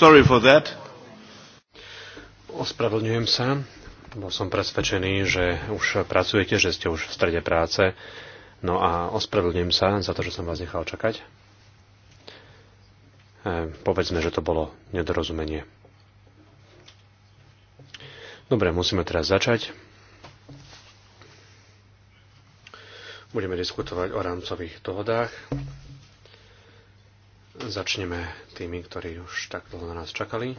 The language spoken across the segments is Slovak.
sorry for that. Ospravedlňujem sa. Bol som presvedčený, že už pracujete, že ste už v strede práce. No a ospravedlňujem sa za to, že som vás nechal čakať. E, povedzme, že to bolo nedorozumenie. Dobre, musíme teraz začať. Budeme diskutovať o rámcových dohodách. Začneme tými, ktorí už tak dlho na nás čakali.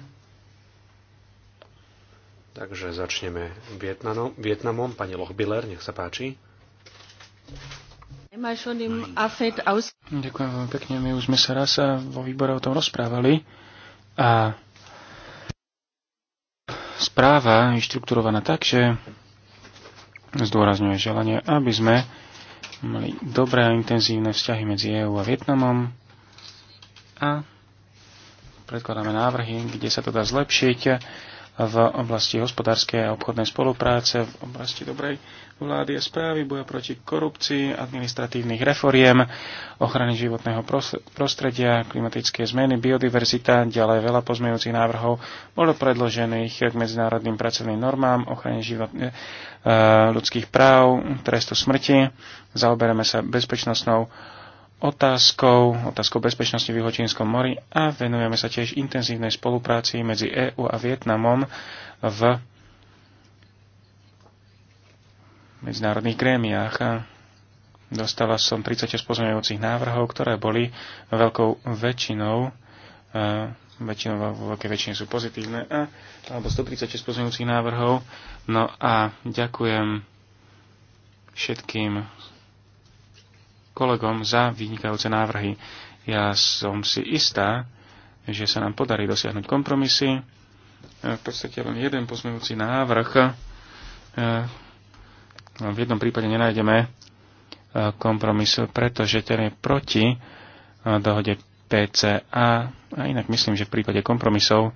Takže začneme Vietnamom. Vietnamom. Pani Lochbiller, nech sa páči. Ďakujem veľmi pekne. My už sme sa raz vo výbore o tom rozprávali a správa je štrukturovaná tak, že zdôrazňuje želanie, aby sme mali dobré a intenzívne vzťahy medzi EÚ a Vietnamom a predkladáme návrhy, kde sa to dá zlepšiť v oblasti hospodárskej a obchodnej spolupráce, v oblasti dobrej vlády a správy, boja proti korupcii, administratívnych reforiem, ochrany životného prostredia, klimatické zmeny, biodiverzita, ďalej veľa pozmejúcich návrhov bolo predložených k medzinárodným pracovným normám, ochrane život, e, e ľudských práv, trestu smrti. Zaoberame sa bezpečnostnou otázkou, otázkou bezpečnosti v Juhočínskom mori a venujeme sa tiež intenzívnej spolupráci medzi EÚ a Vietnamom v medzinárodných grémiách. Dostala som 36 pozmeňujúcich návrhov, ktoré boli veľkou väčšinou väčšinou vo veľkej väčšine sú pozitívne a, alebo 136 pozmeňujúcich návrhov. No a ďakujem všetkým kolegom za vynikajúce návrhy. Ja som si istá, že sa nám podarí dosiahnuť kompromisy. E, v podstate len jeden pozmejúci návrh. E, no, v jednom prípade nenájdeme e, kompromis, pretože ten je proti dohode PCA. A inak myslím, že v prípade kompromisov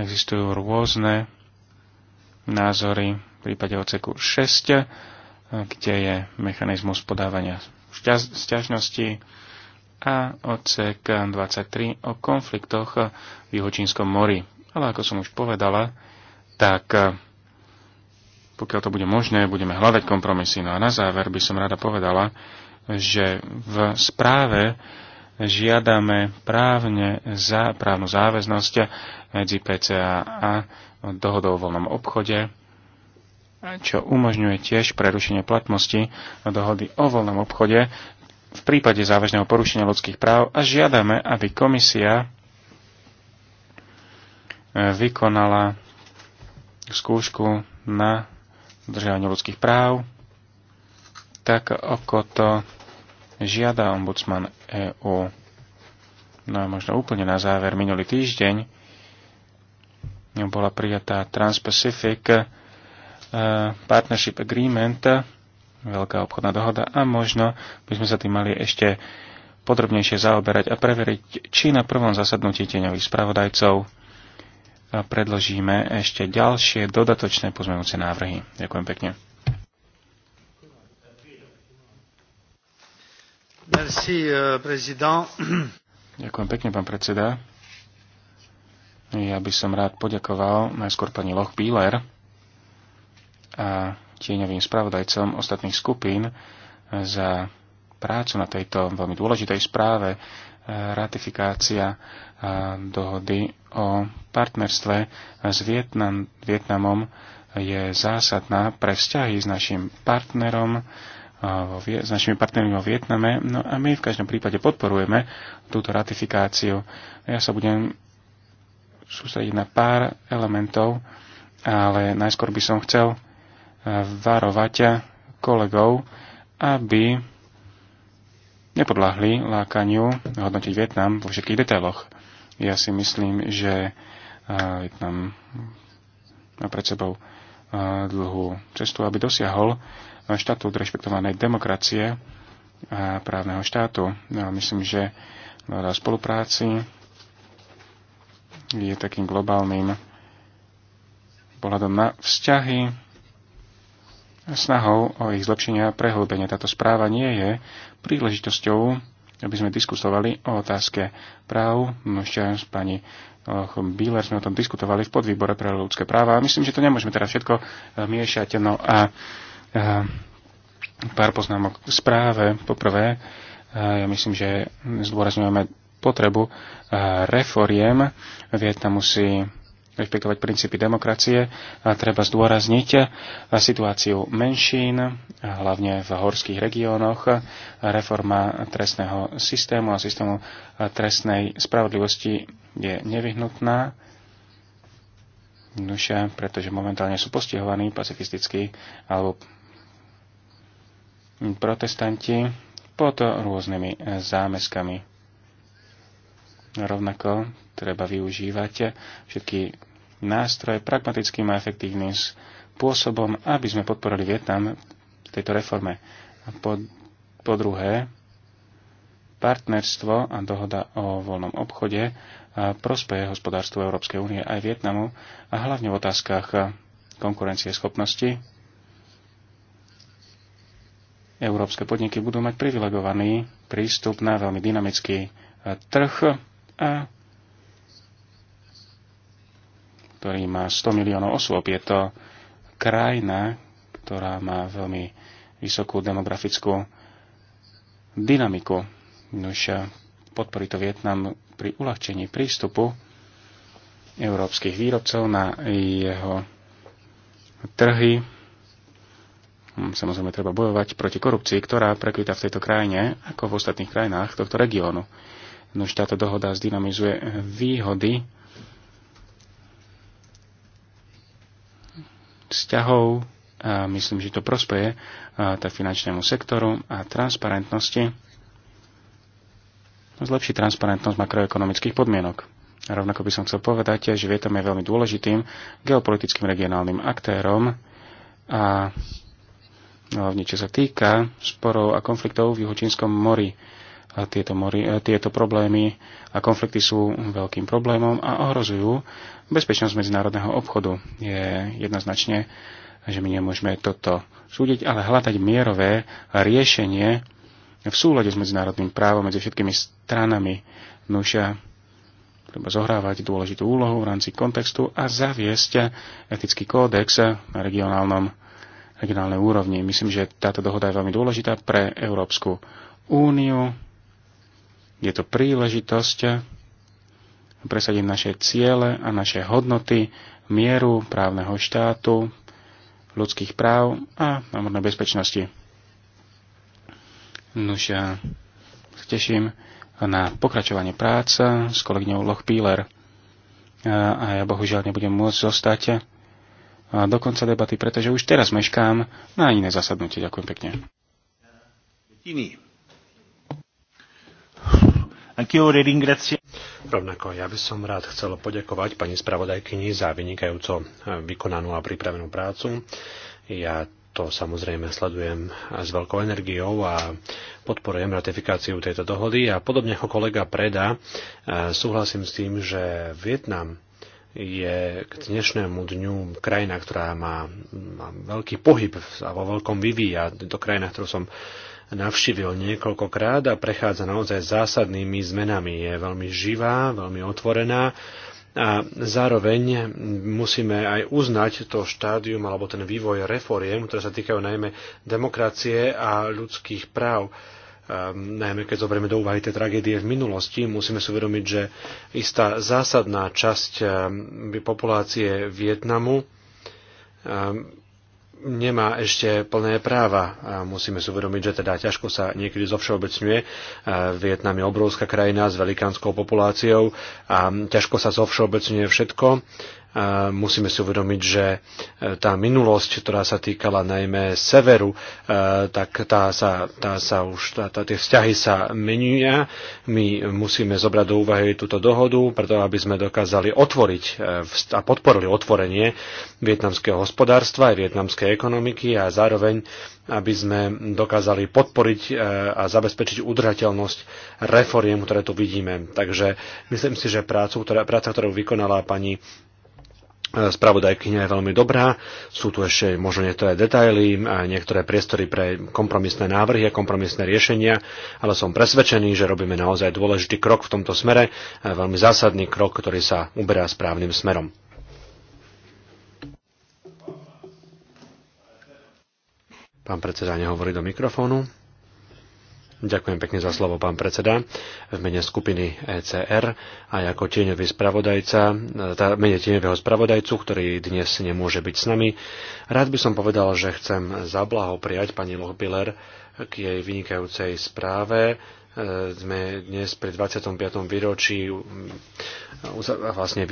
existujú rôzne názory v prípade oceku 6, kde je mechanizmus podávania sťažnosti a odsek 23 o konfliktoch v Juhočínskom mori. Ale ako som už povedala, tak eh, pokiaľ to bude možné, budeme hľadať kompromisy. No a na záver by som rada povedala, že v správe žiadame právne za, právnu záväznosť medzi PCA a dohodou o voľnom obchode čo umožňuje tiež prerušenie platnosti dohody o voľnom obchode v prípade závažného porušenia ľudských práv a žiadame, aby komisia e, vykonala skúšku na dodržiavanie ľudských práv, tak ako to žiada ombudsman EU. No a možno úplne na záver, minulý týždeň bola prijatá Trans-Pacific Eh, partnership Agreement, veľká obchodná dohoda a možno by sme sa tým mali ešte podrobnejšie zaoberať a preveriť, či na prvom zasadnutí tieňových spravodajcov eh, predložíme ešte ďalšie dodatočné pozmeňujúce návrhy. Ďakujem pekne. Merci, eh, prezident. Ďakujem pekne, pán predseda. Ja by som rád poďakoval najskôr pani Loch Bieler, a tieňovým spravodajcom ostatných skupín za prácu na tejto veľmi dôležitej správe e, ratifikácia e, dohody o partnerstve s Vietnam, Vietnamom je zásadná pre vzťahy s našim partnerom, e, s našimi partnermi vo Vietname. No a my v každom prípade podporujeme túto ratifikáciu. Ja sa budem sústrediť na pár elementov, ale najskôr by som chcel varovať kolegov, aby nepodláhli lákaniu hodnotiť Vietnam vo všetkých detailoch. Ja si myslím, že eh, Vietnam má pred sebou eh, dlhú cestu, aby dosiahol eh, štatút rešpektovanej demokracie a právneho štátu. Ja no myslím, že na spolupráci je takým globálnym pohľadom na vzťahy snahou o ich zlepšenie a prehlbenie. Táto správa nie je príležitosťou, aby sme diskutovali o otázke práv. Ešte s pani eh, Bíler sme o tom diskutovali v podvýbore pre ľudské práva myslím, že to nemôžeme teraz všetko eh, miešať. No a eh, pár poznámok k správe. Poprvé, ja myslím, že zdôrazňujeme potrebu reforiem. Vietnamu si rešpektovať princípy demokracie a treba zdôrazniť situáciu menšín, hlavne v horských regiónoch, reforma trestného systému a systému trestnej spravodlivosti je nevyhnutná, duše, pretože momentálne sú postihovaní pacifistickí alebo protestanti pod rôznymi zámeskami. Rovnako treba využívať všetky nástroje pragmatickým a efektívnym spôsobom, aby sme podporili Vietnam v tejto reforme. A po, po druhé, partnerstvo a dohoda o voľnom obchode prospeje hospodárstvu Európskej únie aj Vietnamu a hlavne v otázkach konkurencie schopnosti. Európske podniky budú mať privilegovaný prístup na veľmi dynamický trh a ktorý má 100 miliónov osôb. Je to krajina, ktorá má veľmi vysokú demografickú dynamiku. Už eh, podporí to Vietnam pri uľahčení prístupu európskych výrobcov na jeho trhy. Hm, samozrejme, treba bojovať proti korupcii, ktorá prekvita v tejto krajine, ako v ostatných krajinách tohto regiónu. Nož táto dohoda zdynamizuje výhody vzťahov a myslím, že to prospeje tak finančnému sektoru a transparentnosti. Zlepší transparentnosť makroekonomických podmienok. A rovnako by som chcel povedať, že Vietnam je veľmi dôležitým geopolitickým regionálnym aktérom a hlavne čo sa týka sporov a konfliktov v Juhočínskom mori a tieto, mori, e, tieto problémy a konflikty sú veľkým problémom a ohrozujú bezpečnosť medzinárodného obchodu. Je jednoznačne, že my nemôžeme toto súdiť, ale hľadať mierové riešenie v súlade s medzinárodným právom medzi všetkými stranami. Nuša treba zohrávať dôležitú úlohu v rámci kontextu a zaviesť etický kódex na regionálnom, regionálnej úrovni. Myslím, že táto dohoda je veľmi dôležitá pre Európsku úniu, je to príležitosť presadiť naše ciele a naše hodnoty, mieru právneho štátu, ľudských práv a námornej bezpečnosti. Nuž ja sa teším na pokračovanie práca s kolegyňou Loch Píler. A ja bohužiaľ nebudem môcť zostať do konca debaty, pretože už teraz meškám na iné zasadnutie. Ďakujem pekne. Iný. Rovnako ja by som rád chcel poďakovať pani spravodajkyni za vynikajúco eh, vykonanú a pripravenú prácu. Ja to samozrejme sledujem s veľkou energiou a podporujem ratifikáciu tejto dohody a podobne ako kolega Preda eh, súhlasím s tým, že Vietnam je k dnešnému dňu krajina, ktorá má, má veľký pohyb a vo veľkom vyvíja. To krajina, ktorú som navštívil niekoľkokrát a prechádza naozaj zásadnými zmenami. Je veľmi živá, veľmi otvorená a zároveň musíme aj uznať to štádium alebo ten vývoj reforiem, ktoré sa týkajú najmä demokracie a ľudských práv ehm, najmä keď zoberieme do úvahy tie tragédie v minulosti, musíme si uvedomiť, že istá zásadná časť ehm, populácie Vietnamu ehm, nemá ešte plné práva. A musíme si uvedomiť, že teda ťažko sa niekedy zovšeobecňuje. Vietnam je obrovská krajina s velikánskou populáciou a ťažko sa zovšeobecňuje všetko musíme si uvedomiť, že e, tá minulosť, ktorá sa týkala najmä severu, e, tak tá sa, tá sa už, tá, tá, tie vzťahy sa menia. My musíme zobrať do úvahy túto dohodu, preto aby sme dokázali otvoriť e, a podporili otvorenie vietnamského hospodárstva aj vietnamskej ekonomiky a zároveň aby sme dokázali podporiť a zabezpečiť udržateľnosť reforiem, ktoré tu vidíme. Takže myslím si, že prácu, ktorá, práca, ktorú vykonala pani spravodajkynia je veľmi dobrá, sú tu ešte možno niektoré detaily, niektoré priestory pre kompromisné návrhy a kompromisné riešenia, ale som presvedčený, že robíme naozaj dôležitý krok v tomto smere, veľmi zásadný krok, ktorý sa uberá správnym smerom. Pán predseda nehovorí do mikrofónu. Ďakujem pekne za slovo, pán predseda. V mene skupiny ECR a ako tieňový spravodajca, tá, teda mene tieňového spravodajcu, ktorý dnes nemôže byť s nami, rád by som povedal, že chcem zablahopriať pani Lohbiller k jej vynikajúcej správe sme dnes pri 25. výročí um, vlastne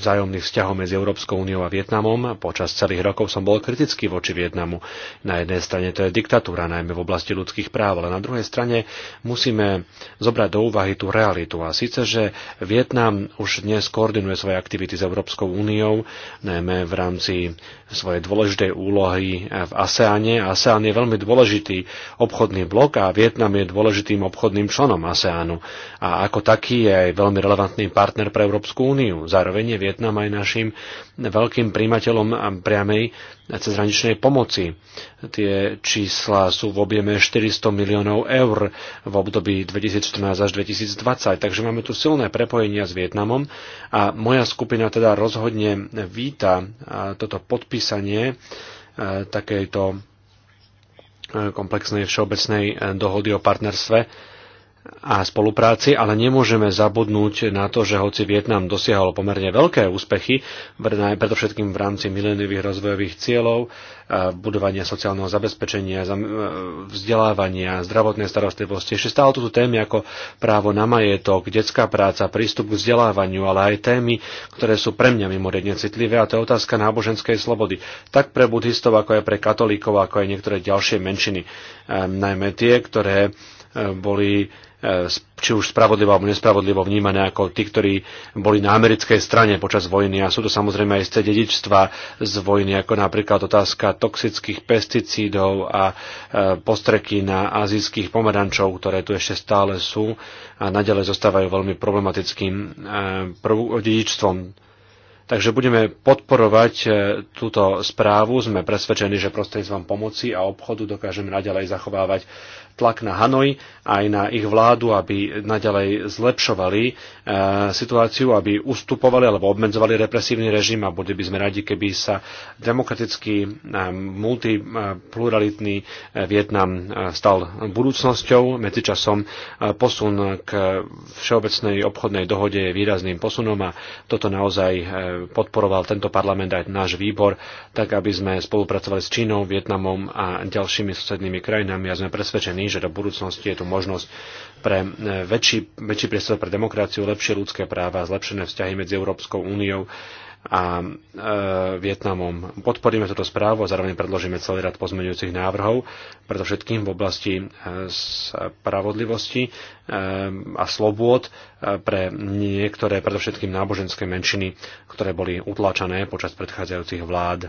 vzájomných vzťahov medzi Európskou úniou a Vietnamom. Počas celých rokov som bol kritický voči Vietnamu. Na jednej strane to je diktatúra, najmä v oblasti ľudských práv, ale na druhej strane musíme zobrať do úvahy tú realitu. A síce, že Vietnam už dnes koordinuje svoje aktivity s Európskou úniou, najmä v rámci svoje dôležité úlohy v ASEANe. ASEAN je veľmi dôležitý obchodný blok a Vietnam je dôležitým obchodným členom ASEANu. A ako taký je aj veľmi relevantný partner pre Európsku úniu. Zároveň je Vietnam aj našim veľkým príjmateľom priamej cezhraničnej pomoci. Tie čísla sú v objeme 400 miliónov eur v období 2014 až 2020, takže máme tu silné prepojenia s Vietnamom a moja skupina teda rozhodne víta toto podpísanie takejto komplexnej všeobecnej dohody o partnerstve a spolupráci, ale nemôžeme zabudnúť na to, že hoci Vietnam dosiahol pomerne veľké úspechy, predovšetkým v rámci miléniových rozvojových cieľov, budovania sociálneho zabezpečenia, e, vzdelávania, zdravotnej starostlivosti. Ešte stále tu témy ako právo na majetok, detská práca, prístup k vzdelávaniu, ale aj témy, ktoré sú pre mňa mimoriadne citlivé a to je otázka náboženskej slobody. Tak pre buddhistov, ako aj pre katolíkov, ako aj niektoré ďalšie menšiny. Najmä tie, ktoré e, boli E, či už spravodlivo alebo nespravodlivo vnímané ako tí, ktorí boli na americkej strane počas vojny a sú to samozrejme aj ste dedičstva z vojny, ako napríklad otázka toxických pesticídov a e, postreky na azijských pomerančov, ktoré tu ešte stále sú a nadalej zostávajú veľmi problematickým e, dedičstvom Takže budeme podporovať túto správu. Sme presvedčení, že prostredníctvom pomoci a obchodu dokážeme naďalej zachovávať tlak na Hanoj aj na ich vládu, aby naďalej zlepšovali e, situáciu, aby ustupovali alebo obmedzovali represívny režim a boli by sme radi, keby sa demokratický, e, multipluralitný e, Vietnam stal budúcnosťou. Medzičasom posun k všeobecnej obchodnej dohode je výrazným posunom a toto naozaj podporoval tento parlament aj náš výbor, tak aby sme spolupracovali s Čínou, Vietnamom a ďalšími susednými krajinami a sme presvedčení, presvedčení, že do budúcnosti je tu možnosť pre e, väčší, väčší priestor pre demokraciu, lepšie ľudské práva, zlepšené vzťahy medzi Európskou úniou a e, Vietnamom. Podporíme túto správu a zároveň predložíme celý rad pozmeňujúcich návrhov, všetkým v oblasti e, spravodlivosti e, a slobôd e, pre niektoré, predovšetkým náboženské menšiny, ktoré boli utlačané počas predchádzajúcich vlád.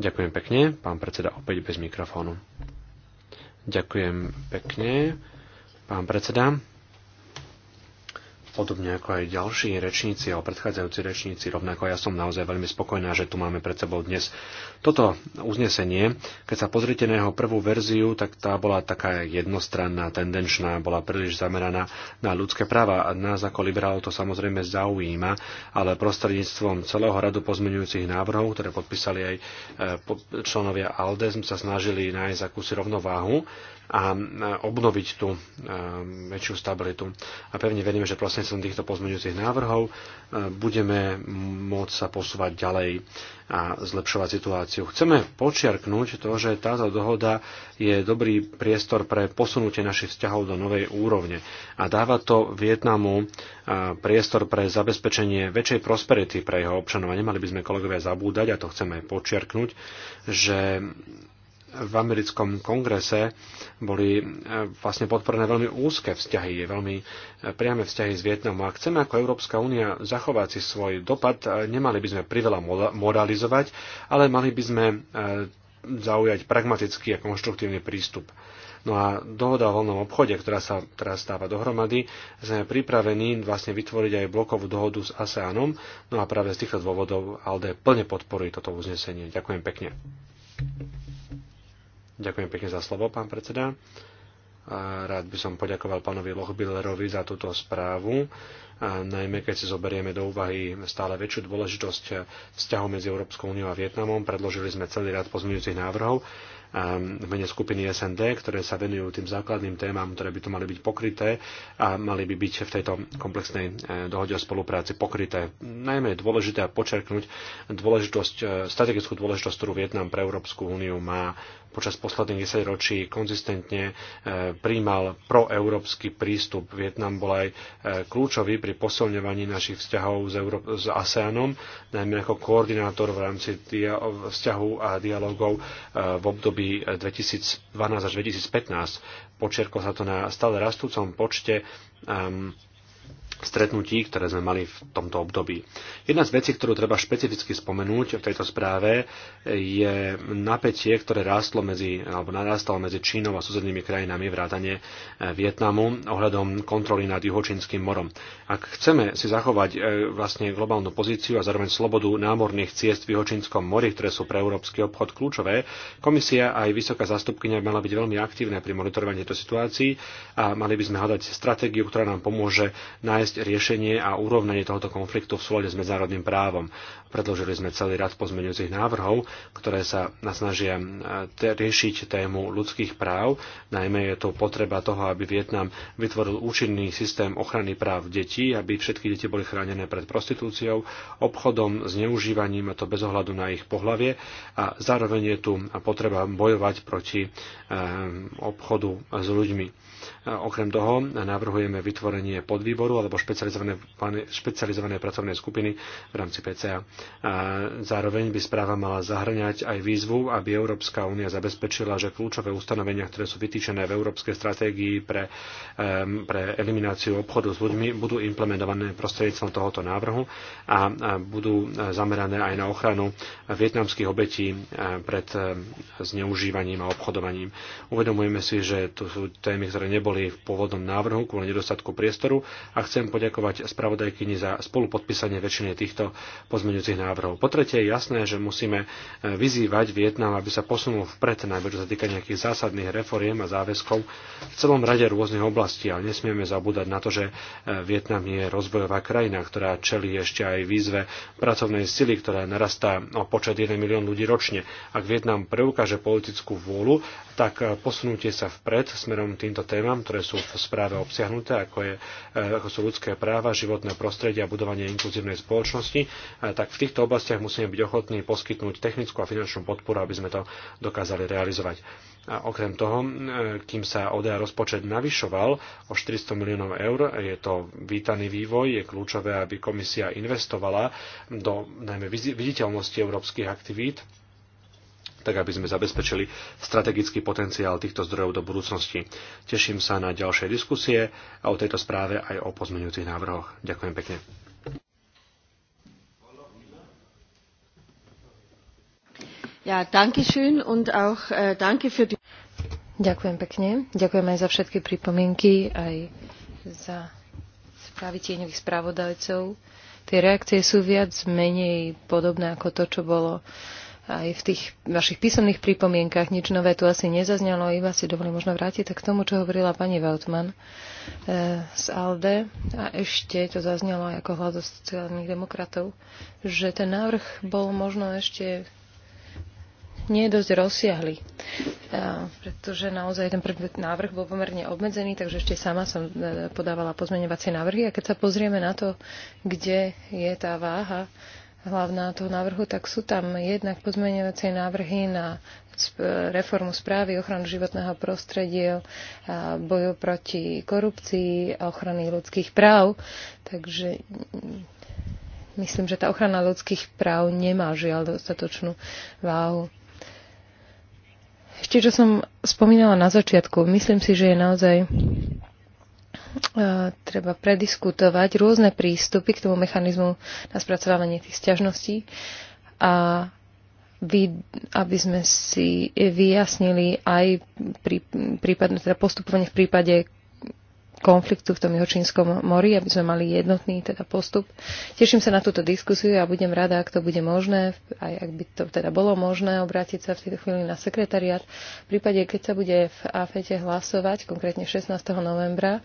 Ďakujem pekne, pán predseda opäť bez mikrofónu. Ďakujem pekne, pán predseda podobne ako aj ďalší rečníci alebo predchádzajúci rečníci, rovnako ja som naozaj veľmi spokojná, že tu máme pred sebou dnes toto uznesenie. Keď sa pozrite na jeho prvú verziu, tak tá bola taká jednostranná, tendenčná, bola príliš zameraná na ľudské práva. Nás ako liberálov to samozrejme zaujíma, ale prostredníctvom celého radu pozmeňujúcich návrhov, ktoré podpísali aj eh, členovia ALDE, sme sa snažili nájsť akúsi rovnováhu a obnoviť tú väčšiu stabilitu. A pevne veríme, že prostredníctvom týchto pozmeňujúcich návrhov budeme môcť sa posúvať ďalej a zlepšovať situáciu. Chceme počiarknúť to, že táto dohoda je dobrý priestor pre posunutie našich vzťahov do novej úrovne a dáva to Vietnamu priestor pre zabezpečenie väčšej prosperity pre jeho občanov. A nemali by sme kolegovia zabúdať, a to chceme počiarknúť, že v americkom kongrese boli e, vlastne podporené veľmi úzke vzťahy, veľmi e, priame vzťahy s Vietnamom. A chceme ako Európska únia zachovať si svoj dopad, e, nemali by sme priveľa moralizovať, ale mali by sme zaujať pragmatický a konštruktívny prístup. No a dohoda o voľnom obchode, ktorá sa teraz stáva dohromady, sme pripravení vlastne vytvoriť aj blokovú dohodu s ASEANom. No a práve z týchto dôvodov ALDE plne podporuje toto uznesenie. Ďakujem pekne. Ďakujem pekne za slovo, pán predseda. A rád by som poďakoval pánovi Lochbillerovi za túto správu, a najmä keď si zoberieme do úvahy stále väčšiu dôležitosť vzťahov medzi Európskou úniou a Vietnamom. Predložili sme celý rad pozmeňujúcich návrhov v mene skupiny SND, ktoré sa venujú tým základným témam, ktoré by tu mali byť pokryté a mali by byť v tejto komplexnej e, dohode o spolupráci pokryté. Najmä je dôležité počerknúť dôležitosť, e, strategickú dôležitosť, ktorú Vietnam pre Európsku úniu má počas posledných 10 ročí konzistentne e, príjmal proeurópsky prístup. Vietnam bol aj e, kľúčový pri posilňovaní našich vzťahov s, Euró- s ASEANom, najmä ako koordinátor v rámci dia- vzťahu a dialogov e, v období 2012 až 2015. Počiarkol sa to na stále rastúcom počte um, stretnutí, ktoré sme mali v tomto období. Jedna z vecí, ktorú treba špecificky spomenúť v tejto správe, je napätie, ktoré rástlo medzi, alebo narastalo medzi Čínou a susednými krajinami vrátane e, Vietnamu ohľadom kontroly nad Juhočínskym morom. Ak chceme si zachovať e, vlastne globálnu pozíciu a zároveň slobodu námorných ciest v Juhočínskom mori, ktoré sú pre európsky obchod kľúčové, komisia aj vysoká zastupkynia mala byť veľmi aktívne pri monitorovaní tejto situácii a mali by sme hľadať stratégiu, ktorá nám pomôže nájsť nájsť riešenie a urovnanie tohoto konfliktu v súlade s medzinárodným právom. Predložili sme celý rad pozmeňujúcich návrhov, ktoré sa snažia eh, riešiť tému ľudských práv. Najmä je to potreba toho, aby Vietnam vytvoril účinný systém ochrany práv detí, aby všetky deti boli chránené pred prostitúciou, obchodom, zneužívaním, a to bez ohľadu na ich pohlavie. A zároveň je tu potreba bojovať proti eh, obchodu s ľuďmi Okrem toho navrhujeme vytvorenie podvýboru alebo špecializované, špecializované pracovnej skupiny v rámci PCA. A zároveň by správa mala zahrňať aj výzvu, aby Európska únia zabezpečila, že kľúčové ustanovenia, ktoré sú vytýčené v Európskej stratégii pre, pre elimináciu obchodu s ľuďmi, budú implementované prostredníctvom tohoto návrhu a budú zamerané aj na ochranu vietnamských obetí e, pred e, zneužívaním a obchodovaním. Uvedomujeme si, že tu sú témy, ktoré neboli v pôvodnom návrhu kvôli nedostatku priestoru a chcem poďakovať spravodajkyni za spolupodpísanie väčšiny týchto pozmeňujúcich návrhov. Po tretie je jasné, že musíme e, vyzývať Vietnam, aby sa posunul vpred, najmä čo sa týka nejakých zásadných reforiem a záväzkov v celom rade rôznych oblastí, ale nesmieme zabúdať na to, že e, Vietnam je rozvojová krajina, ktorá čelí ešte aj výzve pracovnej sily, ktorá narastá o počet 1 milión ľudí ročne. Ak Vietnam preukáže politickú vôľu, tak e, posunutie sa vpred smerom týmto témam témam, ktoré sú v správe obsiahnuté, ako, je, eh, ako sú ľudské práva, životné prostredie a budovanie inkluzívnej spoločnosti, eh, tak v týchto oblastiach musíme byť ochotní poskytnúť technickú a finančnú podporu, aby sme to dokázali realizovať. A okrem toho, eh, kým sa ODA rozpočet navyšoval o 400 miliónov eur, je to vítaný vývoj, je kľúčové, aby komisia investovala do najmä viditeľnosti európskych aktivít tak aby sme zabezpečili strategický potenciál týchto zdrojov do budúcnosti. Teším sa na ďalšie diskusie a o tejto správe aj o pozmeňujúcich návrhoch. Ďakujem pekne. Ja, danke schön und auch äh, danke für die... Ďakujem pekne. Ďakujem aj za všetky pripomienky, aj za správy tieňových spravodajcov. Tie reakcie sú viac menej podobné ako to, čo bolo uh, aj v tých vašich písomných pripomienkach nič nové tu asi nezaznelo, iba si dovolím možno vrátiť k tomu, čo hovorila pani Veltman e, z ALDE a ešte to zaznelo aj ako hlas sociálnych demokratov, že ten návrh bol možno ešte nie dosť rozsiahly, e, pretože naozaj ten prvý návrh bol pomerne obmedzený, takže ešte sama som e, podávala pozmeňovacie návrhy a keď sa pozrieme na to, kde je tá váha hlavná toho návrhu, tak sú tam jednak pozmeňovacie návrhy na reformu správy, ochranu životného prostredia, boju proti korupcii a ochrany ľudských práv. Takže myslím, že tá ochrana ľudských práv nemá žiaľ dostatočnú váhu. Ešte, čo som spomínala na začiatku, myslím si, že je naozaj E, treba prediskutovať rôzne prístupy k tomu mechanizmu na spracovávanie tých sťažností a aby sme si vyjasnili aj pri, prípadne teda postupovanie v prípade konfliktu v tom Juhočínskom mori, aby sme mali jednotný teda postup. Teším sa na túto diskusiu a budem rada, ak to bude možné, aj ak by to teda bolo možné, obrátiť sa v tejto chvíli na sekretariat. V prípade, keď sa bude v AFETE hlasovať, konkrétne 16. novembra,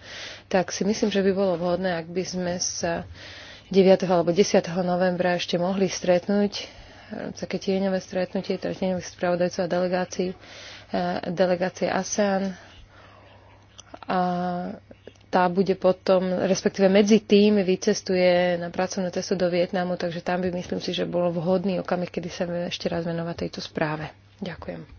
tak si myslím, že by bolo vhodné, ak by sme sa 9. alebo 10. novembra ešte mohli stretnúť, eh, také tieňové stretnutie, teda tieňových spravodajcov a delegácií, eh, delegácie ASEAN, a tá bude potom, respektíve medzi tým vycestuje na pracovnú cestu do Vietnamu, takže tam by myslím si, že bolo vhodný okamih, kedy sa ešte raz venovať tejto správe. Ďakujem.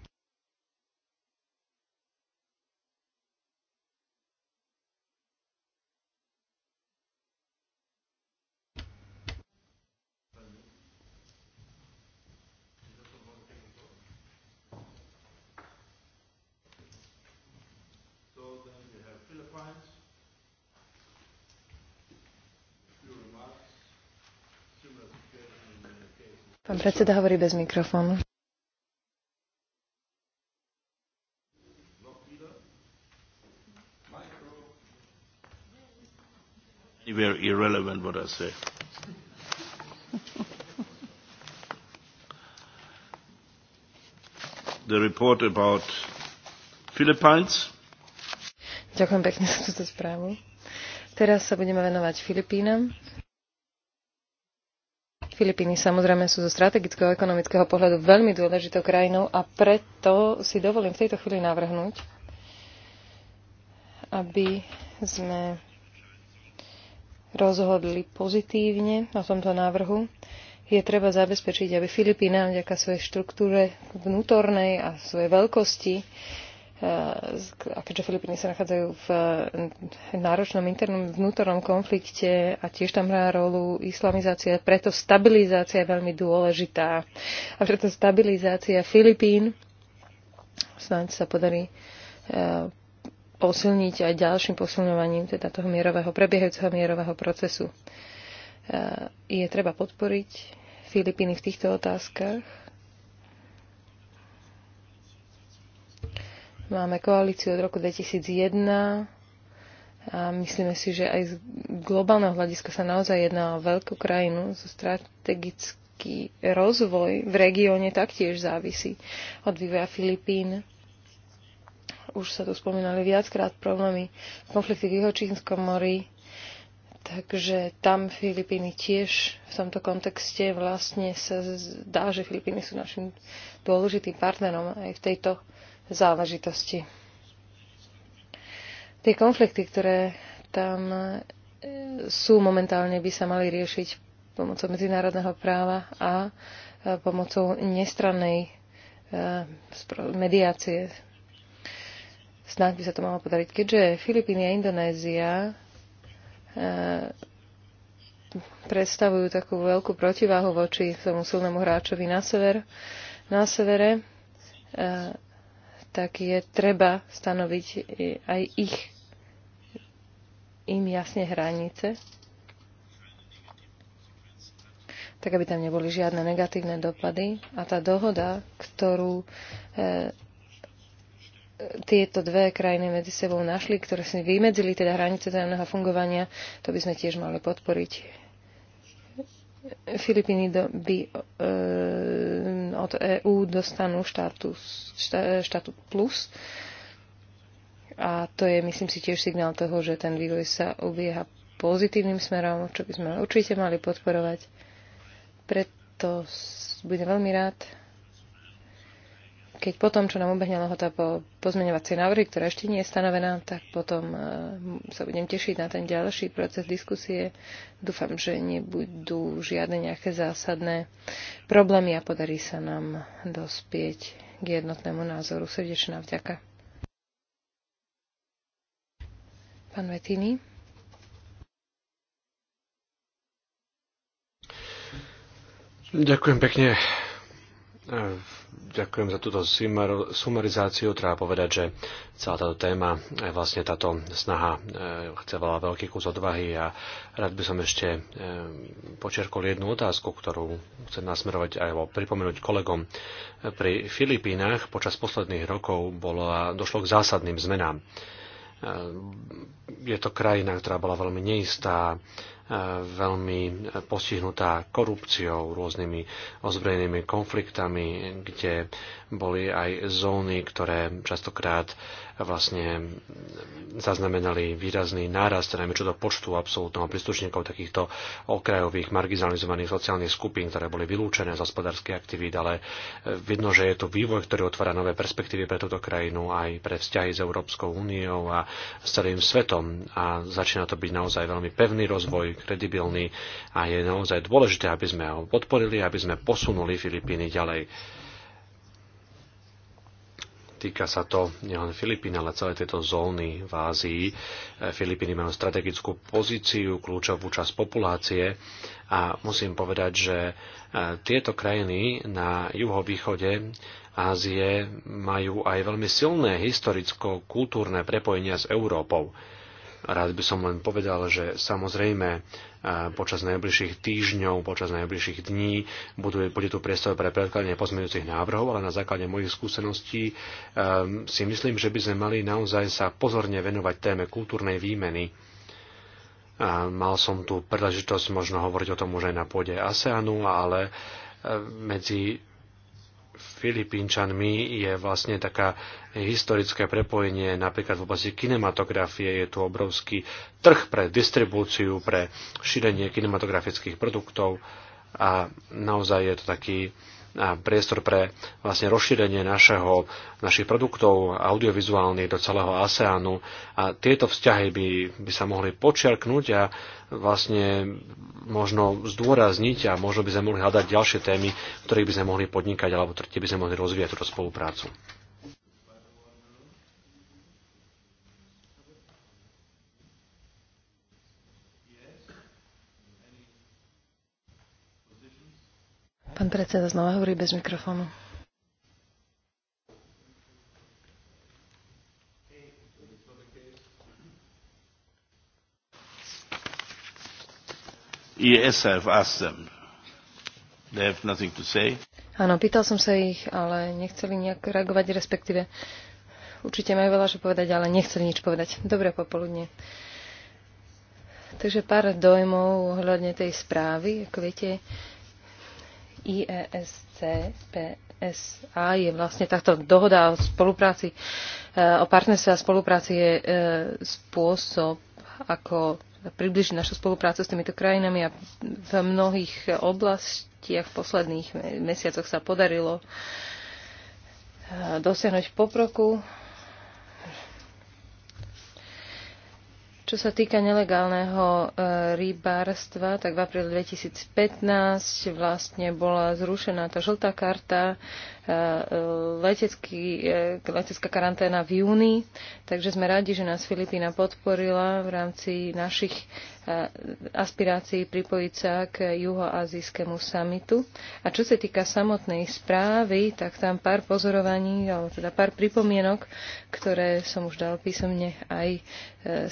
Pán predseda hovorí bez mikrofónu. anywhere irrelevant what I say. The report about Philippines. Ďakujem pekne za túto správu. Teraz sa budeme venovať Filipínam. Filipíny samozrejme sú zo strategického a ekonomického pohľadu veľmi dôležitou krajinou a preto si dovolím v tejto chvíli navrhnúť, aby sme rozhodli pozitívne o tomto návrhu. Je treba zabezpečiť, aby Filipína vďaka svojej štruktúre vnútornej a svojej veľkosti a keďže Filipíny sa nachádzajú v eh, náročnom internom vnútornom konflikte a tiež tam hrá rolu islamizácia, preto stabilizácia je veľmi dôležitá. A preto stabilizácia Filipín snáď sa podarí eh, posilniť aj ďalším posilňovaním teda toho mierového, prebiehajúceho mierového procesu. Eh, je treba podporiť Filipíny v týchto otázkach Máme koalíciu od roku 2001 a myslíme si, že aj z globálneho hľadiska sa naozaj jedná o veľkú krajinu so strategický rozvoj v regióne taktiež závisí od vývoja Filipín. Už sa tu spomínali viackrát problémy konflikty v Juhočínskom mori, takže tam Filipíny tiež v tomto kontexte vlastne sa zdá, že Filipíny sú našim dôležitým partnerom aj v tejto záležitosti. Tie konflikty, ktoré tam e, sú momentálne, by sa mali riešiť pomocou medzinárodného práva a e, pomocou nestrannej e, mediácie. Snáď by sa to malo podariť, keďže Filipíny a Indonézia predstavujú takú veľkú protiváhu voči tomu silnému hráčovi na, sever, na severe tak je treba stanoviť aj ich, im jasne hranice, tak aby tam neboli žiadne negatívne dopady. A tá dohoda, ktorú e, tieto dve krajiny medzi sebou našli, ktoré si vymedzili teda hranice zájomného fungovania, to by sme tiež mali podporiť. Filipíny by e, od EÚ dostanú štátu šta, plus. A to je, myslím si, tiež signál toho, že ten vývoj sa ubieha pozitívnym smerom, čo by sme určite mali podporovať. Preto budem veľmi rád, keď potom, čo nám obehne lehota po pozmeňovacie návrhy, ktorá ešte nie je stanovená, tak potom e, sa budem tešiť na ten ďalší proces diskusie. Dúfam, že nebudú žiadne nejaké zásadné problémy a podarí sa nám dospieť k jednotnému názoru. Srdečná vďaka. Pán Vetini. Ďakujem pekne Eh, ďakujem za túto sumarizáciu. Treba povedať, že celá táto téma, aj eh, vlastne táto snaha eh, chcela veľký kus odvahy a rád by som ešte počerkol jednu otázku, ktorú chcem nasmerovať alebo pripomenúť kolegom. Pri Filipínach počas posledných rokov bolo a došlo k zásadným zmenám. Ehm, je to krajina, ktorá bola veľmi neistá, ehm, veľmi postihnutá korupciou, rôznymi ozbrojenými konfliktami, kde boli aj zóny, ktoré častokrát vlastne zaznamenali výrazný nárast, najmä čo do počtu absolútneho príslušníkov takýchto okrajových marginalizovaných sociálnych skupín, ktoré boli vylúčené z hospodárskej aktivít, ale e, vidno, že je to vývoj, ktorý otvára nové perspektívy pre túto krajinu aj pre vzťahy s Európskou úniou a s celým svetom a začína to byť naozaj veľmi pevný rozvoj, kredibilný a je naozaj dôležité, aby sme ho podporili, aby sme posunuli Filipíny ďalej. Týka sa to nielen Filipín, ale celé tejto zóny v Ázii. E, Filipíny majú strategickú pozíciu, kľúčovú časť populácie a musím povedať, že e, tieto krajiny na juhovýchode Ázie majú aj veľmi silné historicko-kultúrne prepojenia s Európou. Rád by som len povedal, že samozrejme počas najbližších týždňov, počas najbližších dní. Budú, bude tu priestor pre predkladanie pozmeňujúcich návrhov, ale na základe mojich skúseností um, si myslím, že by sme mali naozaj sa pozorne venovať téme kultúrnej výmeny. A mal som tu príležitosť možno hovoriť o tom už aj na pôde ASEANu, ale e, medzi Filipínčanmi je vlastne taká historické prepojenie napríklad v oblasti kinematografie. Je tu obrovský trh pre distribúciu, pre šírenie kinematografických produktov a naozaj je to taký priestor pre vlastne rozšírenie našeho, našich produktov audiovizuálnych do celého ASEANu a tieto vzťahy by, by sa mohli počiarknúť a vlastne možno zdôrazniť a možno by sme mohli hľadať ďalšie témy, ktorých by sme mohli podnikať alebo ktoré by sme mohli rozvíjať túto spoluprácu. Pán predseda znova hovorí bez mikrofónu. ES asked them. They have nothing to say. Áno, pýtal som sa ich, ale nechceli nejak reagovať, respektíve určite majú veľa čo povedať, ale nechceli nič povedať. Dobré popoludne. Takže pár dojmov ohľadne tej správy. Ako viete, IESC PSA je vlastne táto dohoda o spolupráci, e, o partnerstve a spolupráci je e, spôsob, ako približiť našu spoluprácu s týmito krajinami a v mnohých oblastiach v posledných mesiacoch sa podarilo e, dosiahnuť pokroku Čo sa týka nelegálneho e, rybárstva, tak v apríli 2015 vlastne bola zrušená tá žltá karta Eh, letecký, eh, letecká karanténa v júni, takže sme radi, že nás Filipína podporila v rámci našich eh, aspirácií pripojiť sa k juhoazijskému samitu. A čo sa týka samotnej správy, tak tam pár pozorovaní, alebo teda pár pripomienok, ktoré som už dal písomne aj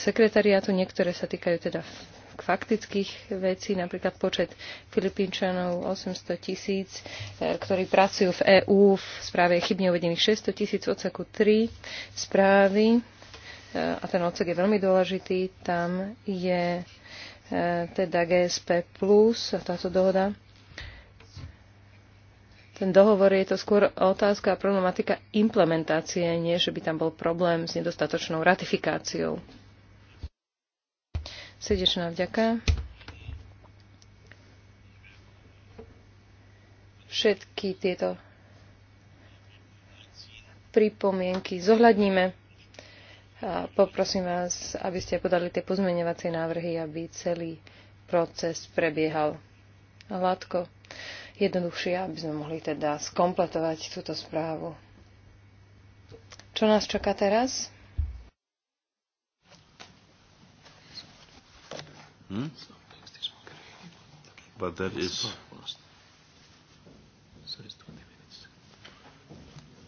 sekretariátu, niektoré sa týkajú teda faktických vecí, napríklad počet Filipínčanov 800 tisíc, eh, ktorí pracujú v EÚ, v správe chybne uvedených 600 tisíc, odseku 3 správy, eh, a ten odsek je veľmi dôležitý, tam je eh, teda GSP plus a táto dohoda. Ten dohovor je to skôr otázka a problematika implementácie, nie že by tam bol problém s nedostatočnou ratifikáciou. Srdečná vďaka. Všetky tieto pripomienky zohľadníme. A poprosím vás, aby ste podali tie pozmeňovacie návrhy, aby celý proces prebiehal hladko, jednoduchšie, aby sme mohli teda skompletovať túto správu. Čo nás čaká teraz? Hmm? But that is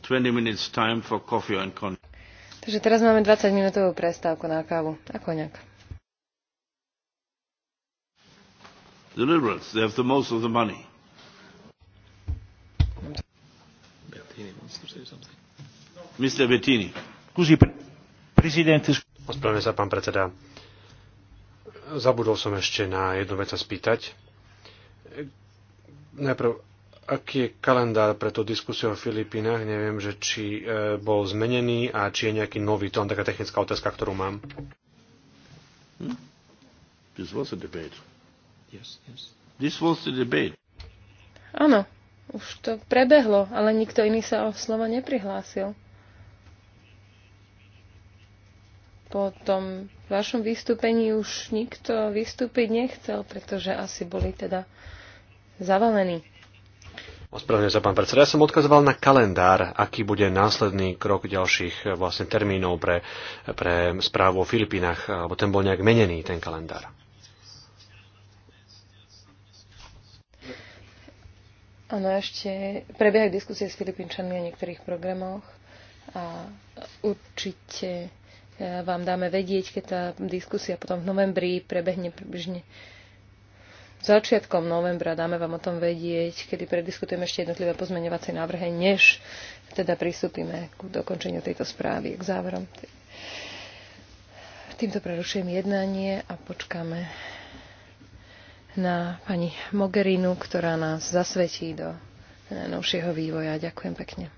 20 minutes time for coffee and coffee. Takže teraz máme 20 minútovú prestávku na kávu a koniak. The liberals, they have the most of the money. Mr. Bettini. Scusi, pre- presidente. Ospravedlňujem sa, pán predseda. Zabudol som ešte na jednu vec sa spýtať. Najprv, aký je kalendár pre tú diskusiu o Filipínach? Neviem, že či e, bol zmenený a či je nejaký nový. To je taká technická otázka, ktorú mám. Hm? This was a debate. Yes, yes. This was debate. Áno, už to prebehlo, ale nikto iný sa o slovo neprihlásil. Potom v vašom vystúpení už nikto vystúpiť nechcel, pretože asi boli teda zavalení. Ospravedlňujem sa, pán predseda. Ja som odkazoval na kalendár, aký bude následný krok ďalších eh, vlastne termínov pre, pre správu o Filipínach, eh, alebo ten bol nejak menený, ten kalendár. Áno, ešte prebiehajú diskusie s Filipínčanmi o niektorých programoch a určite vám dáme vedieť, keď tá diskusia potom v novembri prebehne približne začiatkom novembra. Dáme vám o tom vedieť, kedy prediskutujeme ešte jednotlivé pozmeňovacie návrhy, než teda pristúpime k dokončeniu tejto správy, k záverom. Týmto prerušujem jednanie a počkáme na pani Mogerinu, ktorá nás zasvetí do novšieho vývoja. Ďakujem pekne.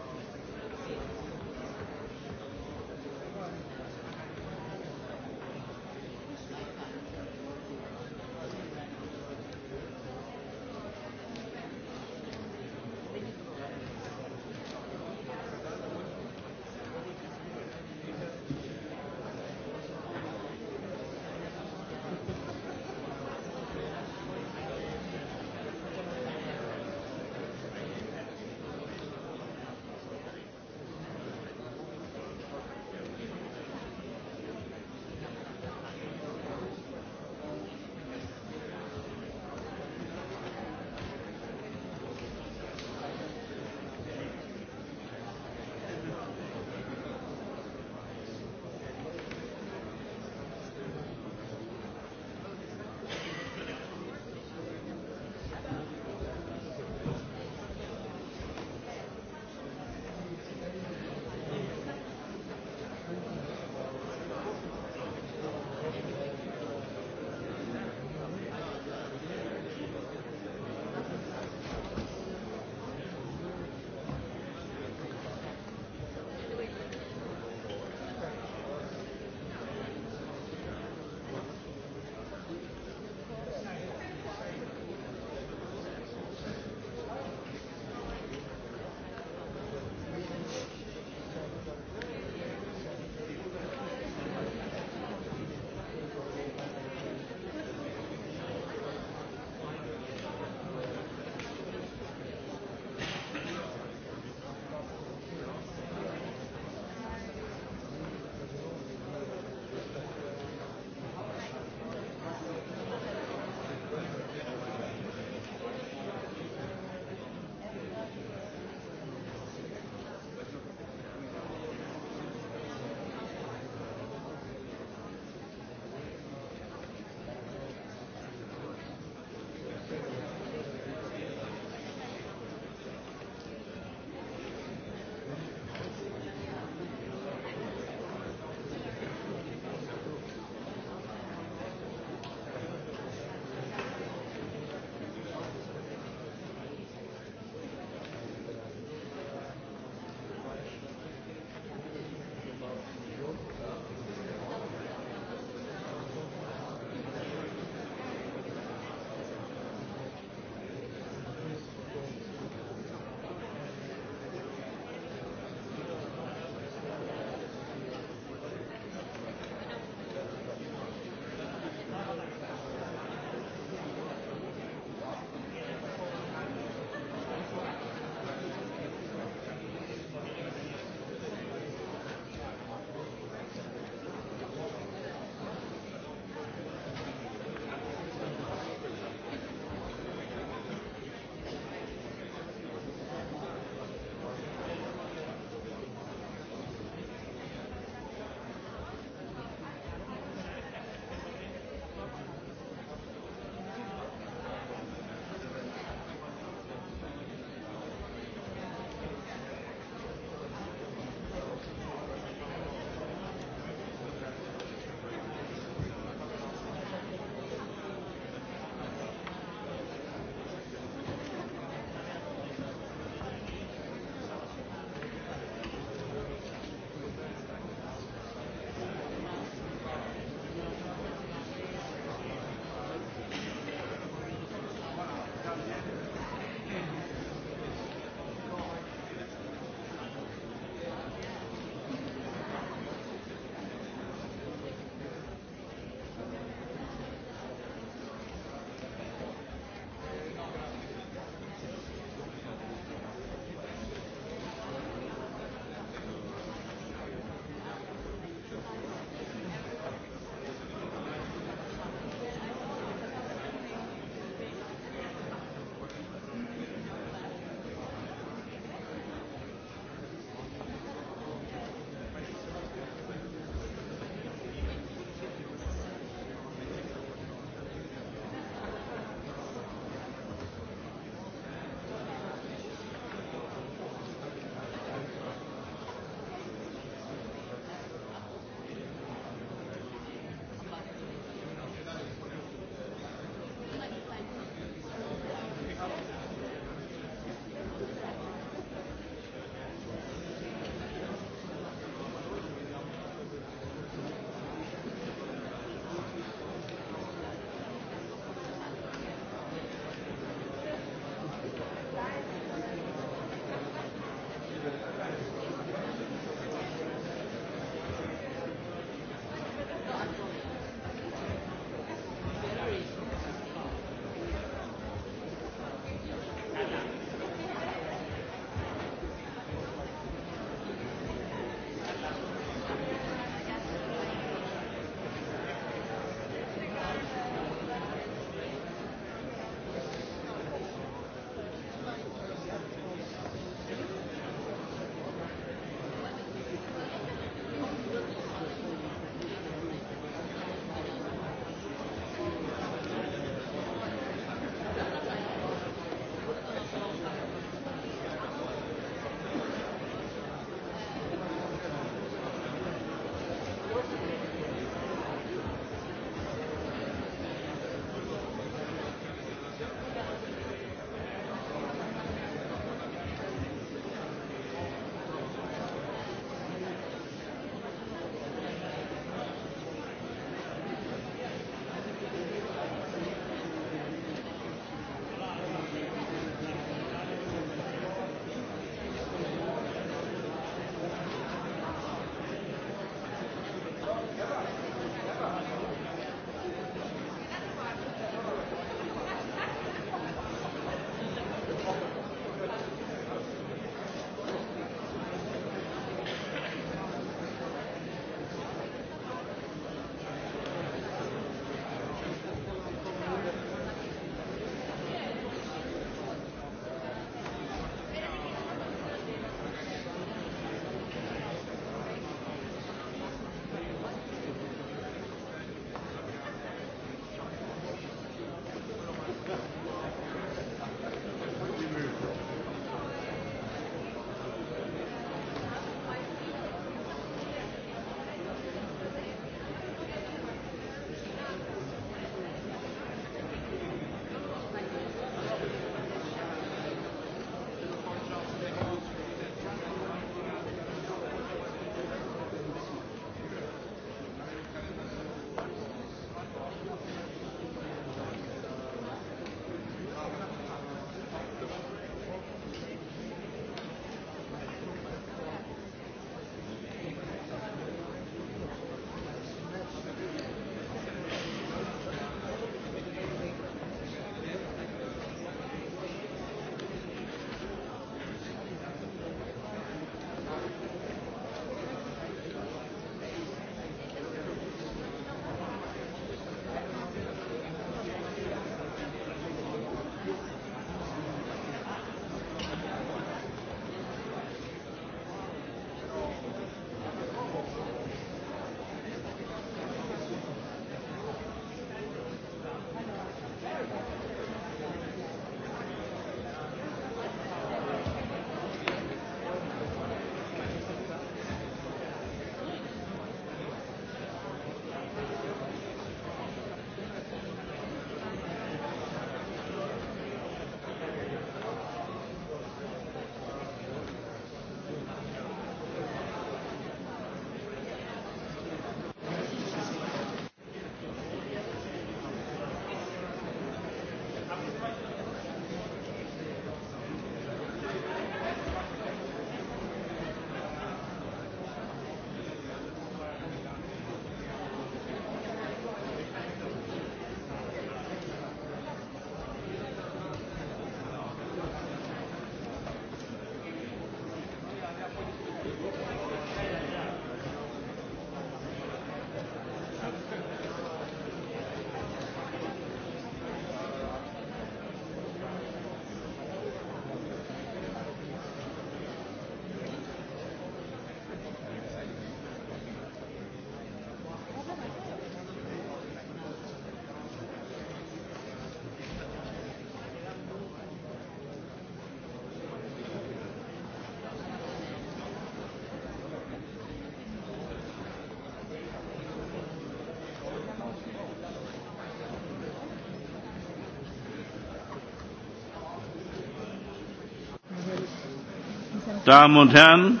Damen und Herren,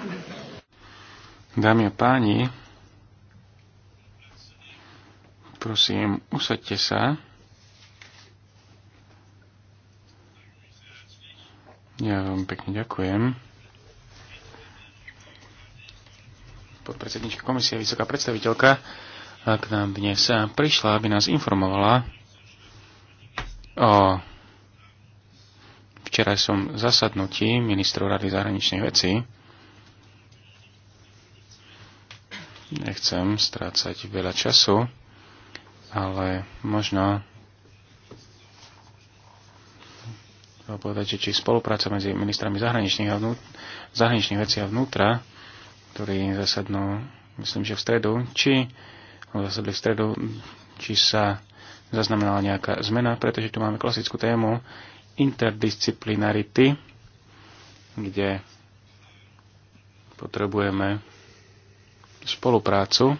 Dámy a páni, prosím, usaďte sa. Ja vám pekne ďakujem. Podpredsednička komisie, vysoká predstaviteľka, k nám dnes prišla, aby nás informovala o včerajšom zasadnutí ministrov Rady zahraničných vecí. Nechcem strácať veľa času, ale možno treba povedať, že či spolupráca medzi ministrami zahraničných, a vnút, zahraničných vecí a vnútra, ktorí zasadnú, myslím, že v stredu, či zasadli v stredu, či sa zaznamenala nejaká zmena, pretože tu máme klasickú tému interdisciplinarity, kde potrebujeme spoluprácu.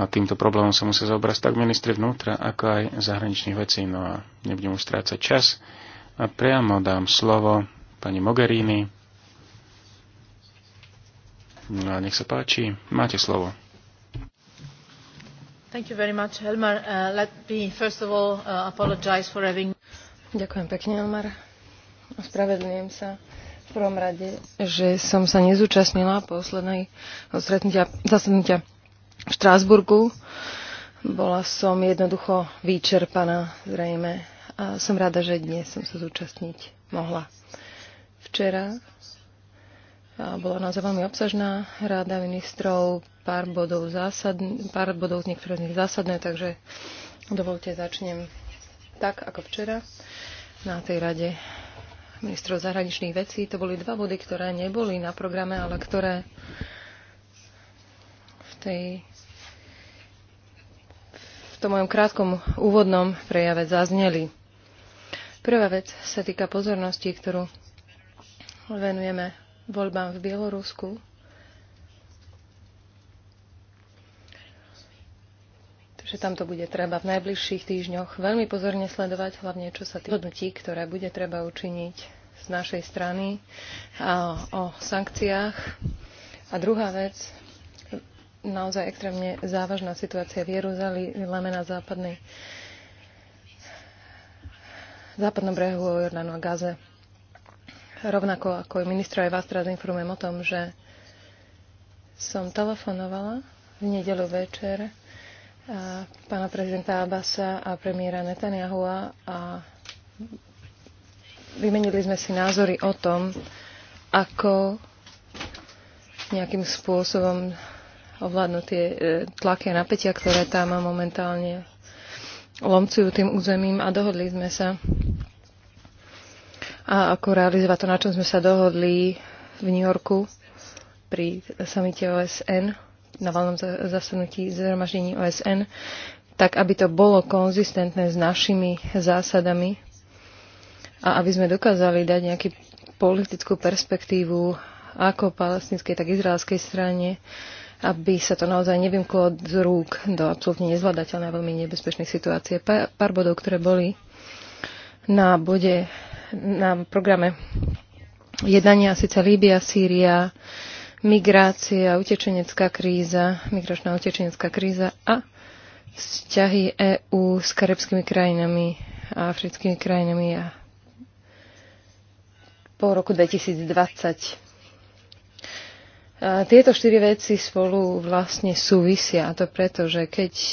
A týmto problémom sa musia zaobrať tak ministri vnútra, ako aj zahraničných vecí. No a nebudem už strácať čas. A priamo dám slovo pani Mogherini. No a nech sa páči, máte slovo. Uh, uh, Ďakujem pekne, Elmar. Ospravedlňujem sa v prvom rade, že som sa nezúčastnila poslednej stretnutia, zasadnutia v Štrásburgu. Bola som jednoducho vyčerpaná, zrejme. A som rada, že dnes som sa zúčastniť mohla. Včera bola naozaj veľmi obsažná. Rada ministrov pár bodov, zásadn- pár bodov z niektorých z nich zásadné, takže dovolte začnem tak, ako včera na tej rade ministrov zahraničných vecí. To boli dva body, ktoré neboli na programe, ale ktoré v tej v tom mojom krátkom úvodnom prejave zazneli. Prvá vec sa týka pozornosti, ktorú venujeme voľbám v Bielorusku, Takže tam to bude treba v najbližších týždňoch veľmi pozorne sledovať, hlavne čo sa tých hodnotí, ktoré bude treba učiniť z našej strany a o sankciách. A druhá vec, naozaj extrémne závažná situácia v Jeruzaleme na západnej západnom brehu Jordánu a Gaze rovnako ako ministra aj vás teraz informujem o tom, že som telefonovala v nedelu večer a pána prezidenta Abasa a premiéra Netanyahua a vymenili sme si názory o tom, ako nejakým spôsobom ovládnuť tie e, tlaky a napätia, ktoré tam momentálne lomcujú tým územím a dohodli sme sa a ako realizovať to, na čom sme sa dohodli v New Yorku pri samite OSN, na valnom zasadnutí zhromaždení OSN, tak aby to bolo konzistentné s našimi zásadami a aby sme dokázali dať nejakú politickú perspektívu ako palestinskej, tak izraelskej strane, aby sa to naozaj nevymklo z rúk do absolútne nezvladateľnej a veľmi nebezpečnej situácie. Pár bodov, ktoré boli na bode na programe jednania, síce Líbia, Sýria, migrácia, utečenecká kríza, migračná utečenecká kríza a vzťahy EÚ s karibskými krajinami a africkými krajinami a po roku 2020. A tieto štyri veci spolu vlastne súvisia a to preto, že keď e,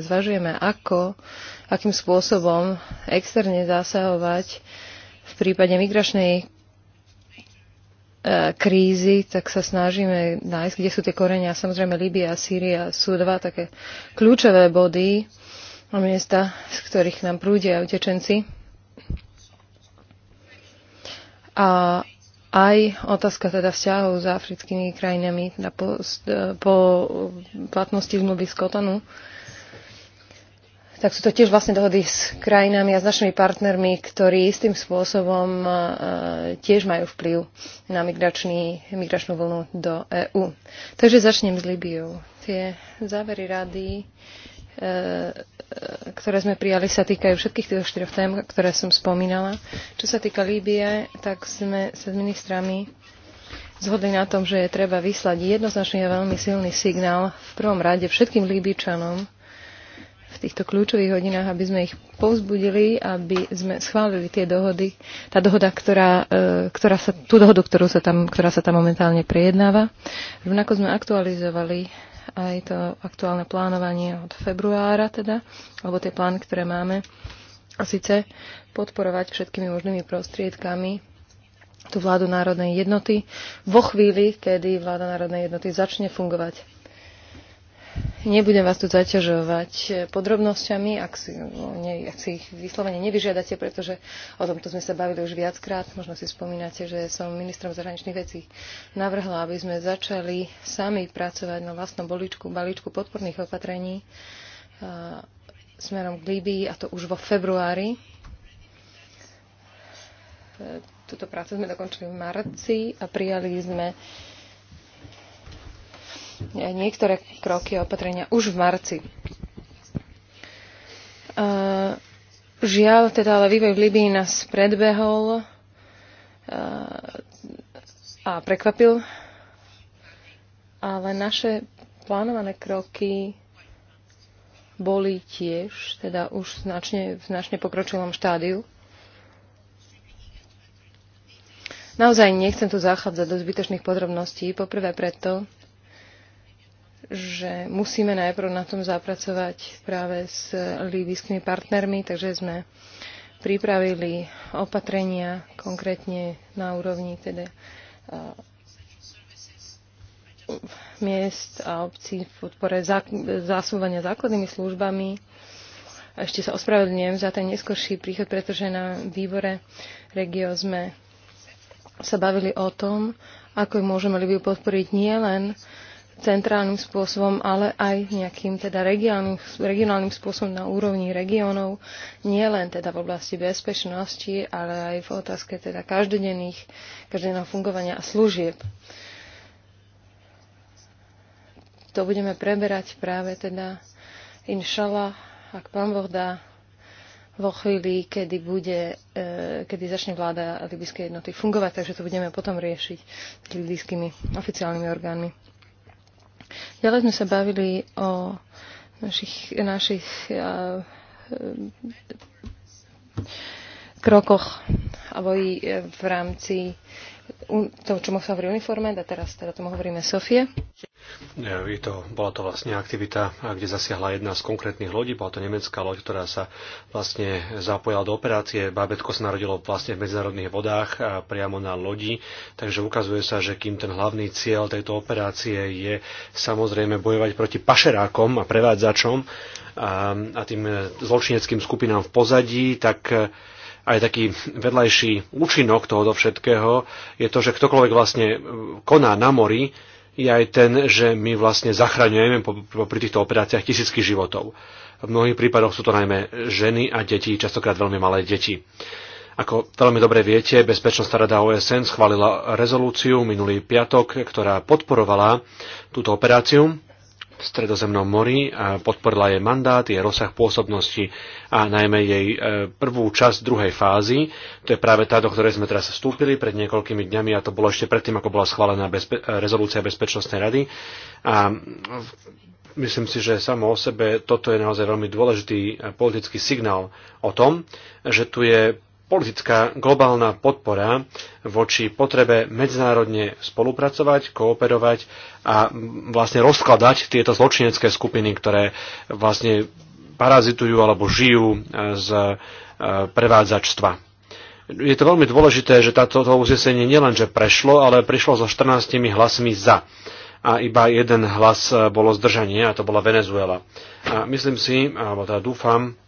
zvažujeme ako, akým spôsobom externe zasahovať v prípade migračnej e, krízy, tak sa snažíme nájsť, kde sú tie korenia. Samozrejme, Líbia a Sýria sú dva také kľúčové body a miesta, z ktorých nám prúdia utečenci. A aj otázka teda vzťahov s africkými krajinami na po, e, po platnosti zmluvy z Kotonu tak sú to tiež vlastne dohody s krajinami a s našimi partnermi, ktorí istým spôsobom tiež majú vplyv na migračný, migračnú vlnu do EÚ. Takže začnem s Libiou. Tie závery rady, e, e, ktoré sme prijali, sa týkajú všetkých týchto štyroch tém, ktoré som spomínala. Čo sa týka Líbie, tak sme sa s ministrami zhodli na tom, že je treba vyslať jednoznačný a veľmi silný signál v prvom rade všetkým Líbičanom, v týchto kľúčových hodinách, aby sme ich povzbudili, aby sme schválili tie dohody, tá dohoda, ktorá, e, ktorá sa, tú dohodu, ktorú sa tam, ktorá sa tam momentálne prejednáva. Rovnako sme aktualizovali aj to aktuálne plánovanie od februára teda, alebo tie plány, ktoré máme. A síce podporovať všetkými možnými prostriedkami tú vládu národnej jednoty vo chvíli, kedy vláda národnej jednoty začne fungovať Nebudem vás tu zaťažovať podrobnosťami, ak si, no, ne, ak si ich vyslovene nevyžiadate, pretože o tomto sme sa bavili už viackrát. Možno si spomínate, že som ministrom zahraničných vecí navrhla, aby sme začali sami pracovať na vlastnom boličku, balíčku podporných opatrení a, smerom k Líbii, a to už vo februári. E, Tuto prácu sme dokončili v marci a prijali sme niektoré kroky a opatrenia už v marci. Žiaľ, teda ale vývoj v Libii nás predbehol a prekvapil, ale naše plánované kroky boli tiež, teda už značne, v značne pokročilom štádiu. Naozaj nechcem tu zachádzať do zbytočných podrobností, poprvé preto, že musíme najprv na tom zapracovať práve s líbyskými partnermi, takže sme pripravili opatrenia konkrétne na úrovni teda miest a obcí v podpore zásúvania základnými službami. Ešte sa ospravedlňujem za ten neskorší príchod, pretože na výbore regio sme sa bavili o tom, ako môžeme Libiu podporiť nielen centrálnym spôsobom, ale aj nejakým teda regionálnym, regionálnym spôsobom na úrovni regiónov, nielen teda v oblasti bezpečnosti, ale aj v otázke teda každodenných, každodenného fungovania a služieb. To budeme preberať práve teda inšala, ak pán Boh dá, vo chvíli, kedy, bude, e, kedy začne vláda libyskej jednoty fungovať, takže to budeme potom riešiť s libyskými oficiálnymi orgánmi. Ďalej sme sa bavili o našich, našich uh, krokoch i e, v rámci čo čomu sa hovorí uniforme, a teraz teda tomu hovoríme Sofie. Je to, bola to vlastne aktivita, kde zasiahla jedna z konkrétnych lodí, bola to nemecká loď, ktorá sa vlastne zapojila do operácie. Bábetko sa narodilo vlastne v medzinárodných vodách a priamo na lodi, takže ukazuje sa, že kým ten hlavný cieľ tejto operácie je samozrejme bojovať proti pašerákom a prevádzačom a, a tým zločineckým skupinám v pozadí, tak aj taký vedľajší účinok tohoto všetkého je to, že ktokoľvek vlastne e, koná na mori, je aj ten, že my vlastne zachraňujeme pri týchto operáciách tisícky životov. V mnohých prípadoch sú to najmä ženy a deti, častokrát veľmi malé deti. Ako veľmi dobre viete, Bezpečnostná rada OSN schválila rezolúciu minulý piatok, ktorá podporovala túto operáciu v Stredozemnom mori a podporila jej mandát, jej rozsah pôsobnosti a najmä jej e, prvú časť druhej fázy. To je práve tá, do ktorej sme teraz vstúpili pred niekoľkými dňami a to bolo ešte predtým, ako bola schválená bezpe- e, rezolúcia Bezpečnostnej rady. A myslím si, že samo o sebe toto je naozaj veľmi dôležitý e, politický signál o tom, že tu je politická globálna podpora voči potrebe medzinárodne spolupracovať, kooperovať a vlastne rozkladať tieto zločinecké skupiny, ktoré vlastne parazitujú alebo žijú e, z e, prevádzačstva. Je to veľmi dôležité, že toto uznesenie nielenže prešlo, ale prišlo so 14 hlasmi za a iba jeden hlas e, bolo zdržanie a to bola Venezuela. A myslím si, alebo teda dúfam,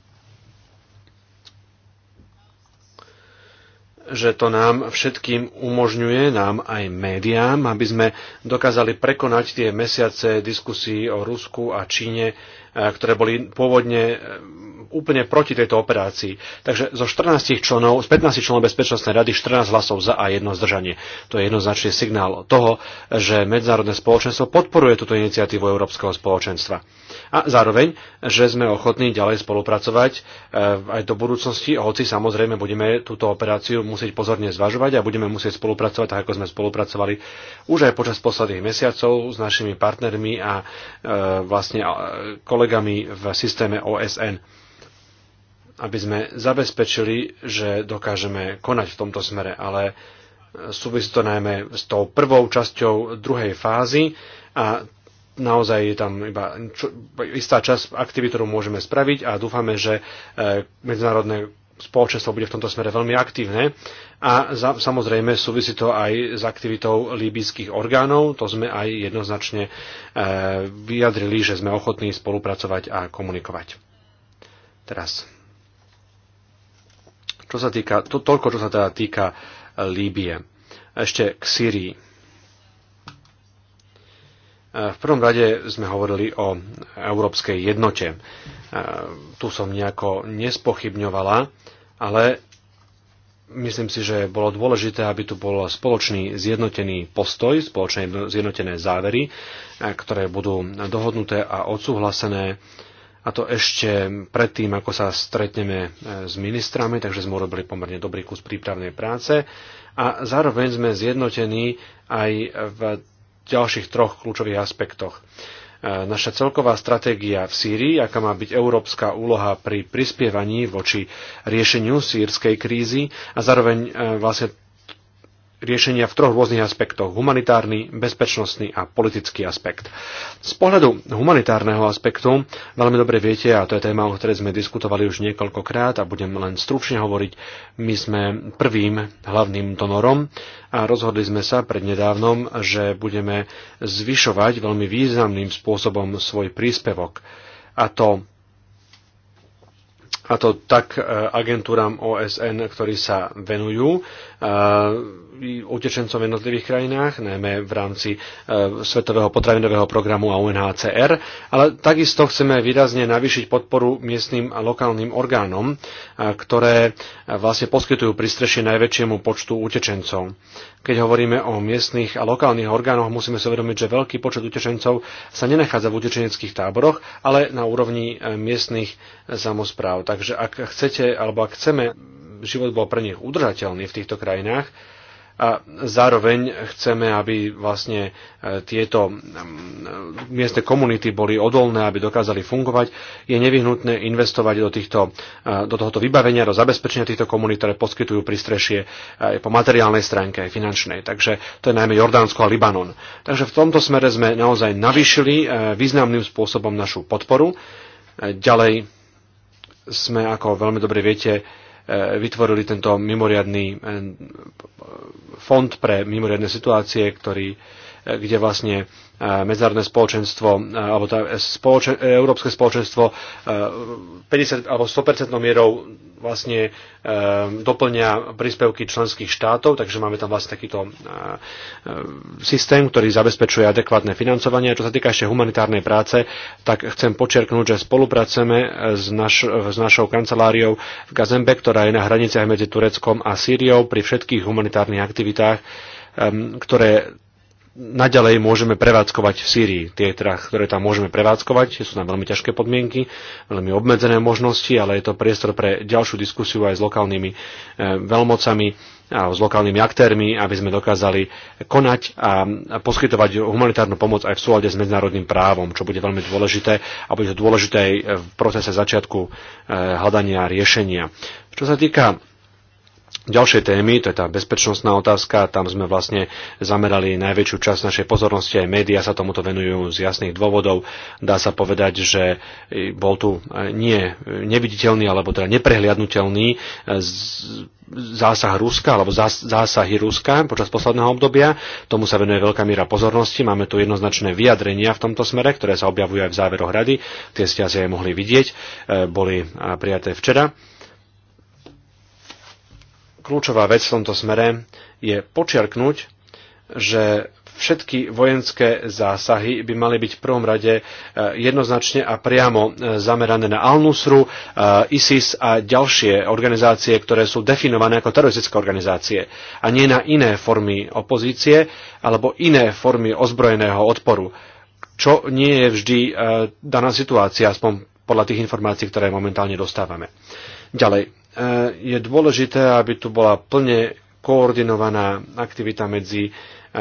že to nám všetkým umožňuje, nám aj médiám, aby sme dokázali prekonať tie mesiace diskusí o Rusku a Číne, eh, ktoré boli pôvodne eh, úplne proti tejto operácii. Takže zo 14 členov, z 15 členov Bezpečnostnej rady 14 hlasov za a jedno zdržanie. To je jednoznačný signál toho, že medzinárodné spoločenstvo podporuje túto iniciatívu Európskeho spoločenstva. A zároveň, že sme ochotní ďalej spolupracovať e, aj do budúcnosti, hoci samozrejme budeme túto operáciu musieť pozorne zvažovať a budeme musieť spolupracovať tak, ako sme spolupracovali už aj počas posledných mesiacov s našimi partnermi a e, vlastne e, kolegami v systéme OSN aby sme zabezpečili, že dokážeme konať v tomto smere, ale súvisí to najmä s tou prvou časťou druhej fázy a naozaj je tam iba čo, istá časť aktivít, ktorú môžeme spraviť a dúfame, že e, medzinárodné spoločenstvo bude v tomto smere veľmi aktívne a za, samozrejme súvisí to aj s aktivitou líbyských orgánov, to sme aj jednoznačne e, vyjadrili, že sme ochotní spolupracovať a komunikovať. Teraz čo sa týka, to, toľko, čo sa teda týka e, Líbie. Ešte k Syrii. E, v prvom rade sme hovorili o európskej jednote. E, tu som nejako nespochybňovala, ale myslím si, že bolo dôležité, aby tu bol spoločný zjednotený postoj, spoločné zjednotené závery, ktoré budú dohodnuté a odsúhlasené a to ešte predtým, ako sa stretneme e, s ministrami, takže sme urobili pomerne dobrý kus prípravnej práce a zároveň sme zjednotení aj v ďalších troch kľúčových aspektoch. E, naša celková stratégia v Sýrii, aká má byť európska úloha pri prispievaní voči riešeniu sírskej krízy a zároveň e, vlastne riešenia v troch rôznych aspektoch. Humanitárny, bezpečnostný a politický aspekt. Z pohľadu humanitárneho aspektu veľmi dobre viete, a to je téma, o ktorej sme diskutovali už niekoľkokrát a budem len stručne hovoriť, my sme prvým hlavným donorom a rozhodli sme sa prednedávnom, že budeme zvyšovať veľmi významným spôsobom svoj príspevok. A to a to tak e, agentúram OSN, ktorí sa venujú e, utečencom v jednotlivých krajinách, najmä v rámci e, Svetového potravinového programu a UNHCR, ale takisto chceme výrazne navýšiť podporu miestnym a lokálnym orgánom, e, ktoré vlastne poskytujú prístrešie najväčšiemu počtu utečencov. Keď hovoríme o miestnych a lokálnych orgánoch, musíme si uvedomiť, že veľký počet utečencov sa nenachádza v utečeneckých táboroch, ale na úrovni e, miestnych samozpráv. Takže ak chcete, alebo ak chceme život bol pre nich udržateľný v týchto krajinách, a zároveň chceme, aby vlastne e, tieto miestne komunity boli odolné, aby dokázali fungovať. Je nevyhnutné investovať do, týchto, e, do tohoto vybavenia, do zabezpečenia týchto komunít, ktoré poskytujú pristrešie e, aj po materiálnej stránke, aj finančnej. Takže to je najmä Jordánsko a Libanon. Takže v tomto smere sme naozaj navyšili významným spôsobom našu podporu. Ďalej sme, ako veľmi dobre viete, vytvorili tento mimoriadný eh, fond pre mimoriadne situácie, ktorý kde vlastne e, medzárodné spoločenstvo, e, alebo tá e, spoločen, európske spoločenstvo 50 alebo 100% mierou vlastne doplňa príspevky členských štátov, takže máme tam vlastne takýto systém, ktorý zabezpečuje adekvátne financovanie. Čo sa týka ešte humanitárnej práce, tak chcem počerknúť, že spolupracujeme s, naš, s našou kanceláriou v Gazembe, ktorá je na hraniciach medzi Tureckom a Sýriou pri všetkých humanitárnych aktivitách, ktoré naďalej môžeme prevádzkovať v Sýrii. Tie, teda, ktoré tam môžeme prevádzkovať, sú tam veľmi ťažké podmienky, veľmi obmedzené možnosti, ale je to priestor pre ďalšiu diskusiu aj s lokálnymi eh, veľmocami a s lokálnymi aktérmi, aby sme dokázali konať a poskytovať humanitárnu pomoc aj v súlade s medzinárodným právom, čo bude veľmi dôležité a bude to dôležité aj v procese začiatku eh, hľadania riešenia. Čo sa týka ďalšej témy, to je tá bezpečnostná otázka, tam sme vlastne zamerali najväčšiu časť našej pozornosti, aj médiá sa tomuto venujú z jasných dôvodov. Dá sa povedať, že bol tu e, nie neviditeľný, alebo teda neprehliadnutelný e, zásah Ruska, alebo zásahy Ruska počas posledného obdobia. Tomu sa venuje veľká míra pozornosti. Máme tu jednoznačné vyjadrenia v tomto smere, ktoré sa objavujú aj v záveroch rady. Tie ste asi aj mohli vidieť. E, boli prijaté včera kľúčová vec v tomto smere je počiarknúť, že všetky vojenské zásahy by mali byť v prvom rade e, jednoznačne a priamo e, zamerané na Al-Nusru, e, ISIS a ďalšie organizácie, ktoré sú definované ako teroristické organizácie a nie na iné formy opozície alebo iné formy ozbrojeného odporu, čo nie je vždy daná situácia, aspoň podľa tých informácií, ktoré momentálne dostávame. Ďalej, Eh, je dôležité, aby tu bola plne koordinovaná aktivita medzi eh,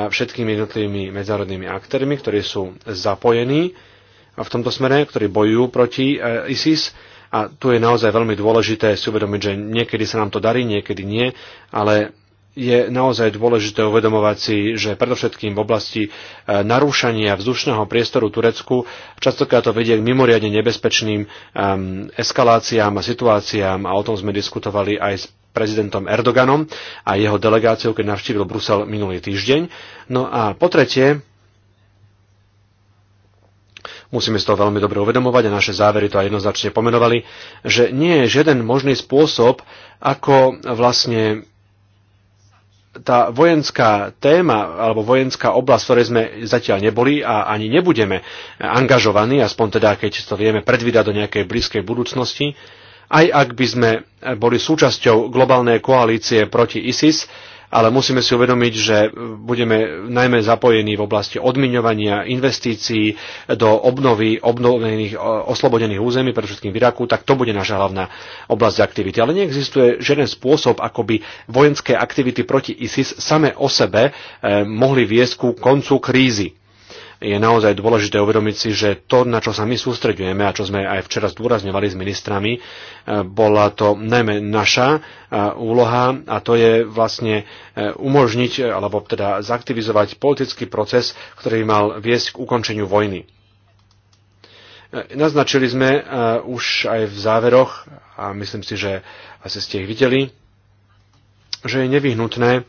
všetkými jednotlivými medzárodnými aktérmi, ktorí sú zapojení eh, v tomto smere, ktorí bojujú proti ISIS. A tu je naozaj veľmi dôležité si uvedomiť, že niekedy sa nám to darí, niekedy nie, ale je naozaj dôležité uvedomovať si, že predovšetkým v oblasti e, narúšania vzdušného priestoru Turecku častokrát to vedie k mimoriadne nebezpečným eskaláciám a situáciám a o tom sme diskutovali aj s prezidentom Erdoganom a jeho delegáciou, keď navštívil Brusel minulý týždeň. No a po tretie, musíme si to veľmi dobre uvedomovať a naše závery to aj jednoznačne pomenovali, že nie je žiaden možný spôsob, ako vlastne tá vojenská téma alebo vojenská oblasť, v ktorej sme zatiaľ neboli a ani nebudeme angažovaní, aspoň teda keď to vieme predvídať do nejakej blízkej budúcnosti, aj ak by sme boli súčasťou globálnej koalície proti ISIS, ale musíme si uvedomiť, že e, budeme najmä zapojení v oblasti odmiňovania investícií do obnovy obnovených, oslobodených území, pre všetkým výraku, Iraku, tak to bude naša hlavná oblasť aktivity. Ale neexistuje žiaden spôsob, ako by vojenské aktivity proti ISIS same o sebe e, mohli viesť ku koncu krízy je naozaj dôležité uvedomiť si, že to, na čo sa my sústreďujeme a čo sme aj včera zdôrazňovali s ministrami, e, bola to najmä naša e, úloha a to je vlastne e, umožniť alebo teda zaktivizovať politický proces, ktorý mal viesť k ukončeniu vojny. Naznačili sme už aj v záveroch, a myslím si, že asi ste ich videli, že je nevyhnutné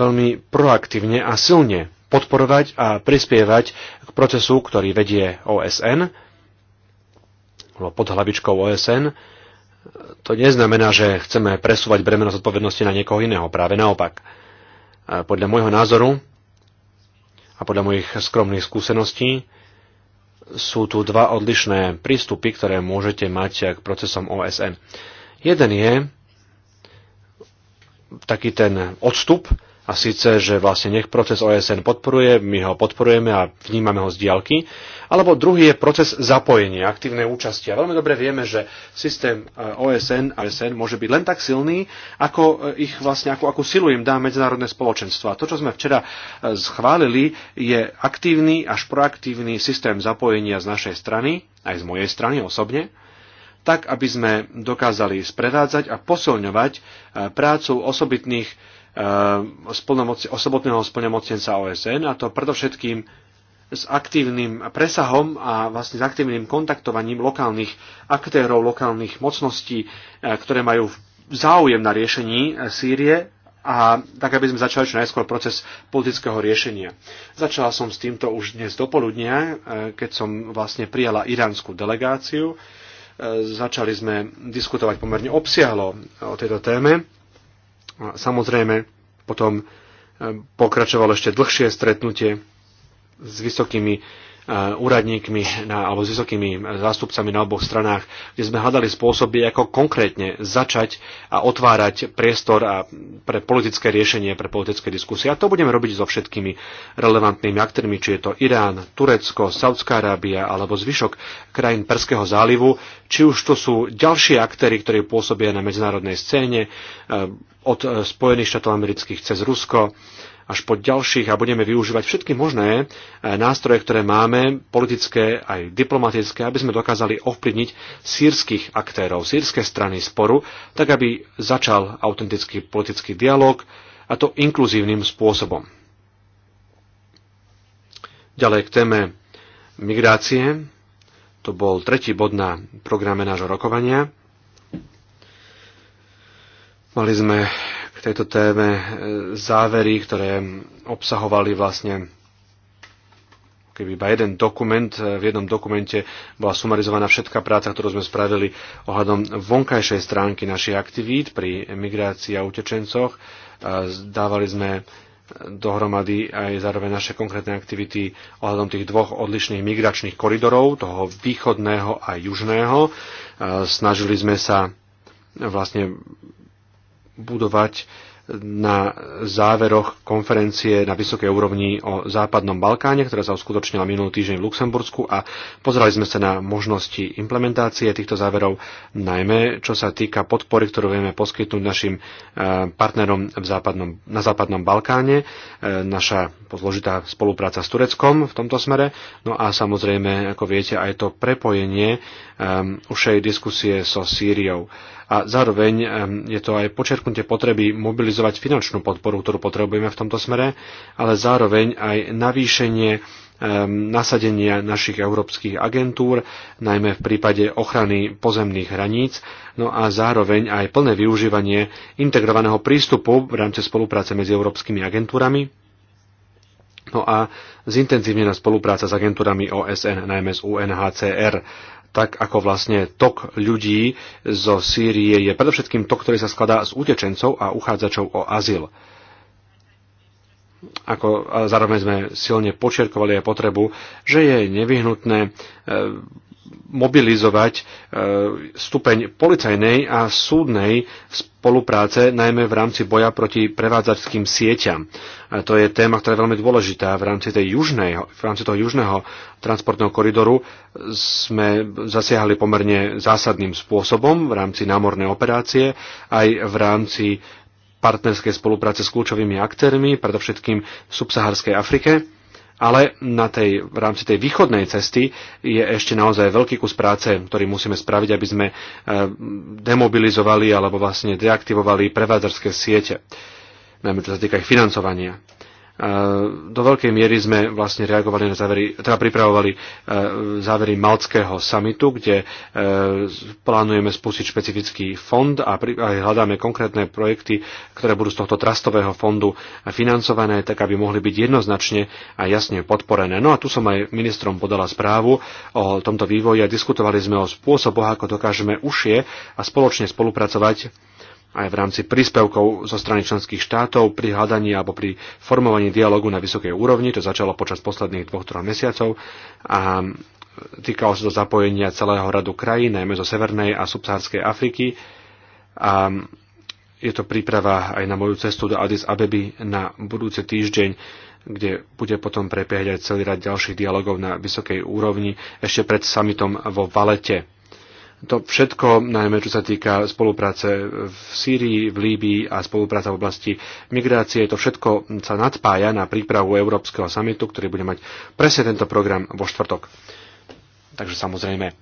veľmi proaktívne a silne podporovať a prispievať k procesu, ktorý vedie OSN, pod hlavičkou OSN. To neznamená, že chceme presúvať bremeno zodpovednosti na niekoho iného, práve naopak. Podľa môjho názoru a podľa mojich skromných skúseností sú tu dva odlišné prístupy, ktoré môžete mať k procesom OSN. Jeden je taký ten odstup, a síce, že vlastne nech proces OSN podporuje, my ho podporujeme a vnímame ho z diálky, alebo druhý je proces zapojenia, aktívnej účasti. A veľmi dobre vieme, že systém eh, OSN a OSN môže byť len tak silný, ako eh, ich vlastne, ako, ako silu im dá medzinárodné spoločenstvo. A to, čo sme včera eh, schválili, je aktívny až proaktívny systém zapojenia z našej strany, aj z mojej strany osobne, tak aby sme dokázali sprevádzať a posilňovať prácu osobitných Eh, osobotného splnomocnenca OSN a to predovšetkým s aktívnym presahom a vlastne s aktívnym kontaktovaním lokálnych aktérov, lokálnych mocností, eh, ktoré majú záujem na riešení eh, Sýrie a tak, aby sme začali čo najskôr proces politického riešenia. Začala som s týmto už dnes dopoludnia, keď som vlastne prijala iránsku delegáciu. Začali sme diskutovať pomerne obsiahlo o tejto téme Samozrejme, potom eh, pokračovalo ešte dlhšie stretnutie s vysokými E, úradníkmi na, alebo s vysokými e, zástupcami na oboch stranách, kde sme hľadali spôsoby, ako konkrétne začať a otvárať priestor a pre politické riešenie, pre politické diskusie. A to budeme robiť so všetkými relevantnými aktérmi, či je to Irán, Turecko, Saudská Arábia alebo zvyšok krajín Perského zálivu, či už to sú ďalšie aktéry, ktorí pôsobia na medzinárodnej scéne, e, od Spojených štátov amerických cez Rusko, až po ďalších a budeme využívať všetky možné e, nástroje, ktoré máme, politické aj diplomatické, aby sme dokázali ovplyvniť sírskych aktérov, sírske strany sporu, tak aby začal autentický politický dialog a to inkluzívnym spôsobom. Ďalej k téme migrácie. To bol tretí bod na programe nášho rokovania. Mali sme tejto téme e, závery, ktoré obsahovali vlastne keby iba jeden dokument. E, v jednom dokumente bola sumarizovaná všetká práca, ktorú sme spravili ohľadom vonkajšej stránky našich aktivít pri migrácii a utečencoch. E, dávali sme dohromady aj zároveň naše konkrétne aktivity ohľadom tých dvoch odlišných migračných koridorov, toho východného a južného. Snažili sme sa vlastne budovať na záveroch konferencie na vysokej úrovni o Západnom Balkáne, ktorá sa uskutočnila minulý týždeň v Luxembursku a pozerali sme sa na možnosti implementácie týchto záverov, najmä čo sa týka podpory, ktorú vieme poskytnúť našim e, partnerom v západnom, na Západnom Balkáne, e, naša zložitá spolupráca s Tureckom v tomto smere, no a samozrejme, ako viete, aj to prepojenie e, ušej diskusie so Sýriou a zároveň je to aj počerknutie potreby mobilizovať finančnú podporu, ktorú potrebujeme v tomto smere, ale zároveň aj navýšenie nasadenia našich európskych agentúr, najmä v prípade ochrany pozemných hraníc, no a zároveň aj plné využívanie integrovaného prístupu v rámci spolupráce medzi európskymi agentúrami, no a zintenzívnená spolupráca s agentúrami OSN, najmä s UNHCR, tak ako vlastne tok ľudí zo Sýrie je predovšetkým tok, ktorý sa skladá z utečencov a uchádzačov o azyl. Ako zároveň sme silne počerkovali aj potrebu, že je nevyhnutné e, mobilizovať e, stupeň policajnej a súdnej spolupráce, najmä v rámci boja proti prevádzačským sieťam. A e, to je téma, ktorá je veľmi dôležitá. V rámci, tej južnej, v rámci toho južného transportného koridoru sme zasiahli pomerne zásadným spôsobom v rámci námornej operácie, aj v rámci partnerskej spolupráce s kľúčovými aktérmi, predovšetkým v subsaharskej Afrike ale na tej, v rámci tej východnej cesty je ešte naozaj veľký kus práce, ktorý musíme spraviť, aby sme eh, demobilizovali alebo vlastne deaktivovali prevádzarské siete, najmä čo sa týka ich financovania do veľkej miery sme vlastne reagovali na závery, teda pripravovali e, závery Malckého samitu, kde e, plánujeme spustiť špecifický fond a hľadáme konkrétne projekty, ktoré budú z tohto trastového fondu financované, tak aby mohli byť jednoznačne a jasne podporené. No a tu som aj ministrom podala správu o tomto vývoji a diskutovali sme o spôsoboch, ako dokážeme užšie a spoločne spolupracovať aj v rámci príspevkov zo strany členských štátov pri hľadaní alebo pri formovaní dialogu na vysokej úrovni. To začalo počas posledných dvoch, troch mesiacov a týkalo sa to zapojenia celého radu krajín, najmä zo Severnej a Subsahárskej Afriky. A je to príprava aj na moju cestu do Addis Abeby na budúci týždeň, kde bude potom prebiehať aj celý rad ďalších dialogov na vysokej úrovni ešte pred summitom vo Valete to všetko, najmä čo sa týka spolupráce v Sýrii, v Líbii a spolupráca v oblasti migrácie, to všetko sa nadpája na prípravu Európskeho samitu, ktorý bude mať presne tento program vo štvrtok. Takže samozrejme,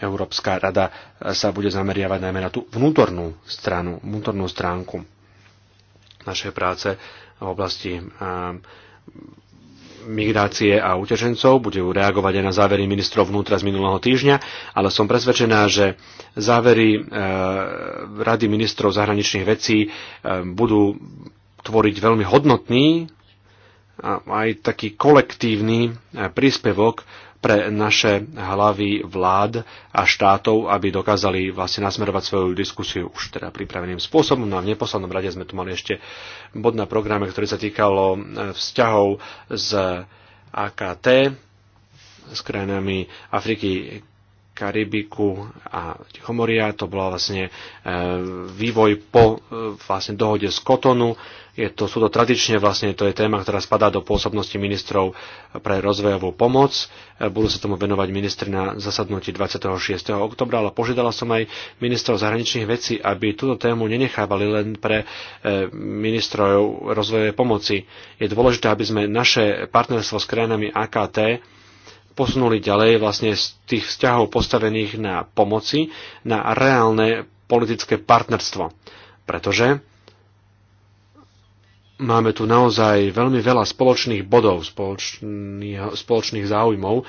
Európska rada sa bude zameriavať najmä na tú vnútornú stranu, vnútornú stránku našej práce v oblasti eh, migrácie a utečencov. bude reagovať aj na závery ministrov vnútra z minulého týždňa, ale som presvedčená, že závery e, Rady ministrov zahraničných vecí e, budú tvoriť veľmi hodnotný a aj taký kolektívny e, príspevok pre naše hlavy vlád a štátov, aby dokázali vlastne nasmerovať svoju diskusiu už teda pripraveným spôsobom. No a v neposlednom rade sme tu mali ešte bod na programe, ktorý sa týkalo e, vzťahov z AKT, s krajinami Afriky, Karibiku a Tichomoria. To bol vlastne e, vývoj po e, vlastne dohode z Kotonu je to, sú to tradične vlastne, to je téma, ktorá spadá do pôsobnosti ministrov pre rozvojovú pomoc. E, budú sa tomu venovať ministri na zasadnutí 26. oktobra, ale požiadala som aj ministrov zahraničných vecí, aby túto tému nenechávali len pre e, ministrov rozvojovej pomoci. Je dôležité, aby sme naše partnerstvo s krajinami AKT posunuli ďalej vlastne z tých vzťahov postavených na pomoci na reálne politické partnerstvo. Pretože máme tu naozaj veľmi veľa spoločných bodov, spoločných, spoločných záujmov, e,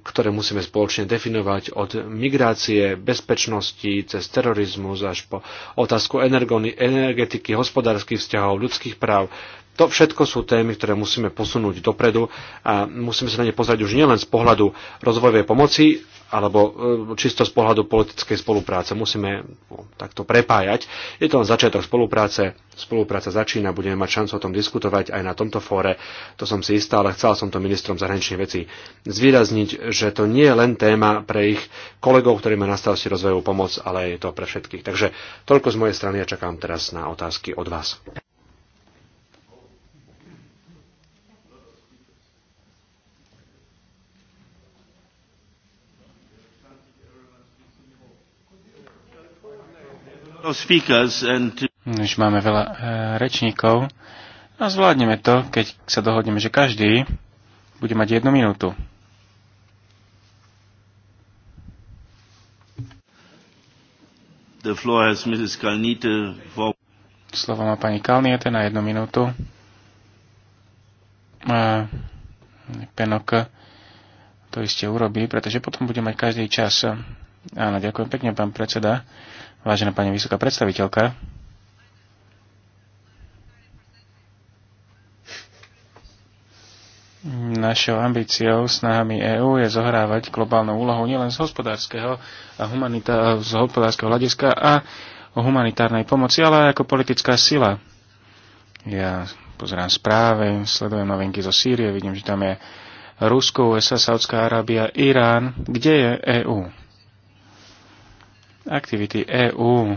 ktoré musíme spoločne definovať od migrácie, bezpečnosti, cez terorizmus až po otázku energetiky, hospodárskych vzťahov, ľudských práv. To všetko sú témy, ktoré musíme posunúť dopredu a musíme sa na ne pozrieť už nielen z pohľadu rozvojovej pomoci, alebo e, čisto z pohľadu politickej spolupráce. Musíme no, takto prepájať. Je to len začiatok spolupráce. Spolupráca začína, budeme mať šancu o tom diskutovať aj na tomto fóre. To som si istá, ale chcel som to ministrom zahraničných vecí zvýrazniť, že to nie je len téma pre ich kolegov, ktorí majú na starosti rozvojovú pomoc, ale je to pre všetkých. Takže toľko z mojej strany a ja čakám teraz na otázky od vás. Už máme veľa e, rečníkov a zvládneme to, keď sa dohodneme, že každý bude mať jednu minútu. The floor has Mrs. Kalnite for... Slovo má pani Kalniete na jednu minútu. A Penok to iste urobí, pretože potom bude mať každý čas. Áno, ďakujem pekne, pán predseda vážená pani vysoká predstaviteľka, Našou ambíciou, snahami EÚ je zohrávať globálnu úlohu nielen z hospodárskeho, a humanita- z hospodárskeho hľadiska a humanitárnej pomoci, ale aj ako politická sila. Ja pozerám správy, sledujem novinky zo Sýrie, vidím, že tam je Rusko, USA, Saudská Arábia, Irán. Kde je EÚ? Aktivity EÚ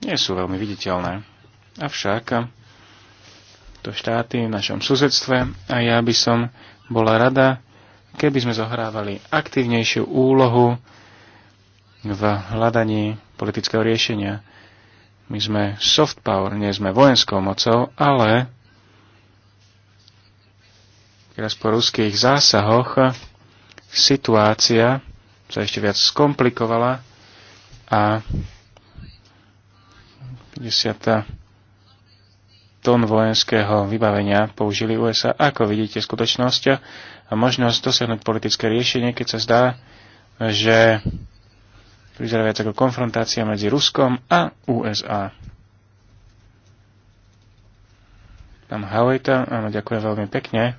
nie sú veľmi viditeľné. Avšak to štáty v našom susedstve a ja by som bola rada, keby sme zohrávali aktívnejšiu úlohu v hľadaní politického riešenia. My sme soft power, nie sme vojenskou mocou, ale teraz po ruských zásahoch situácia sa ešte viac skomplikovala a 50 tón vojenského vybavenia použili USA. Ako vidíte skutočnosť a možnosť dosiahnuť politické riešenie, keď sa zdá, že vyzerá viac ako konfrontácia medzi Ruskom a USA. Pán Howejta, áno, ďakujem veľmi pekne.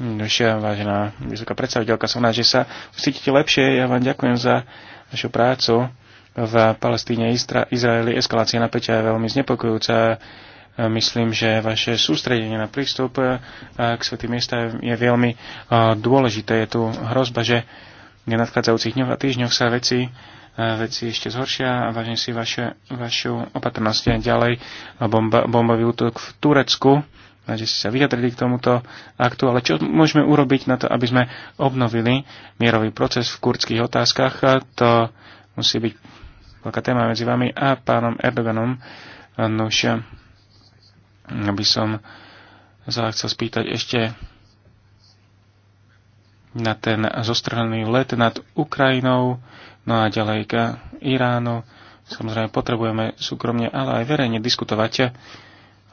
Došia, vážená vysoká predstaviteľka, som rád, že sa cítite lepšie. Ja vám ďakujem za našu prácu v Palestíne Istra, Izraeli. Eskalácia napätia je veľmi znepokojúca. Myslím, že vaše sústredenie na prístup k svetým miesta je veľmi dôležité. Je tu hrozba, že v nadchádzajúcich dňoch a týždňoch sa veci veci ešte zhoršia a vážim si vaše, vašu opatrnosť. ďalej bomba, bombový útok v Turecku že ste sa vyjadrili k tomuto aktu, ale čo môžeme urobiť na to, aby sme obnovili mierový proces v kurdských otázkach, to musí byť veľká téma medzi vami a pánom Erdoganom. Nož, aby som sa chcel spýtať ešte na ten zostrelený let nad Ukrajinou, no a ďalej k Iránu. Samozrejme potrebujeme súkromne, ale aj verejne diskutovať.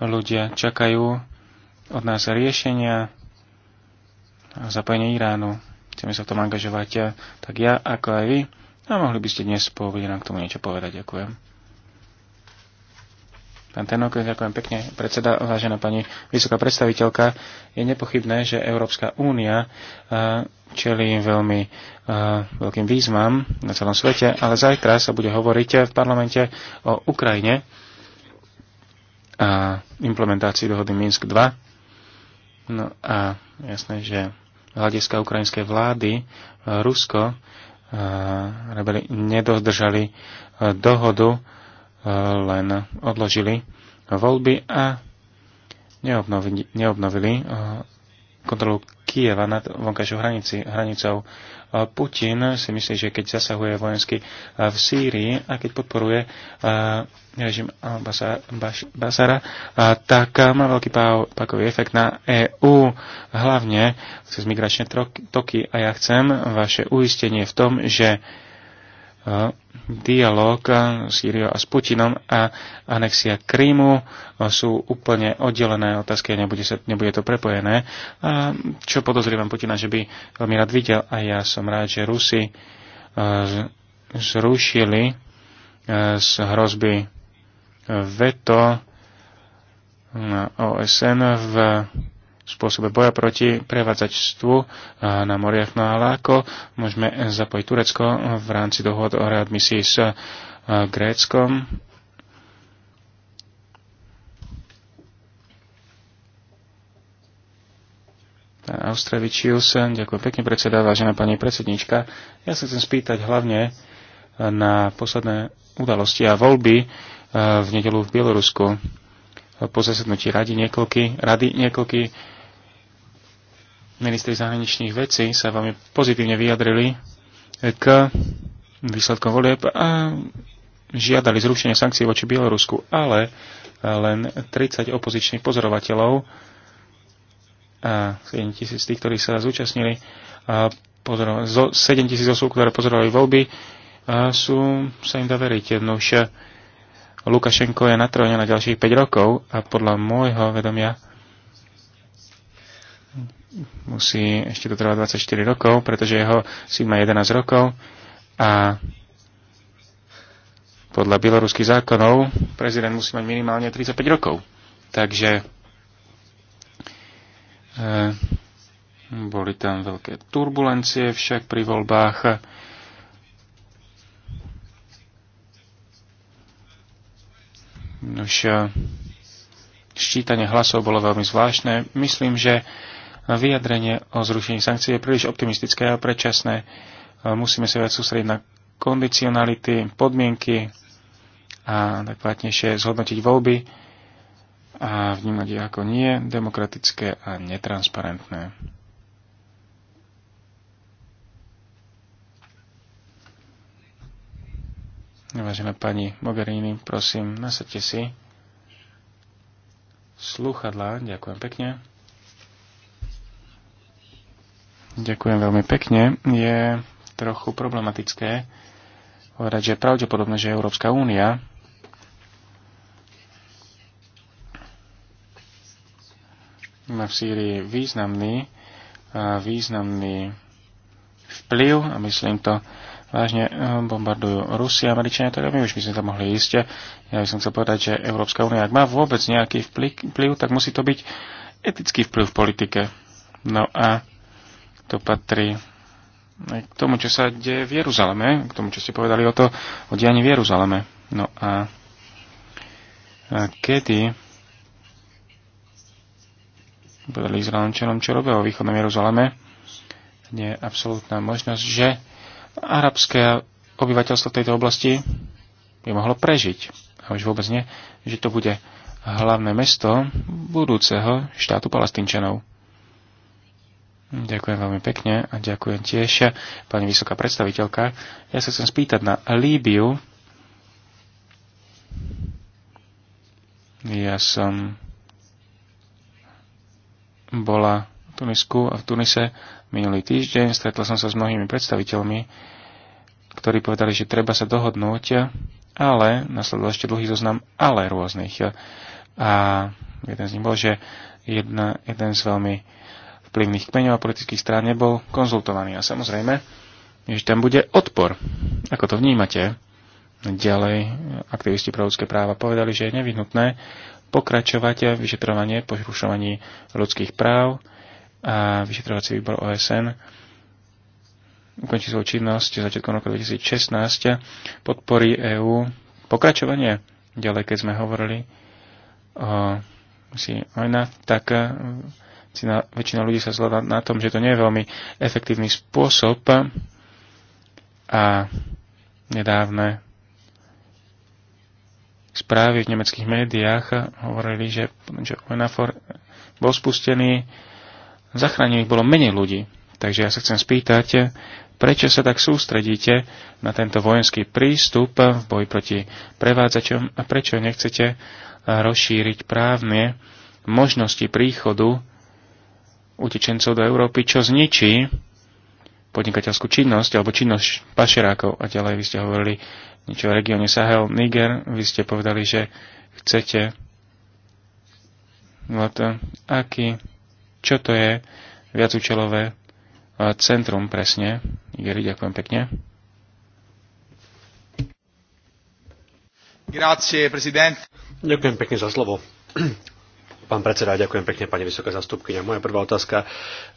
Ľudia čakajú od nás riešenia a zapojenie Iránu. Chceme sa v tom angažovať ja, eh, tak ja ako aj vy. A mohli by ste dnes povedať nám k tomu niečo povedať. Ďakujem. Pán Tenok, ďakujem pekne. Predseda, vážená pani vysoká predstaviteľka, je nepochybné, že Európska únia eh, čelí veľmi eh, veľkým výzvam na celom svete, ale zajtra sa bude hovoriť v parlamente o Ukrajine a implementácii dohody Minsk 2 No a jasné, že hľadiska ukrajinskej vlády e, Rusko e, rebeli nedodržali e, dohodu, len odložili voľby a neobnovili, neobnovili kontrolu Kieva nad vonkajšou hranici, hranicou. Putin si myslí, že keď zasahuje vojensky v Sýrii a keď podporuje režim Basara, tak má veľký pakový efekt na EÚ, hlavne cez migračné toky. A ja chcem vaše uistenie v tom, že dialog s Sýriou a s Putinom a anexia Krímu sú úplne oddelené otázky a nebude, sa, nebude to prepojené. A čo podozrievam Putina, že by veľmi rád videl a ja som rád, že Rusi e, zrušili e, z hrozby veto na OSN v spôsobe boja proti prevádzačstvu e, na moriach. No ale ako môžeme zapojiť Turecko v rámci dohod o readmisii s e, Gréckom? Austrevičius, ďakujem pekne predseda, vážená pani predsednička. Ja sa chcem spýtať hlavne na posledné udalosti a voľby e, v nedelu v Bielorusku po zasadnutí rady niekoľky, rady niekoľky ministri zahraničných vecí sa veľmi pozitívne vyjadrili k výsledkom volieb a žiadali zrušenie sankcií voči Bielorusku, ale len 30 opozičných pozorovateľov a 7 tisíc tých, ktorí sa zúčastnili, a pozorovali, 7 tisíc osôb, ktoré pozorovali voľby, a sú, sa im dá veriť. No Lukašenko je natrojne na ďalších 5 rokov a podľa môjho vedomia musí ešte to trvať 24 rokov, pretože jeho syn má 11 rokov a podľa bieloruských zákonov prezident musí mať minimálne 35 rokov. Takže e, boli tam veľké turbulencie však pri voľbách. Už eh, ščítanie hlasov bolo veľmi zvláštne. Myslím, že vyjadrenie o zrušení sankcií je príliš optimistické a predčasné. Musíme sa viac sústrediť na kondicionality, podmienky a adekvátnejšie zhodnotiť voľby a vnímať ich ako nie demokratické a netransparentné. Vážená pani Mogherini, prosím, nasadte si sluchadla. Ďakujem pekne. Ďakujem veľmi pekne. Je trochu problematické povedať, že je pravdepodobné, že Európska únia má v Sýrii významný, významný vplyv a myslím to vážne e, bombardujú Rusia, a Američania, teda my už by sme tam mohli ísť. Ja by som chcel povedať, že Európska únia, ak má vôbec nejaký vplyv, tak musí to byť etický vplyv v politike. No a to patrí k tomu, čo sa deje v Jeruzaleme, k tomu, čo ste povedali o to, o dianí v Jeruzaleme. No a, a kedy povedali Izraelčanom, čo robia o východnom Jeruzaleme, nie je absolútna možnosť, že arabské obyvateľstvo tejto oblasti by mohlo prežiť. A už vôbec nie, že to bude hlavné mesto budúceho štátu palestínčanov. Ďakujem veľmi pekne a ďakujem tiež pani vysoká predstaviteľka. Ja sa chcem spýtať na Líbiu. Ja som bola v Tunisku a v Tunise minulý týždeň. Stretla som sa s mnohými predstaviteľmi, ktorí povedali, že treba sa dohodnúť, ale nasledoval ešte dlhý zoznam ale rôznych. A jeden z nich bol, že jedna, jeden z veľmi vplyvných kmeňov a politických strán nebol konzultovaný. A samozrejme, že tam bude odpor. Ako to vnímate? Ďalej, aktivisti pro ľudské práva povedali, že je nevyhnutné pokračovať vyšetrovanie po porušovaní ľudských práv a vyšetrovací výbor OSN ukončí svoju činnosť začiatkom roku 2016 podporí EÚ pokračovanie. Ďalej, keď sme hovorili o si ojna, tak väčšina, väčšina ľudí sa zhľadá na tom, že to nie je veľmi efektívny spôsob a nedávne správy v nemeckých médiách hovorili, že, že Enafor bol spustený, zachránených bolo menej ľudí. Takže ja sa chcem spýtať, prečo sa tak sústredíte na tento vojenský prístup v boji proti prevádzačom a prečo nechcete rozšíriť právne možnosti príchodu utečencov do Európy, čo zničí podnikateľskú činnosť alebo činnosť pašerákov. A ďalej vy ste hovorili niečo o regióne Sahel, Niger. Vy ste povedali, že chcete aký, čo to je viacúčelové e, centrum presne. Igeri, ďakujem pekne. Grazie, Ďakujem pekne za slovo Pán predseda, ďakujem pekne, pani vysoká zastupkynia. Moja prvá otázka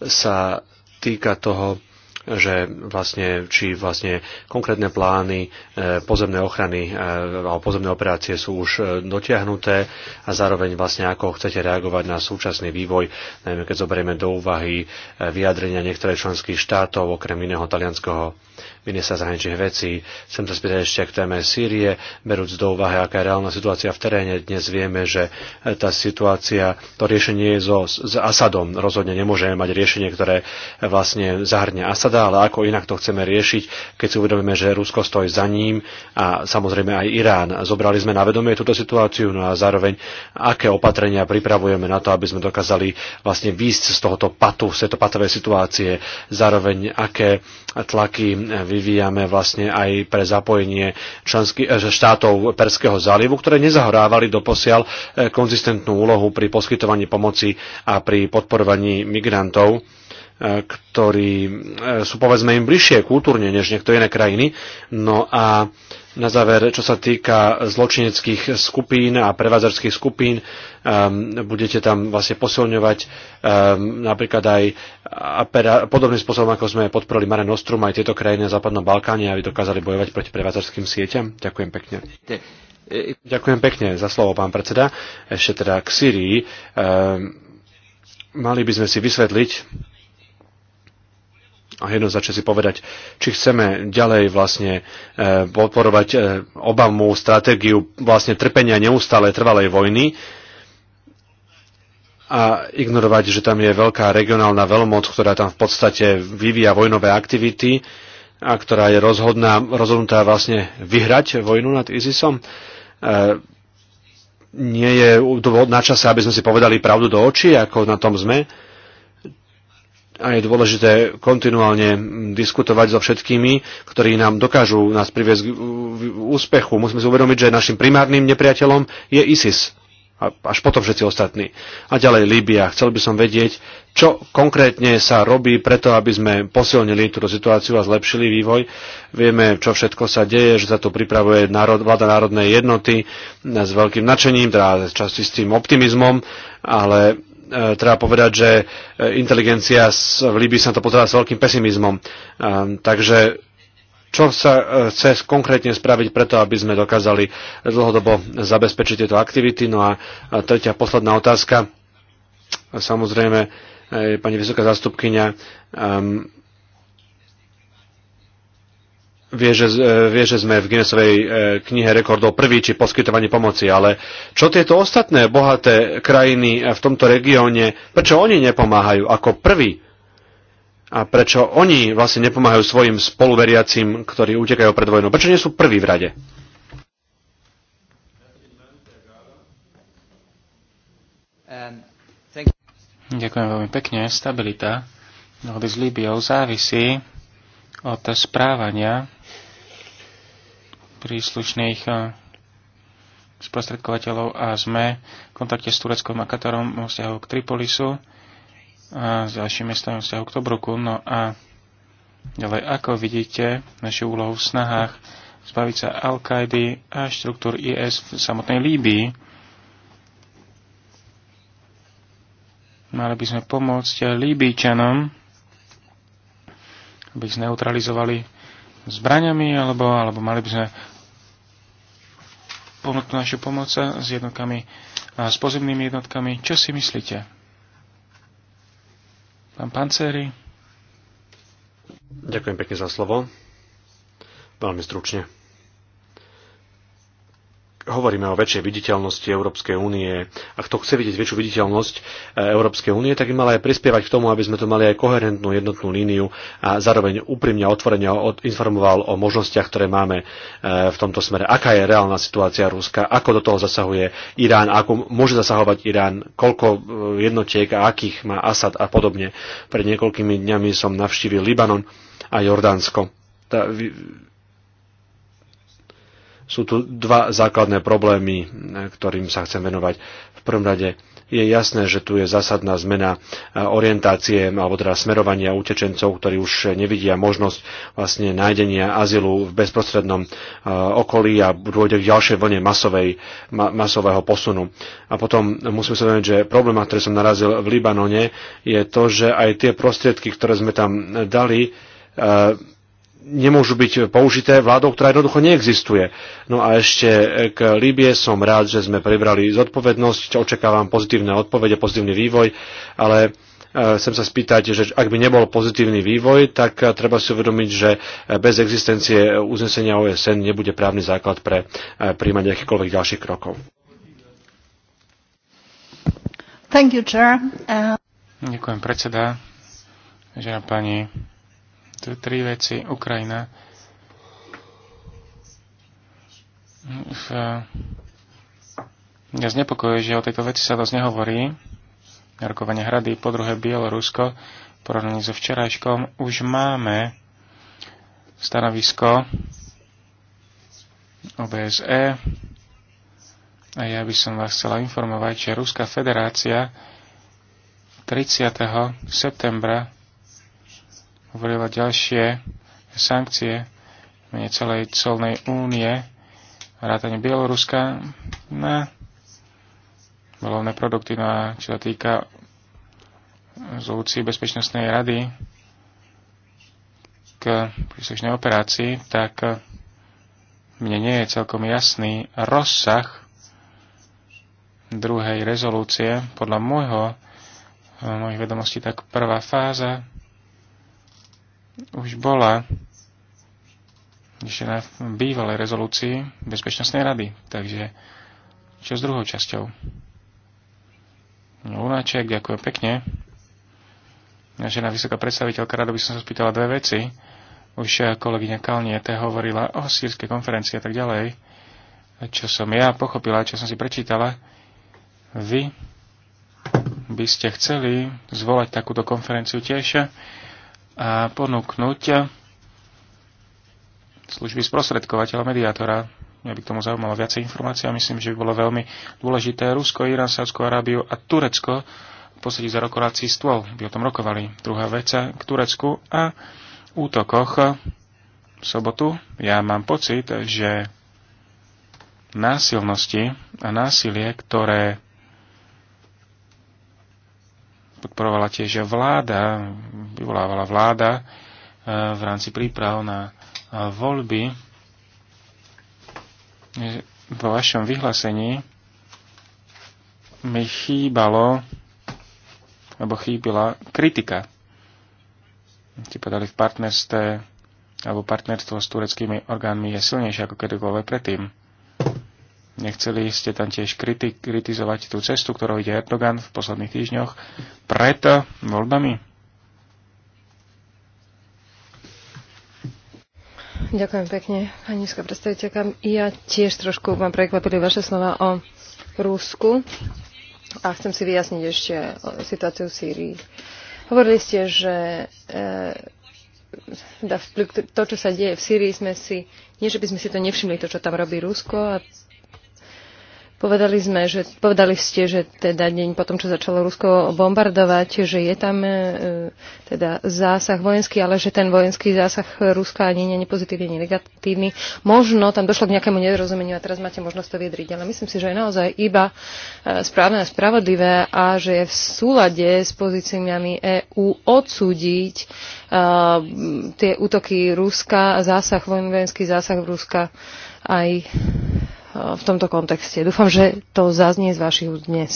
sa týka toho, že vlastne, či vlastne konkrétne plány e, pozemné ochrany e, alebo pozemné operácie sú už e, dotiahnuté a zároveň vlastne ako chcete reagovať na súčasný vývoj, najmä keď zoberieme do úvahy vyjadrenia niektorých členských štátov, okrem iného talianského ministra zahraničných vecí. Chcem sa spýtať ešte k téme Sýrie, berúc do úvahy, aká je reálna situácia v teréne. Dnes vieme, že tá situácia, to riešenie je so, s Asadom. Rozhodne nemôžeme mať riešenie, ktoré vlastne zahrňa Asada, ale ako inak to chceme riešiť, keď si uvedomíme, že Rusko stojí za ním a samozrejme aj Irán. Zobrali sme na vedomie túto situáciu, no a zároveň aké opatrenia pripravujeme na to, aby sme dokázali vlastne výjsť z tohoto patu, z tejto patovej situácie, zároveň aké tlaky vyvíjame vlastne aj pre zapojenie členský, eh, štátov Perského zálivu, ktoré nezahorávali doposiaľ eh, konzistentnú úlohu pri poskytovaní pomoci a pri podporovaní migrantov eh, ktorí sú povedzme im bližšie kultúrne než niektoré iné krajiny. No a na záver, čo sa týka zločineckých skupín a prevádzarských skupín, um, budete tam vlastne posilňovať um, napríklad aj apera, podobným spôsobom, ako sme podporili Mare Nostrum, aj tieto krajiny na Západnom Balkáne, aby dokázali bojovať proti prevádzarským sieťam. Ďakujem pekne. Ďakujem pekne za slovo, pán predseda. Ešte teda k Syrii. Um, ehm, mali by sme si vysvetliť, a jednoznačne si povedať, či chceme ďalej vlastne e, podporovať e, Obamu stratégiu vlastne trpenia neustále trvalej vojny, a ignorovať, že tam je veľká regionálna veľmoc, ktorá tam v podstate vyvíja vojnové aktivity a ktorá je rozhodná, rozhodnutá vlastne vyhrať vojnu nad ISISom. E, nie je na čase, aby sme si povedali pravdu do očí, ako na tom sme. E, a je dôležité kontinuálne diskutovať so všetkými, ktorí nám dokážu nás priviesť k úspechu. Musíme si uvedomiť, že našim primárnym nepriateľom je ISIS. A až potom všetci ostatní. A ďalej Líbia. Chcel by som vedieť, čo konkrétne sa robí preto, aby sme posilnili túto situáciu a zlepšili vývoj. Vieme, čo všetko sa deje, že sa tu pripravuje národ, vláda národnej jednoty s veľkým nadšením, teda časti s tým optimizmom, ale E, treba povedať, že e, inteligencia v Líbii sa to pozerá s veľkým pesimizmom. E, takže čo sa chce konkrétne spraviť preto, aby sme dokázali dlhodobo zabezpečiť tieto aktivity. No a tretia posledná otázka. Samozrejme, pani vysoká zastupkynia, vie, že, e, vie, že sme v Guinnessovej e, knihe rekordov prvý či poskytovanie pomoci, ale čo tieto ostatné bohaté krajiny v tomto regióne, prečo oni nepomáhajú ako prví? A prečo oni vlastne nepomáhajú svojim spoluveriacim, ktorí utekajú pred vojnou? Prečo nie sú prví v rade? Um, Ďakujem veľmi pekne. Stabilita dohody s Líbiou závisí od správania príslušných eh, sprostredkovateľov a sme v kontakte s Tureckom a Katarom v vzťahu k Tripolisu a s ďalším mestom v vzťahu k Tobruku. No a ďalej, ako vidíte, našu úlohu v snahách zbaviť sa al a štruktúr IS v samotnej Líbii. Mali by sme pomôcť Líbíčanom, aby zneutralizovali zbraniami, alebo, alebo mali by sme ponúknuť našu pomoc s jednotkami, s pozemnými jednotkami. Čo si myslíte? Pán Pancéry? Ďakujem pekne za slovo. Veľmi stručne hovoríme o väčšej viditeľnosti Európskej únie a kto chce vidieť väčšiu viditeľnosť e, Európskej únie, tak by mal aj prispievať k tomu, aby sme tu mali aj koherentnú jednotnú líniu a zároveň úprimne a otvorene informoval o možnostiach, ktoré máme e, v tomto smere. Aká je reálna situácia Ruska, ako do toho zasahuje Irán, ako môže zasahovať Irán, koľko e, jednotiek a akých má Asad a podobne. Pred niekoľkými dňami som navštívil Libanon a Jordánsko sú tu dva základné problémy, e, ktorým sa chcem venovať. V prvom rade je jasné, že tu je zásadná zmena e, orientácie alebo teda smerovania utečencov, ktorí už nevidia možnosť vlastne nájdenia azylu v bezprostrednom e, okolí a dôjde k ďalšej vlne masovej, ma, masového posunu. A potom musím sa vedieť, že problém, na ktorý som narazil v Libanone, je to, že aj tie prostriedky, ktoré sme tam dali, nemôžu byť použité vládou, ktorá jednoducho neexistuje. No a ešte k Líbie som rád, že sme prebrali zodpovednosť, očakávam pozitívne odpovede, pozitívny vývoj, ale e, chcem sa spýtať, že ak by nebol pozitívny vývoj, tak e, treba si uvedomiť, že bez existencie uznesenia OSN nebude právny základ pre e, príjmanie akýchkoľvek ďalších krokov. Thank you, chair. Uh... Ďakujem, predseda. Vážená pani tri veci. Ukrajina. V, e, mňa znepokojuje, že o tejto veci sa dosť nehovorí. Rokovanie hrady. Po druhé Bielorusko. Porovnaní so včerajškom. Už máme stanovisko OBSE. A ja by som vás chcela informovať, že Ruská federácia 30. septembra uvolila ďalšie sankcie mene celej colnej únie, vrátane Bieloruska na volovné produkty. No a čo sa týka rezolúcii Bezpečnostnej rady k príslušnej operácii, tak mne nie je celkom jasný rozsah druhej rezolúcie. Podľa môjho, mojich vedomostí, tak prvá fáza už bola ešte na bývalej rezolúcii Bezpečnostnej rady. Takže čo s druhou časťou? No, Lunáček, ďakujem pekne. Žena vysoká predstaviteľka, rado by som sa spýtala dve veci. Už kolegyňa Kalniete hovorila o sírskej konferencii a tak ďalej. Čo som ja pochopila, čo som si prečítala, vy by ste chceli zvolať takúto konferenciu tiež a ponúknuť služby sprostredkovateľa, mediátora. Mňa by k tomu zaujímalo viacej informácií a myslím, že by bolo veľmi dôležité Rusko, Irán, Sávskú Arábiu a Turecko posadiť za rokovací stôl, by o tom rokovali. Druhá vec k Turecku a útokoch v sobotu. Ja mám pocit, že násilnosti a násilie, ktoré podporovala tiež vláda, vyvolávala vláda e, v rámci príprav na e, voľby. Vo vašom vyhlásení mi chýbalo, alebo chýbila kritika. Ti podali v partnerstve, alebo partnerstvo s tureckými orgánmi je silnejšie ako kedykoľvek predtým. Nechceli ste tam tiež kritik, kritizovať tú cestu, ktorou ide Erdogan v posledných týždňoch pred voľbami? Ďakujem pekne, pani nízka predstaviteľka. Ja tiež trošku vám prekvapili vaše slova o Rusku a chcem si vyjasniť ešte e, situáciu v Sýrii. Hovorili ste, že e, to, čo sa deje v Sýrii, sme si, nie že by sme si to nevšimli, to, čo tam robí Rusko a Povedali, sme, že, povedali ste, že teda deň potom, čo začalo Rusko bombardovať, že je tam e, teda zásah vojenský, ale že ten vojenský zásah Ruska ani nie je pozitívny, ani negatívny. Možno tam došlo k nejakému nedorozumeniu a teraz máte možnosť to vyjadriť, ale myslím si, že je naozaj iba e, správne a spravodlivé a že je v súlade s pozíciami EÚ odsúdiť e, tie útoky Ruska, zásah, vojenský zásah v Ruska aj Eh, v tomto kontexte. Dúfam, že to zaznie z vašich úst dnes.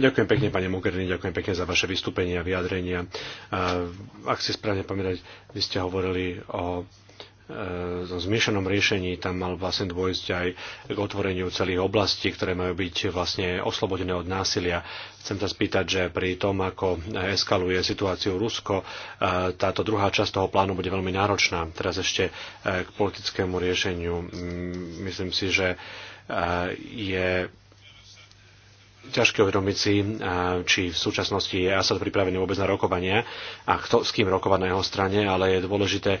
Ďakujem pekne, pani Mogherini, ďakujem pekne za vaše vystúpenie a vyjadrenia. Eh, ak si správne pamätať, vy ste hovorili o v e, zmiešanom riešení tam mal vlastne dôjsť aj k otvoreniu celých oblastí, ktoré majú byť vlastne oslobodené od násilia. Chcem sa spýtať, že pri tom, ako eskaluje situáciu Rusko, e, táto druhá časť toho plánu bude veľmi náročná. Teraz ešte e, k politickému riešeniu. Myslím si, že je ťažké uvedomiť si, eh, či v súčasnosti je Asad pripravený vôbec na rokovania a kto, s kým rokovať na jeho strane, ale je dôležité eh,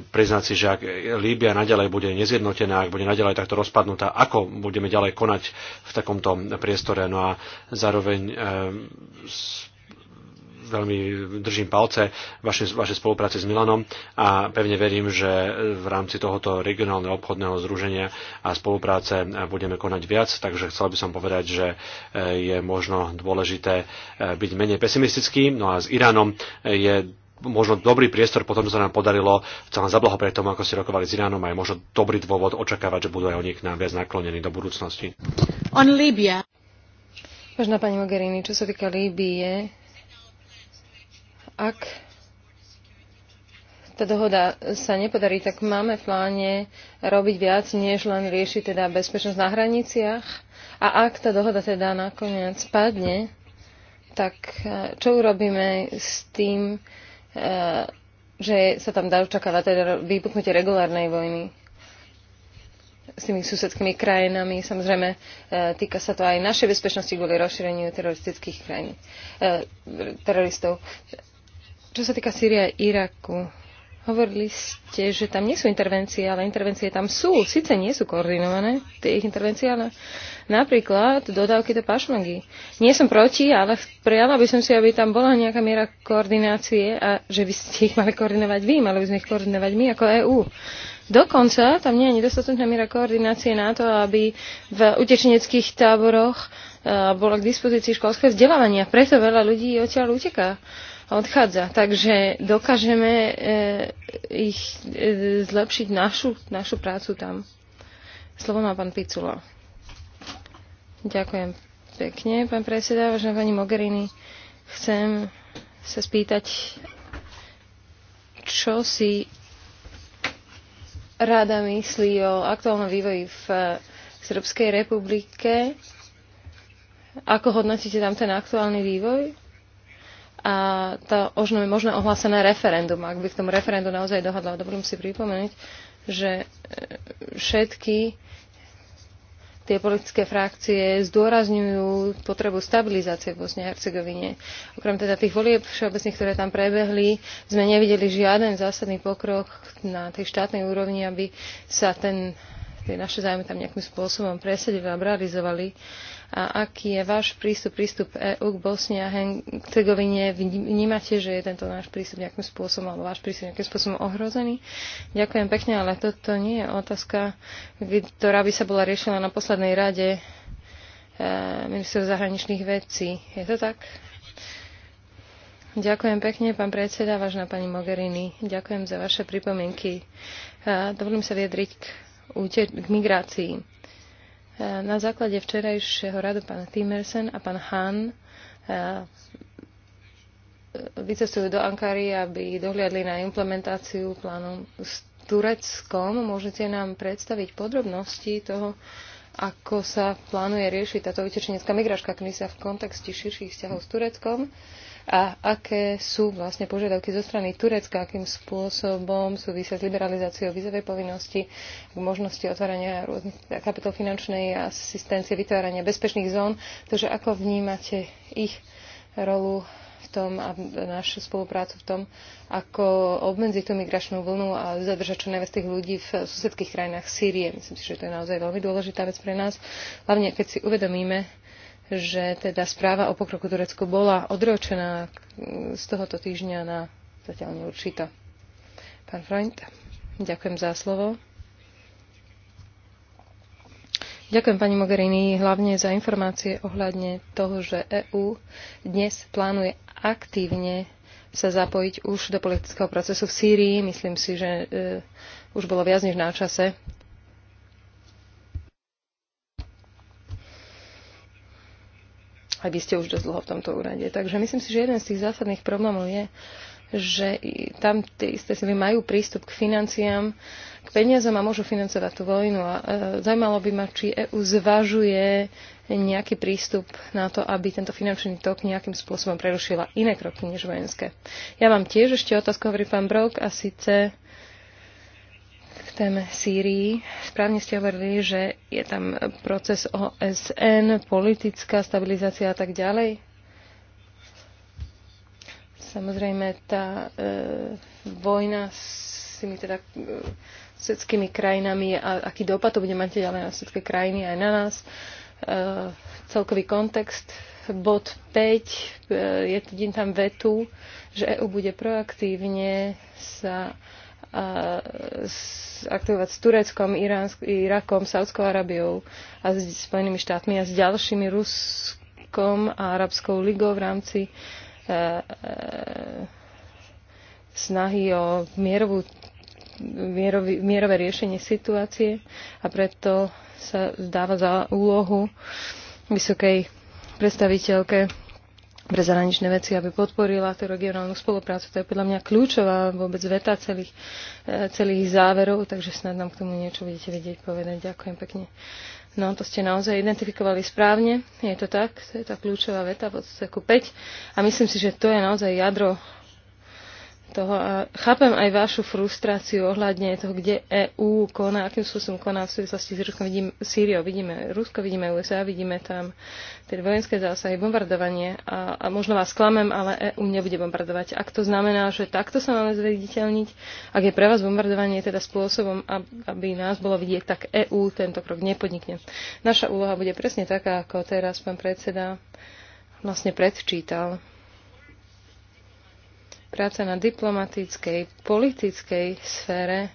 priznať si, že ak Líbia naďalej bude nezjednotená, ak bude naďalej takto rozpadnutá, ako budeme ďalej konať v takomto priestore. No a zároveň eh, veľmi držím palce vaše, vaše spolupráce s Milanom a pevne verím, že v rámci tohoto regionálneho obchodného združenia a spolupráce budeme konať viac, takže chcel by som povedať, že e, je možno dôležité e, byť menej pesimistický. No a s Iránom e, je možno dobrý priestor potom, čo sa nám podarilo, chcem vám zablahopriať tomu, ako ste rokovali s Iránom a je možno dobrý dôvod očakávať, že budú aj oni k nám viac naklonení do budúcnosti. On Libia. Vážená pani Mogherini, čo sa týka Líbie, ak tá dohoda sa nepodarí, tak máme v pláne robiť viac, než len riešiť teda bezpečnosť na hraniciach. A ak tá dohoda teda nakoniec padne, tak eh, čo urobíme s tým, eh, že sa tam dá očakávať teda vypuknutie regulárnej vojny s tými susedskými krajinami. Samozrejme, eh, týka sa to aj našej bezpečnosti kvôli rozšíreniu teroristických krajín, teroristov. Čo sa týka Sýria a Iraku, hovorili ste, že tam nie sú intervencie, ale intervencie tam sú. Sice nie sú koordinované, tie ich intervencie, ale napríklad dodávky do pašmagy. Nie som proti, ale prijala by som si, aby tam bola nejaká miera koordinácie a že by ste ich mali koordinovať vy, mali by sme ich koordinovať my ako EÚ. Dokonca tam nie je nedostatočná miera koordinácie na to, aby v utečeneckých táboroch e, bolo k dispozícii školské vzdelávanie. Preto veľa ľudí odtiaľ uteká odchádza. Takže dokážeme e, ich e, zlepšiť našu, našu prácu tam. Slovo má pán Picula. Ďakujem pekne, pán predseda, vážená pani Mogherini. Chcem sa spýtať, čo si rada myslí o aktuálnom vývoji v e, Srbskej republike. Ako hodnotíte tam ten aktuálny vývoj? a to možno je možné ohlásené referendum. Ak by k tomu referendu naozaj dohodla, dobrým si pripomenúť, že e, všetky tie politické frakcie zdôrazňujú potrebu stabilizácie v Bosne a Hercegovine. Okrem teda tých volieb všeobecných, ktoré tam prebehli, sme nevideli žiaden zásadný pokrok na tej štátnej úrovni, aby sa ten, tie naše zájmy tam nejakým spôsobom presedili a realizovali a aký je váš prístup, prístup EÚ k Bosne a Hercegovine? Vnímate, že je tento náš prístup nejakým spôsobom, alebo váš prístup nejakým spôsobom ohrozený? Ďakujem pekne, ale toto nie je otázka, ktorá by sa bola riešila na poslednej rade e, ministrov zahraničných vecí. Je to tak? Ďakujem pekne, pán predseda, vážna pani Mogherini. Ďakujem za vaše pripomienky. E, dovolím sa viedriť k, k migrácii Eh, na základe včerajšieho radu pán Timersen a pán Han eh, eh, vycestujú do Ankary, aby dohliadli na implementáciu plánu s Tureckom. Môžete nám predstaviť podrobnosti toho, ako sa plánuje riešiť táto utečenecká migračka knisa v kontexte širších vzťahov s Tureckom. Uh, a aké sú vlastne požiadavky zo strany Turecka, akým spôsobom súvisia s liberalizáciou vízovej povinnosti, k možnosti otvárania rôznych kapitol finančnej asistencie, vytvárania bezpečných zón. Takže ako vnímate ich rolu v tom a našu spoluprácu v tom, ako obmedziť tú migračnú vlnu a zadržať čo najviac tých ľudí v susedských krajinách Sýrie. Myslím si, že to je naozaj veľmi dôležitá vec pre nás, hlavne keď si uvedomíme, že teda správa o pokroku Turecku bola odročená mm, z tohoto týždňa na zatiaľ neurčito. Pán Freund, ďakujem za slovo. Ďakujem pani Mogherini hlavne za informácie ohľadne toho, že EÚ dnes plánuje aktívne sa zapojiť už do politického procesu v Sýrii. Myslím si, že e, už bolo viac než na čase. aj vy ste už dosť dlho v tomto úrade. Takže myslím si, že jeden z tých zásadných problémov je, že tam tie isté sily majú prístup k financiám, k peniazom a môžu financovať tú vojnu. A e, zaujímalo by ma, či EU zvažuje nejaký prístup na to, aby tento finančný tok nejakým spôsobom prerušila iné kroky než vojenské. Ja mám tiež ešte otázku, hovorí pán Brok, a síce téme Sýrii. Správne ste hovorili, že je tam proces OSN, politická stabilizácia a tak ďalej. Samozrejme, tá e, vojna s tými teda e, susedskými krajinami a aký dopad to bude mať ďalej na susedské krajiny aj na nás. E, celkový kontext bod 5, e, je tam vetu, že EU bude proaktívne sa aktivovať s Tureckom, Iránsk, Irakom, Saudskou Arabiou a s Spojenými štátmi a s ďalšími Ruskom a Arabskou ligou v rámci e, e, snahy o mierovú, mierový, mierové riešenie situácie a preto sa dáva za úlohu vysokej predstaviteľke pre zahraničné veci, aby podporila tú regionálnu spoluprácu. To je podľa mňa kľúčová vôbec veta celých, eh, celých záverov, takže snad nám k tomu niečo budete vedieť povedať. Ďakujem pekne. No, to ste naozaj identifikovali správne. Je to tak, to je tá kľúčová veta v odseku 5. A myslím si, že to je naozaj jadro toho a chápem aj vašu frustráciu ohľadne toho, kde EÚ koná, akým spôsobom koná v súvislosti s Ruskom. Vidím, Sýriou vidíme Rusko, vidíme USA, vidíme tam tie vojenské zásahy, bombardovanie a, a možno vás klamem, ale EÚ nebude bombardovať. Ak to znamená, že takto sa máme zvediteľniť, ak je pre vás bombardovanie teda spôsobom, aby nás bolo vidieť, tak EÚ tento krok nepodnikne. Naša úloha bude presne taká, ako teraz pán predseda vlastne predčítal práca na diplomatickej, politickej sfére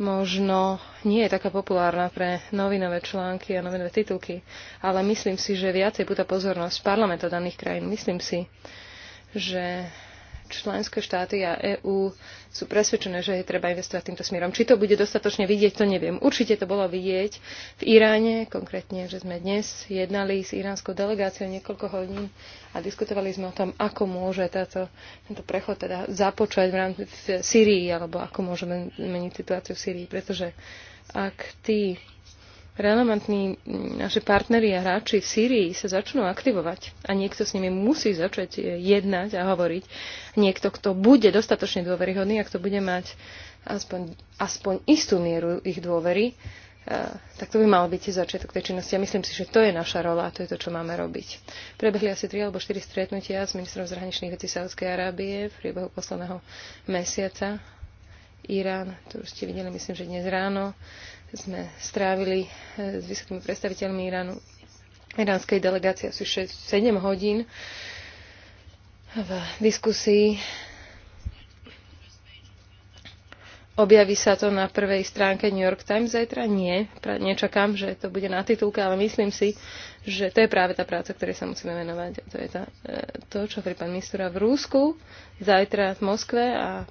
možno nie je taká populárna pre novinové články a novinové titulky, ale myslím si, že viacej púta pozornosť parlamentov daných krajín. Myslím si, že členské štáty a EÚ sú presvedčené, že je treba investovať týmto smerom. Či to bude dostatočne vidieť, to neviem. Určite to bolo vidieť v Iráne, konkrétne, že sme dnes jednali s iránskou delegáciou niekoľko hodín a diskutovali sme o tom, ako môže táto, tento prechod teda započať v rámci v Syrii, alebo ako môžeme meniť situáciu v Syrii, pretože ak tí relevantní naši partneri a hráči v Sýrii sa začnú aktivovať a niekto s nimi musí začať eh, jednať a hovoriť. Niekto, kto bude dostatočne dôveryhodný a kto bude mať aspoň, aspoň istú mieru ich dôvery, eh, tak to by mal byť začiatok tej činnosti. A ja myslím si, že to je naša rola a to je to, čo máme robiť. Prebehli asi tri alebo štyri stretnutia s ministrom zahraničných vecí Sáudskej Arábie v priebehu posledného mesiaca. Irán, to už ste videli, myslím, že dnes ráno sme strávili eh, s vysokými predstaviteľmi Iránu, iránskej delegácie asi 6, 7 hodín v diskusii Objaví sa to na prvej stránke New York Times zajtra? Nie. Nečakám, že to bude na titulke, ale myslím si, že to je práve tá práca, ktorej sa musíme venovať. To je tá, e, to, čo hovorí pán Mistura v Rúsku, zajtra v Moskve a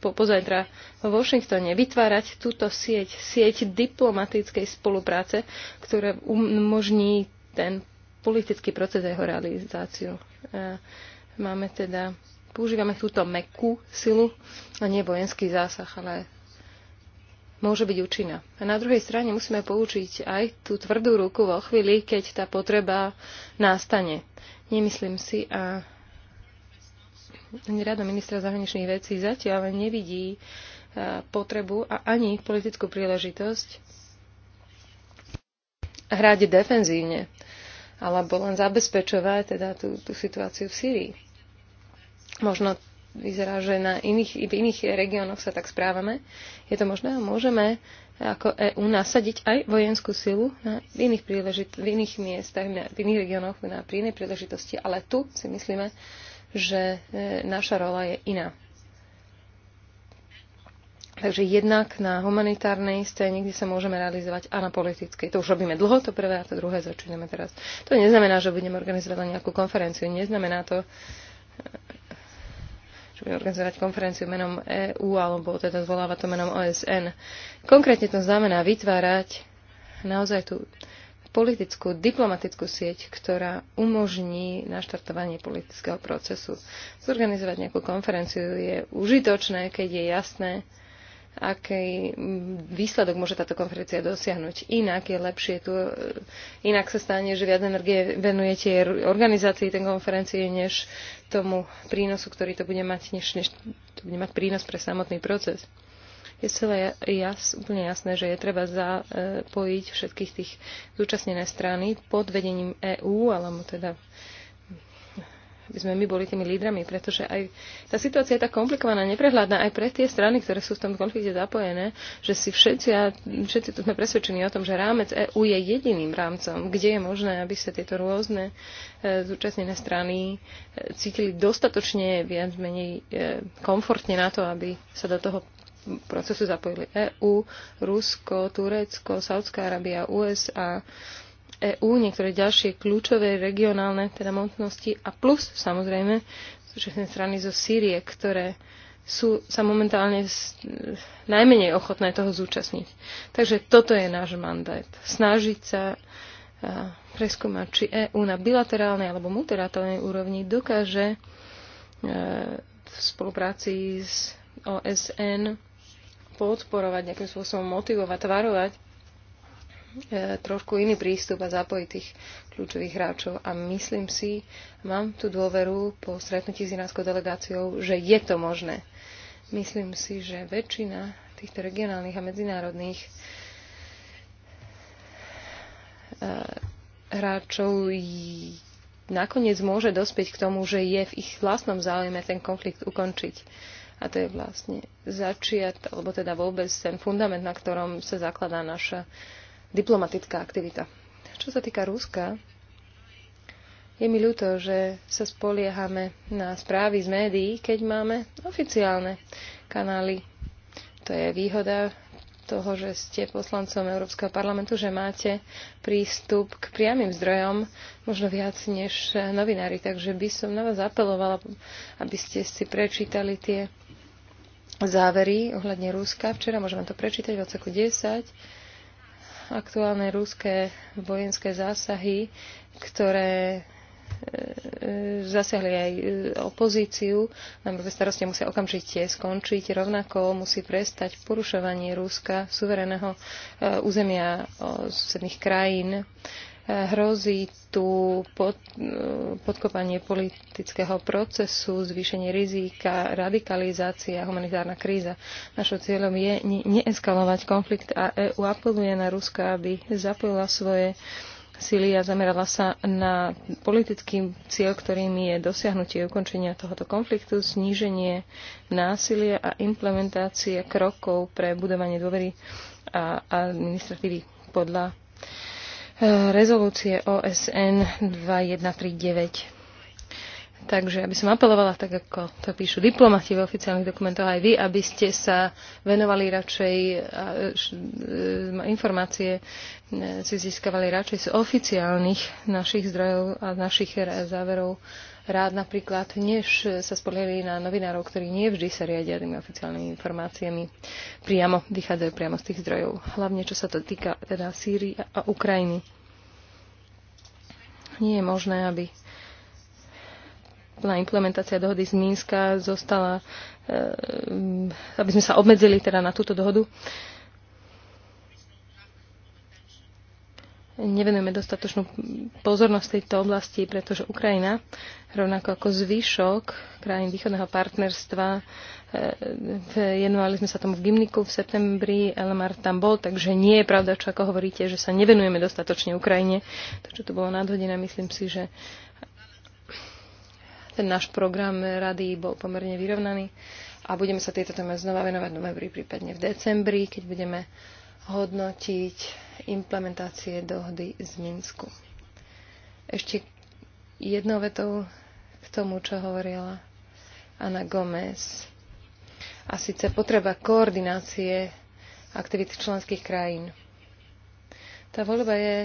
po, pozajtra vo Washingtone. Vytvárať túto sieť, sieť diplomatickej spolupráce, ktorá umožní ten politický proces a jeho realizáciu. E, máme teda používame túto mekú silu a nie vojenský zásah, ale môže byť účinná. A na druhej strane musíme poučiť aj tú tvrdú ruku vo chvíli, keď tá potreba nastane. Nemyslím si a rada ministra zahraničných vecí zatiaľ nevidí e, potrebu a ani politickú príležitosť hrať defenzívne alebo len zabezpečovať teda tú, tú situáciu v Sýrii. Možno vyzerá, že na iných, v iných regiónoch sa tak správame. Je to možné? Môžeme ako EÚ nasadiť aj vojenskú silu na iných, príležit- v iných miestach, na, v iných regiónoch, na pri inej príležitosti, ale tu si myslíme, že e, naša rola je iná. Takže jednak na humanitárnej scéne, kde sa môžeme realizovať a na politickej. To už robíme dlho, to prvé a to druhé začíname teraz. To neznamená, že budeme organizovať nejakú konferenciu, neznamená to, že budeme organizovať konferenciu menom EÚ alebo teda zvoláva to menom OSN. Konkrétne to znamená vytvárať naozaj tú politickú, diplomatickú sieť, ktorá umožní naštartovanie politického procesu. Zorganizovať nejakú konferenciu je užitočné, keď je jasné, aký mm, výsledok môže táto konferencia dosiahnuť. Inak je lepšie tu, e, inak sa stane, že viac energie venujete organizácii tej konferencie, než tomu prínosu, ktorý to bude mať, než, než to bude mať prínos pre samotný proces. Je celé jas, úplne jasné, že je treba zapojiť všetkých tých zúčastnené strany pod vedením EÚ, alebo teda aby sme my boli tými lídrami, pretože aj tá situácia je tak komplikovaná, neprehľadná aj pre tie strany, ktoré sú v tom konflikte zapojené, že si všetci, a všetci tu sme presvedčení o tom, že rámec EU je jediným rámcom, kde je možné, aby sa tieto rôzne e, zúčastnené strany e, cítili dostatočne viac menej e, komfortne na to, aby sa do toho procesu zapojili EÚ, Rusko, Turecko, Saudská Arábia, USA, EÚ, niektoré ďalšie kľúčové regionálne teda mocnosti a plus samozrejme súčasné strany zo Sýrie, ktoré sú sa momentálne najmenej ochotné toho zúčastniť. Takže toto je náš mandát. Snažiť sa e, preskúmať, či EÚ na bilaterálnej alebo multilaterálnej úrovni dokáže e, v spolupráci s OSN podporovať, nejakým spôsobom motivovať, tvarovať E, trošku iný prístup a zapojiť tých kľúčových hráčov. A myslím si, mám tu dôveru po stretnutí s iránskou delegáciou, že je to možné. Myslím si, že väčšina týchto regionálnych a medzinárodných e, hráčov nakoniec môže dospieť k tomu, že je v ich vlastnom záujme ten konflikt ukončiť. A to je vlastne začiat, alebo teda vôbec ten fundament, na ktorom sa zakladá naša diplomatická aktivita. Čo sa týka Ruska, je mi ľúto, že sa spoliehame na správy z médií, keď máme oficiálne kanály. To je výhoda toho, že ste poslancom Európskeho parlamentu, že máte prístup k priamým zdrojom, možno viac než novinári. Takže by som na vás apelovala, aby ste si prečítali tie závery ohľadne Ruska. Včera môžeme to prečítať v odseku 10 aktuálne ruské vojenské zásahy, ktoré e, e, zasiahli aj e, opozíciu. Najmä starosti musia okamžite skončiť. Rovnako musí prestať porušovanie Ruska, suvereného územia susedných krajín. Hrozí tu pod, podkopanie politického procesu, zvýšenie rizika, radikalizácia, humanitárna kríza. Našou cieľom je neeskalovať konflikt a EU apeluje na Ruska, aby zapojila svoje síly a zamerala sa na politický cieľ, ktorým je dosiahnutie ukončenia tohoto konfliktu, zníženie násilia a implementácia krokov pre budovanie dôvery a administratívy podľa E, rezolúcie OSN 2139. Takže aby som apelovala, tak ako to píšu diplomati v oficiálnych dokumentoch aj vy, aby ste sa venovali radšej, e, e, informácie si získavali radšej z oficiálnych našich zdrojov a našich záverov rád napríklad, než sa spolieli na novinárov, ktorí nie vždy sa riadia tými oficiálnymi informáciami priamo, vychádzajú priamo z tých zdrojov. Hlavne, čo sa to týka teda Sýrii a Ukrajiny. Nie je možné, aby plná implementácia dohody z Mínska zostala, e, aby sme sa obmedzili teda na túto dohodu. nevenujeme dostatočnú pozornosť tejto oblasti, pretože Ukrajina, rovnako ako zvyšok krajín východného partnerstva, e, venovali sme sa tomu v Gimniku v septembri, LMR tam bol, takže nie je pravda, čo ako hovoríte, že sa nevenujeme dostatočne Ukrajine. čo to bolo nadhodené, myslím si, že ten náš program rady bol pomerne vyrovnaný a budeme sa tejto téme znova venovať v novembri, prípadne v decembri, keď budeme uh, hodnotiť implementácie dohody z Minsku. Ešte jednou vetou k tomu, čo hovorila Ana Gomez. A síce potreba koordinácie aktivít členských krajín. Tá voľba je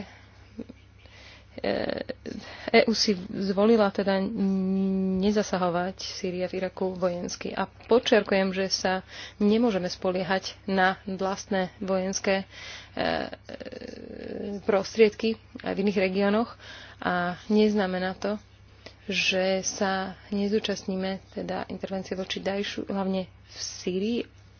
EU e si zvolila teda nezasahovať Sýria v Iraku vojensky. A počerkujem, že sa nemôžeme spoliehať na vlastné vojenské e, e, prostriedky aj v iných regiónoch. A neznamená to, že sa nezúčastníme teda intervencie voči Dajšu, hlavne v Sýrii,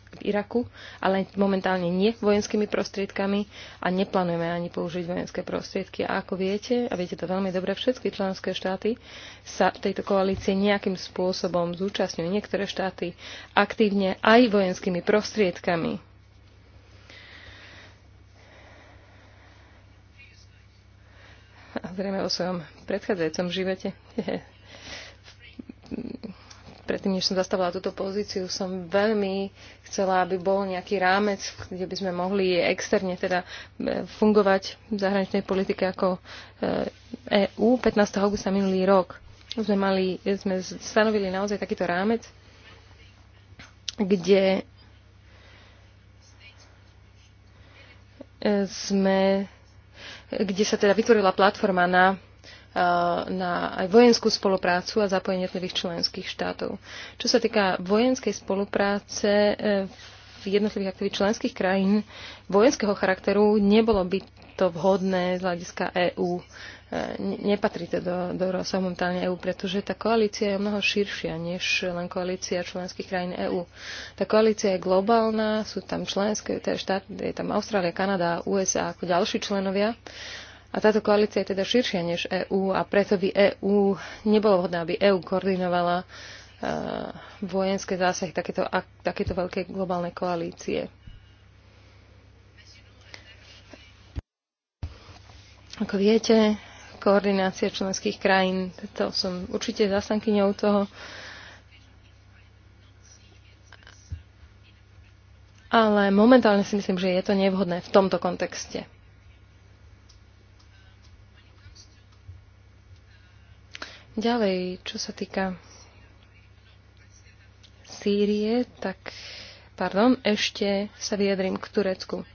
v Iraku, ale momentálne nie vojenskými prostriedkami a neplánujeme ani použiť vojenské prostriedky. A ako viete, a viete to veľmi dobre, všetky členské štáty sa tejto koalície nejakým spôsobom zúčastňujú. Niektoré štáty aktívne aj vojenskými prostriedkami. A zrejme o svojom predchádzajúcom živote predtým, než som zastavila túto pozíciu, som veľmi chcela, aby bol nejaký rámec, kde by sme mohli externe teda e, fungovať v zahraničnej politike ako EÚ. 15. E augusta minulý rok sme, mali, sme stanovili naozaj takýto rámec, kde e, sme kde sa teda vytvorila platforma na Eh, na aj vojenskú spoluprácu a zapojenie jednotlivých členských štátov. Čo sa týka vojenskej spolupráce eh, v jednotlivých aktivít členských krajín vojenského charakteru, nebolo by to vhodné z hľadiska EÚ. Eh, nepatrí to do, do rozsahu momentálne EÚ, pretože tá koalícia je mnoho širšia než len koalícia členských krajín EÚ. Tá koalícia je globálna, sú tam členské, teda štát, je tam Austrália, Kanada, USA ako ďalší členovia a táto koalícia je teda širšia než EÚ a preto by EÚ nebolo vhodné, aby EÚ koordinovala e, vojenské zásahy takéto, takéto veľké globálne koalície. Ako viete, koordinácia členských krajín, to som určite zastankyňou toho, ale momentálne si myslím, že je to nevhodné v tomto kontexte. Ďalej, čo sa týka Sýrie, tak, pardon, ešte sa vyjadrím k Turecku.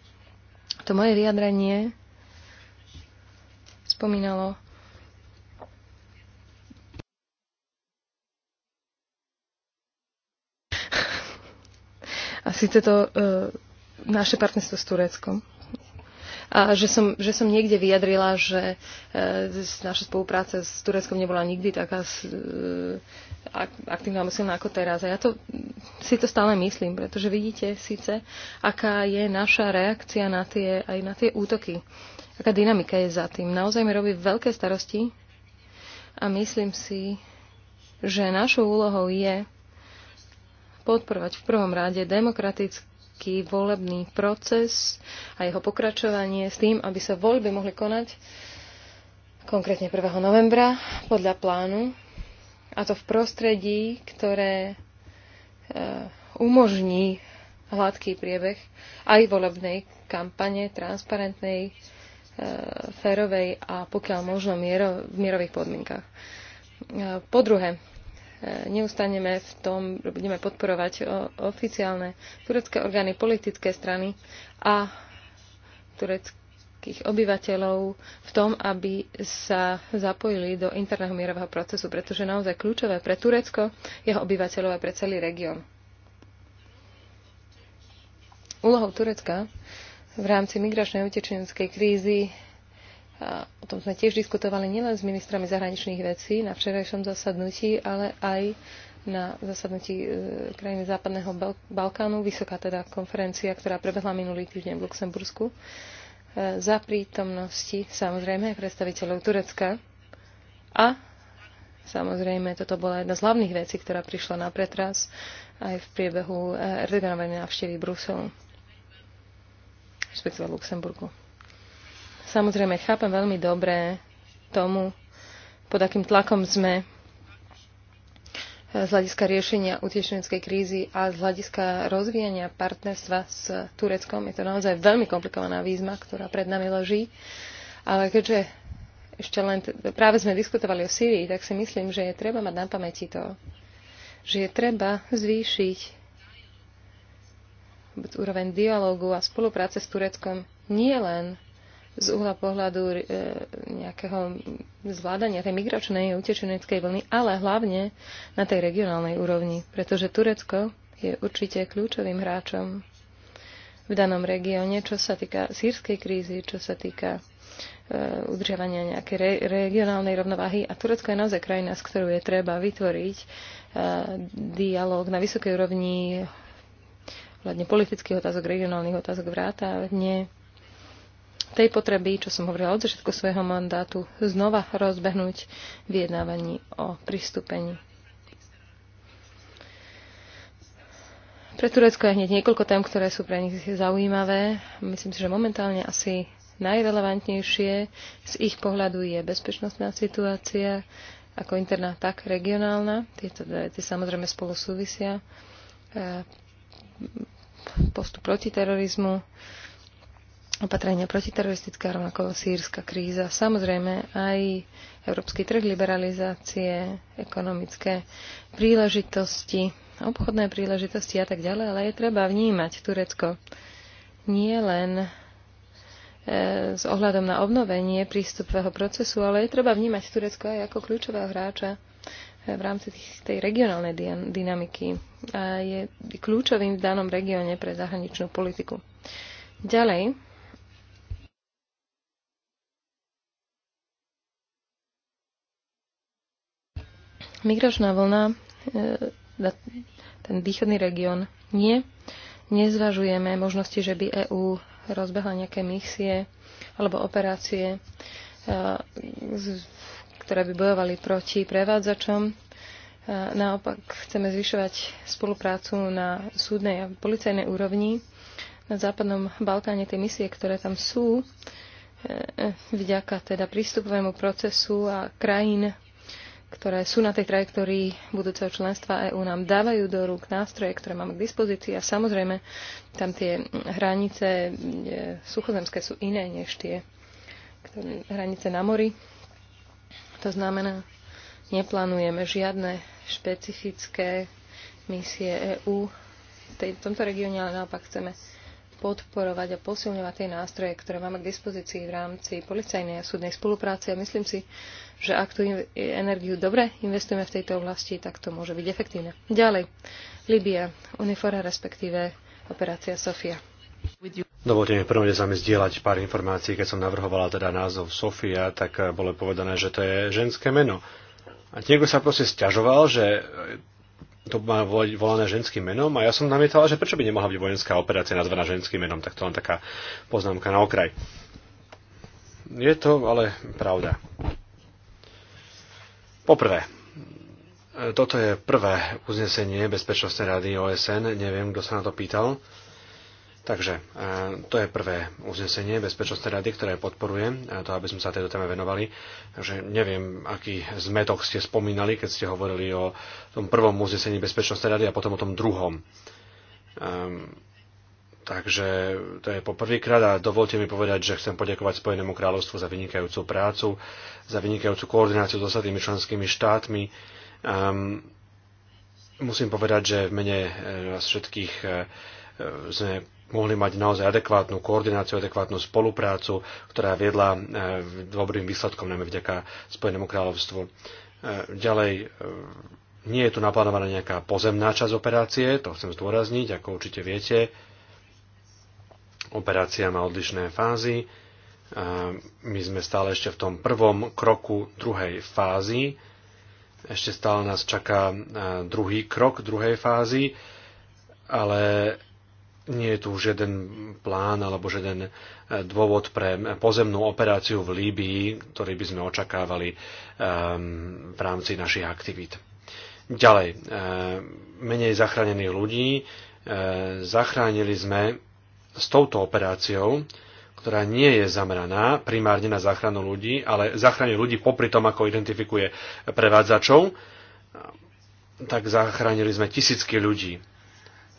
To moje vyjadrenie spomínalo a síce to e, naše partnerstvo s Tureckom a že som, že som niekde vyjadrila, že e, naša spolupráca s Tureckom nebola nikdy taká e, aktívna a silná ako teraz. A ja to, si to stále myslím, pretože vidíte síce, aká je naša reakcia na tie, aj na tie útoky. Aká dynamika je za tým. Naozaj mi robí veľké starosti a myslím si, že našou úlohou je podporovať v prvom rade demokratické taký volebný proces a jeho pokračovanie s tým, aby sa voľby mohli konať konkrétne 1. novembra podľa plánu a to v prostredí, ktoré e, umožní hladký priebeh aj volebnej kampane, transparentnej, e, férovej a pokiaľ možno miero, v mierových podmienkach. E, po druhé, neustaneme v tom, že budeme podporovať oficiálne turecké orgány, politické strany a tureckých obyvateľov v tom, aby sa zapojili do interného mierového procesu, pretože naozaj kľúčové pre Turecko, jeho obyvateľov a pre celý región. Úlohou Turecka v rámci migračnej utečeneckej krízy O tom sme tiež diskutovali nielen s ministrami zahraničných vecí na včerajšom zasadnutí, ale aj na zasadnutí e, krajiny Západného Balkánu, vysoká teda konferencia, ktorá prebehla minulý týždeň v Luxembursku, e, za prítomnosti samozrejme predstaviteľov Turecka. A samozrejme, toto bola jedna z hlavných vecí, ktorá prišla na pretras aj v priebehu e, Erdoganovej návštevy Bruselu, respektíve Luxemburgu. Samozrejme, chápem veľmi dobre tomu, pod akým tlakom sme eh, z hľadiska riešenia utečeneckej krízy a z hľadiska rozvíjania partnerstva s Tureckom. Je to naozaj veľmi komplikovaná výzma, ktorá pred nami leží. Ale keďže ešte len práve sme diskutovali o Sýrii, tak si myslím, že je treba mať na pamäti to, že je treba zvýšiť úroveň dialógu a spolupráce s Tureckom nie len z uhla pohľadu e, nejakého zvládania tej migračnej utečeneckej vlny, ale hlavne na tej regionálnej úrovni, pretože Turecko je určite kľúčovým hráčom v danom regióne, čo sa týka sírskej krízy, čo sa týka e, udržiavania nejakej re, regionálnej rovnováhy. A Turecko je naozaj krajina, s ktorou je treba vytvoriť e, dialog na vysokej úrovni hľadne politických otázok, regionálnych otázok, vrátane tej potreby, čo som hovorila od začiatku svojho mandátu, znova rozbehnúť vyjednávaní o pristúpení. Pre Turecko je hneď niekoľko tém, ktoré sú pre nich zaujímavé. Myslím si, že momentálne asi najrelevantnejšie z ich pohľadu je bezpečnostná situácia, ako interná, tak regionálna. Tieto tie samozrejme spolu súvisia. E, postup proti terorizmu, opatrenia protiteroristická, rovnako sírska kríza. Samozrejme aj európsky trh liberalizácie, ekonomické príležitosti, obchodné príležitosti a tak ďalej, ale je treba vnímať Turecko nie len e, s ohľadom na obnovenie prístupového procesu, ale je treba vnímať Turecko aj ako kľúčového hráča e, v rámci tej regionálnej dynamiky a je kľúčovým v danom regióne pre zahraničnú politiku. Ďalej, Migračná vlna, e, ten východný región, nie. Nezvažujeme možnosti, že by EÚ rozbehla nejaké misie alebo operácie, e, ktoré by bojovali proti prevádzačom. E, naopak chceme zvyšovať spoluprácu na súdnej a policajnej úrovni. Na západnom Balkáne tie misie, ktoré tam sú, vďaka teda prístupovému procesu a krajín ktoré sú na tej trajektórii budúceho členstva EÚ, nám dávajú do rúk nástroje, ktoré máme k dispozícii a samozrejme tam tie hranice e, suchozemské sú iné než tie ktoré, hranice na mori. To znamená, neplánujeme žiadne špecifické misie EÚ v tomto regióne, ale naopak chceme podporovať a posilňovať tie nástroje, ktoré máme k dispozícii v rámci policajnej a súdnej spolupráce. A myslím si, že ak tú energiu dobre investujeme v tejto oblasti, tak to môže byť efektívne. Ďalej, Libia, Unifora, respektíve operácia Sofia. Dovolte mi v prvom rade zdieľať pár informácií. Keď som navrhovala teda názov Sofia, tak bolo povedané, že to je ženské meno. A niekto sa proste stiažoval, že to má volané ženským menom a ja som namietala, že prečo by nemohla byť vojenská operácia nazvaná ženským menom, tak to len taká poznámka na okraj. Je to ale pravda. Poprvé, e, toto je prvé uznesenie Bezpečnostnej rady OSN, neviem, kto sa na to pýtal. Takže e, to je prvé uznesenie Bezpečnostnej rady, ktoré podporujem, e, to aby sme sa tejto téme venovali. Takže neviem, aký zmetok ste spomínali, keď ste hovorili o tom prvom uznesení Bezpečnostnej rady a potom o tom druhom. Um, takže to je poprvýkrát a dovolte mi povedať, že chcem poďakovať Spojenému kráľovstvu za vynikajúcu prácu, za vynikajúcu koordináciu s ostatnými členskými štátmi. Um, musím povedať, že v mene e, všetkých sme mohli mať naozaj adekvátnu koordináciu, adekvátnu spoluprácu, ktorá viedla e, dobrým výsledkom, najmä vďaka Spojenému kráľovstvu. E, ďalej, e, nie je tu naplánovaná nejaká pozemná časť operácie, to chcem zdôrazniť, ako určite viete. Operácia má odlišné fázy. My sme stále ešte v tom prvom kroku druhej fázy. Ešte stále nás čaká druhý krok druhej fázy, ale nie je tu žiaden plán alebo žiaden e, dôvod pre pozemnú operáciu v Líbii, ktorý by sme očakávali e, v rámci našich aktivít. Ďalej, e, menej zachránených ľudí. Zachránili sme s touto operáciou, ktorá nie je zameraná primárne na záchranu ľudí, ale zachránil ľudí popri tom, ako identifikuje prevádzačov, tak zachránili sme tisícky ľudí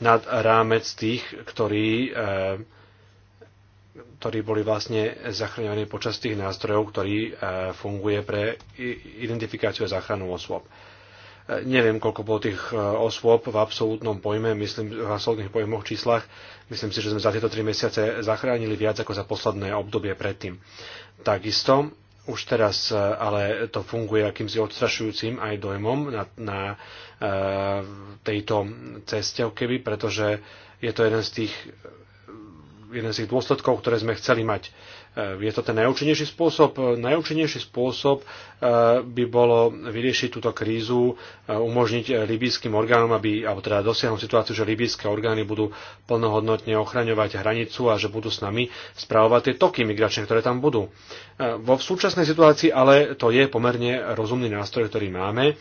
nad rámec tých, ktorí, eh, ktorí boli vlastne zachraňovaní počas tých nástrojov, ktorý eh, funguje pre identifikáciu a záchranu osôb. Eh, neviem, koľko bolo tých osôb v absolútnom pojme, myslím, v absolútnych pojmoch, číslach. Myslím si, že sme za tieto tri mesiace zachránili viac ako za posledné obdobie predtým. Takisto už teraz e, ale to funguje akýmsi odstrašujúcim aj dojmom na, na e, tejto ceste, keby, pretože je to jeden z tých e, jeden z tých dôsledkov, ktoré sme chceli mať. Eh, je to ten najúčinnejší spôsob? Eh, najúčinnejší spôsob eh, by bolo vyriešiť túto krízu, umožniť libijským orgánom, aby, alebo teda dosiahnuť situáciu, že libijské orgány budú plnohodnotne ochraňovať hranicu a že budú s nami správovať tie toky migračné, ktoré tam budú. Vo súčasnej situácii ale to je pomerne rozumný nástroj, ktorý máme,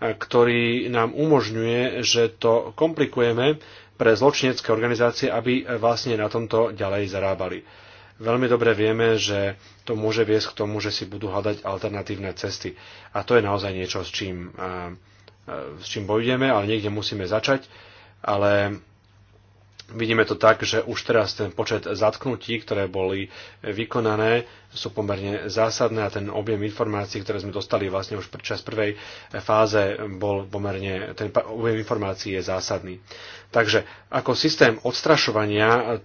ktorý nám umožňuje, že to komplikujeme pre zločinecké organizácie, aby vlastne na tomto ďalej zarábali. Veľmi dobre vieme, že to môže viesť k tomu, že si budú hľadať alternatívne cesty. A to je naozaj niečo, s čím, e, e, s čím bojujeme, ale niekde musíme začať. Ale vidíme to tak, že už teraz ten počet zatknutí, ktoré boli vykonané, sú pomerne zásadné a ten objem informácií, ktoré sme dostali vlastne už počas prvej fáze, bol pomerne, ten objem informácií je zásadný. Takže ako systém odstrašovania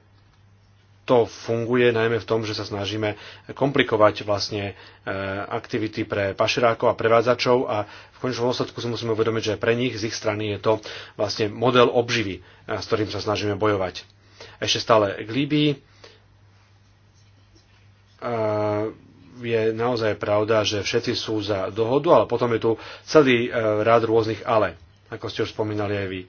to funguje najmä v tom, že sa snažíme komplikovať vlastne e, aktivity pre pašerákov a prevádzačov a v končnom dôsledku si musíme uvedomiť, že pre nich z ich strany je to vlastne model obživy, e, s ktorým sa snažíme bojovať. Ešte stále k Líbii. E, je naozaj pravda, že všetci sú za dohodu, ale potom je tu celý rád rôznych ale, ako ste už spomínali aj vy.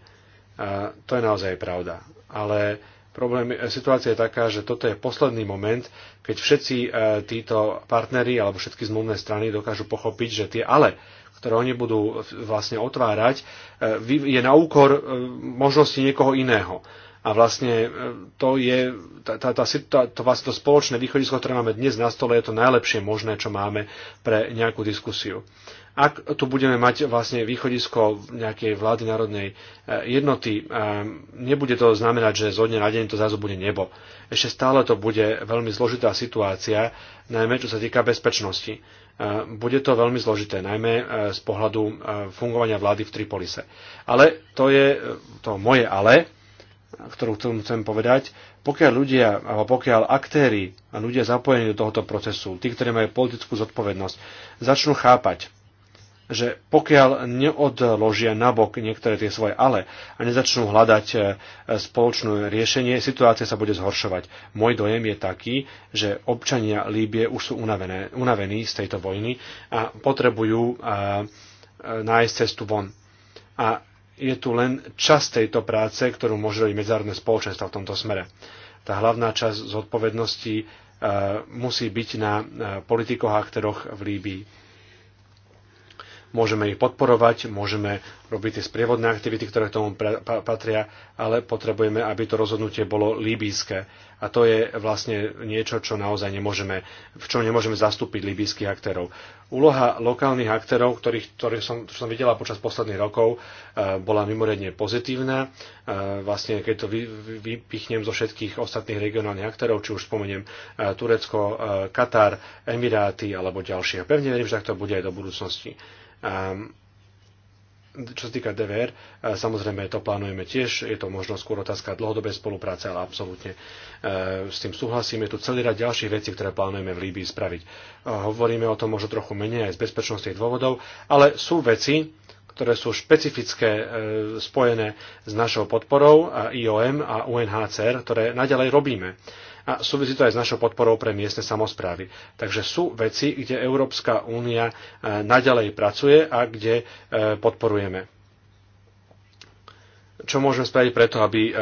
To je naozaj pravda. Ale Problém, situácia je taká, že toto je posledný moment, keď všetci e, títo partneri alebo všetky zmluvné strany dokážu pochopiť, že tie ale, ktoré oni budú vlastne otvárať, e, je na úkor e, možnosti niekoho iného. A vlastne to je tá, tá, tá, to, vlastne to spoločné východisko, ktoré máme dnes na stole, je to najlepšie možné, čo máme pre nejakú diskusiu. Ak tu budeme mať vlastne východisko nejakej vlády národnej e, jednoty, e, nebude to znamenať, že zo dňa na deň to zrazu bude nebo. Ešte stále to bude veľmi zložitá situácia, najmä čo sa týka bezpečnosti. E, bude to veľmi zložité, najmä z pohľadu fungovania vlády v Tripolise. Ale to je to moje ale, ktorú chcem povedať, pokiaľ ľudia, alebo pokiaľ aktéry a ľudia zapojení do tohoto procesu, tí, ktorí majú politickú zodpovednosť, začnú chápať, že pokiaľ neodložia nabok niektoré tie svoje ale a nezačnú hľadať e, spoločné riešenie, situácia sa bude zhoršovať. Môj dojem je taký, že občania Líbie už sú unavené, unavení z tejto vojny a potrebujú a, e, a, e, nájsť cestu von. A je tu len časť tejto práce, ktorú môže robiť medzárodné spoločenstvo v tomto smere. Tá hlavná časť zodpovednosti musí byť na politikoch a v Líbii môžeme ich podporovať, môžeme robiť tie sprievodné aktivity, ktoré k tomu patria, ale potrebujeme, aby to rozhodnutie bolo líbíske. A to je vlastne niečo, čo naozaj nemôžeme, v čom nemôžeme zastúpiť líbyjských aktérov. Úloha lokálnych aktérov, ktorých, ktorých som, som videla počas posledných rokov, e, bola mimoriadne pozitívna. E, vlastne, keď to vypichnem zo všetkých ostatných regionálnych aktérov, či už spomeniem e, Turecko, Katar, Emiráty alebo ďalšie. A Pevne verím, že tak to bude aj do budúcnosti čo sa týka DVR, samozrejme to plánujeme tiež, je to možno skôr otázka dlhodobej spolupráce, ale absolútne e, s tým súhlasím. Je tu celý rad ďalších vecí, ktoré plánujeme v Líbii spraviť. Hovoríme o tom možno trochu menej aj z bezpečnostných dôvodov, ale sú veci, ktoré sú špecifické e, spojené s našou podporou a IOM a UNHCR, ktoré naďalej robíme a súvisí to aj s našou podporou pre miestne samozprávy. Takže sú veci, kde Európska únia e, naďalej pracuje a kde e, podporujeme čo môžeme spraviť preto, aby e,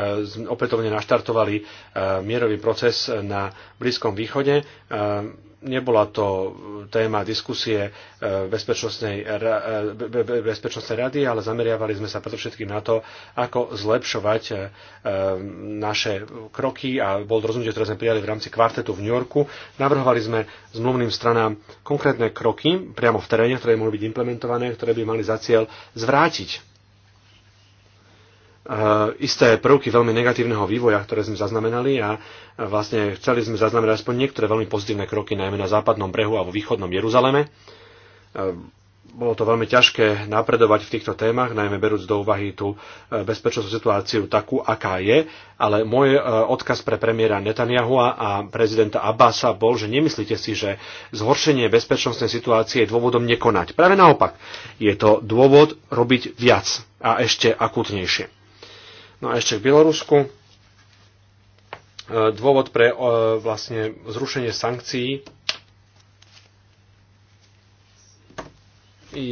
opätovne naštartovali mierový proces na Blízkom východe nebola to téma diskusie e, Bezpečnostnej, e, Bezpečnostnej rady, ale zameriavali sme sa predovšetkým na to, ako zlepšovať e, naše kroky a bol rozhodnutie, ktoré sme prijali v rámci kvartetu v New Yorku. Navrhovali sme zmluvným stranám konkrétne kroky priamo v teréne, ktoré mohli byť implementované, ktoré by mali za cieľ zvrátiť E, isté prvky veľmi negatívneho vývoja, ktoré sme zaznamenali a e, vlastne chceli sme zaznamenať aspoň niektoré veľmi pozitívne kroky, najmä na západnom brehu a vo východnom Jeruzaleme. E, bolo to veľmi ťažké napredovať v týchto témach, najmä berúc do úvahy tú bezpečnostnú situáciu takú, aká je, ale môj odkaz pre premiéra Netanyahu a prezidenta Abbasa bol, že nemyslíte si, že zhoršenie bezpečnostnej situácie je dôvodom nekonať. Práve naopak, je to dôvod robiť viac a ešte akutnejšie. No a ešte k Bielorusku. E, dôvod pre e, vlastne zrušenie sankcií I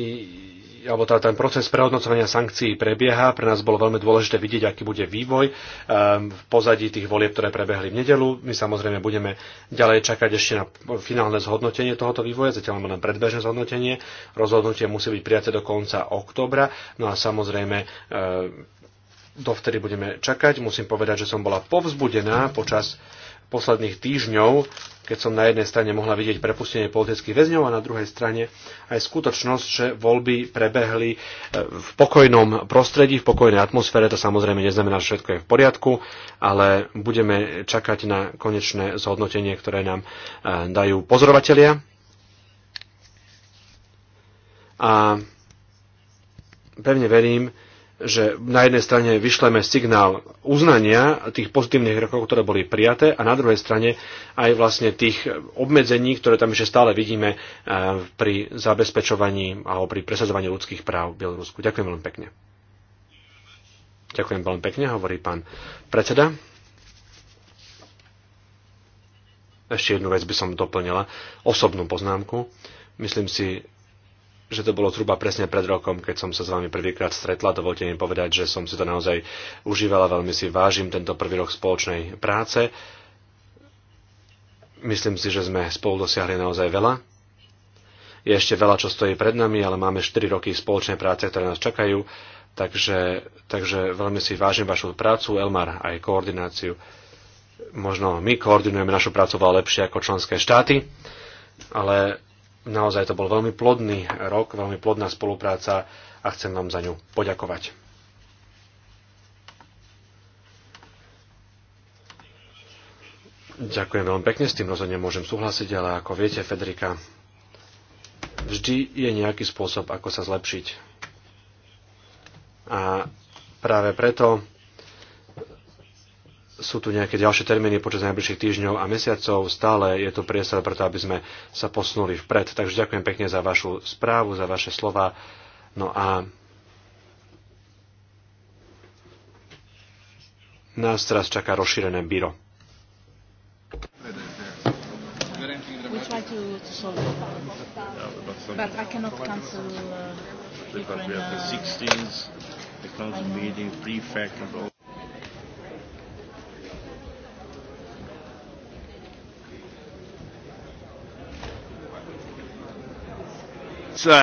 alebo tá, teda ten proces prehodnocovania sankcií prebieha. Pre nás bolo veľmi dôležité vidieť, aký bude vývoj e, v pozadí tých volieb, ktoré prebehli v nedelu. My samozrejme budeme ďalej čakať ešte na finálne zhodnotenie tohoto vývoja, zatiaľ máme len predbežné zhodnotenie. Rozhodnutie musí byť prijaté do konca oktobra. No a samozrejme dovtedy budeme čakať. Musím povedať, že som bola povzbudená počas posledných týždňov, keď som na jednej strane mohla vidieť prepustenie politických väzňov a na druhej strane aj skutočnosť, že voľby prebehli e, v pokojnom prostredí, v pokojnej atmosfére. To samozrejme neznamená, že všetko je v poriadku, ale budeme čakať na konečné zhodnotenie, ktoré nám e, dajú pozorovatelia. A pevne verím, že na jednej strane vyšleme signál uznania tých pozitívnych rokov, ktoré boli prijaté a na druhej strane aj vlastne tých obmedzení, ktoré tam ešte stále vidíme eh, pri zabezpečovaní alebo pri presadzovaní ľudských práv v Bielorusku. Ďakujem veľmi pekne. Ďakujem veľmi pekne, hovorí pán predseda. Ešte jednu vec by som doplnila, osobnú poznámku. Myslím si, že to bolo zhruba presne pred rokom, keď som sa s vami prvýkrát stretla. Dovolte mi povedať, že som si to naozaj užívala, veľmi si vážim tento prvý rok spoločnej práce. Myslím si, že sme spolu dosiahli naozaj veľa. Je ešte veľa, čo stojí pred nami, ale máme 4 roky spoločnej práce, ktoré nás čakajú, takže, takže veľmi si vážim vašu prácu, Elmar, aj koordináciu. Možno my koordinujeme našu prácu veľa lepšie ako členské štáty, ale Naozaj to bol veľmi plodný rok, veľmi plodná spolupráca a chcem vám za ňu poďakovať. Ďakujem veľmi pekne, s tým rozhodne môžem súhlasiť, ale ako viete, Federika, vždy je nejaký spôsob, ako sa zlepšiť. A práve preto sú tu nejaké ďalšie termíny počas najbližších týždňov a mesiacov. Stále je tu priestor preto, aby sme sa posunuli vpred. Takže ďakujem pekne za vašu správu, za vaše slova. No a nás teraz čaká rozšírené byro. Uh, because we have the 16th, uh, the council meeting, prefect and all.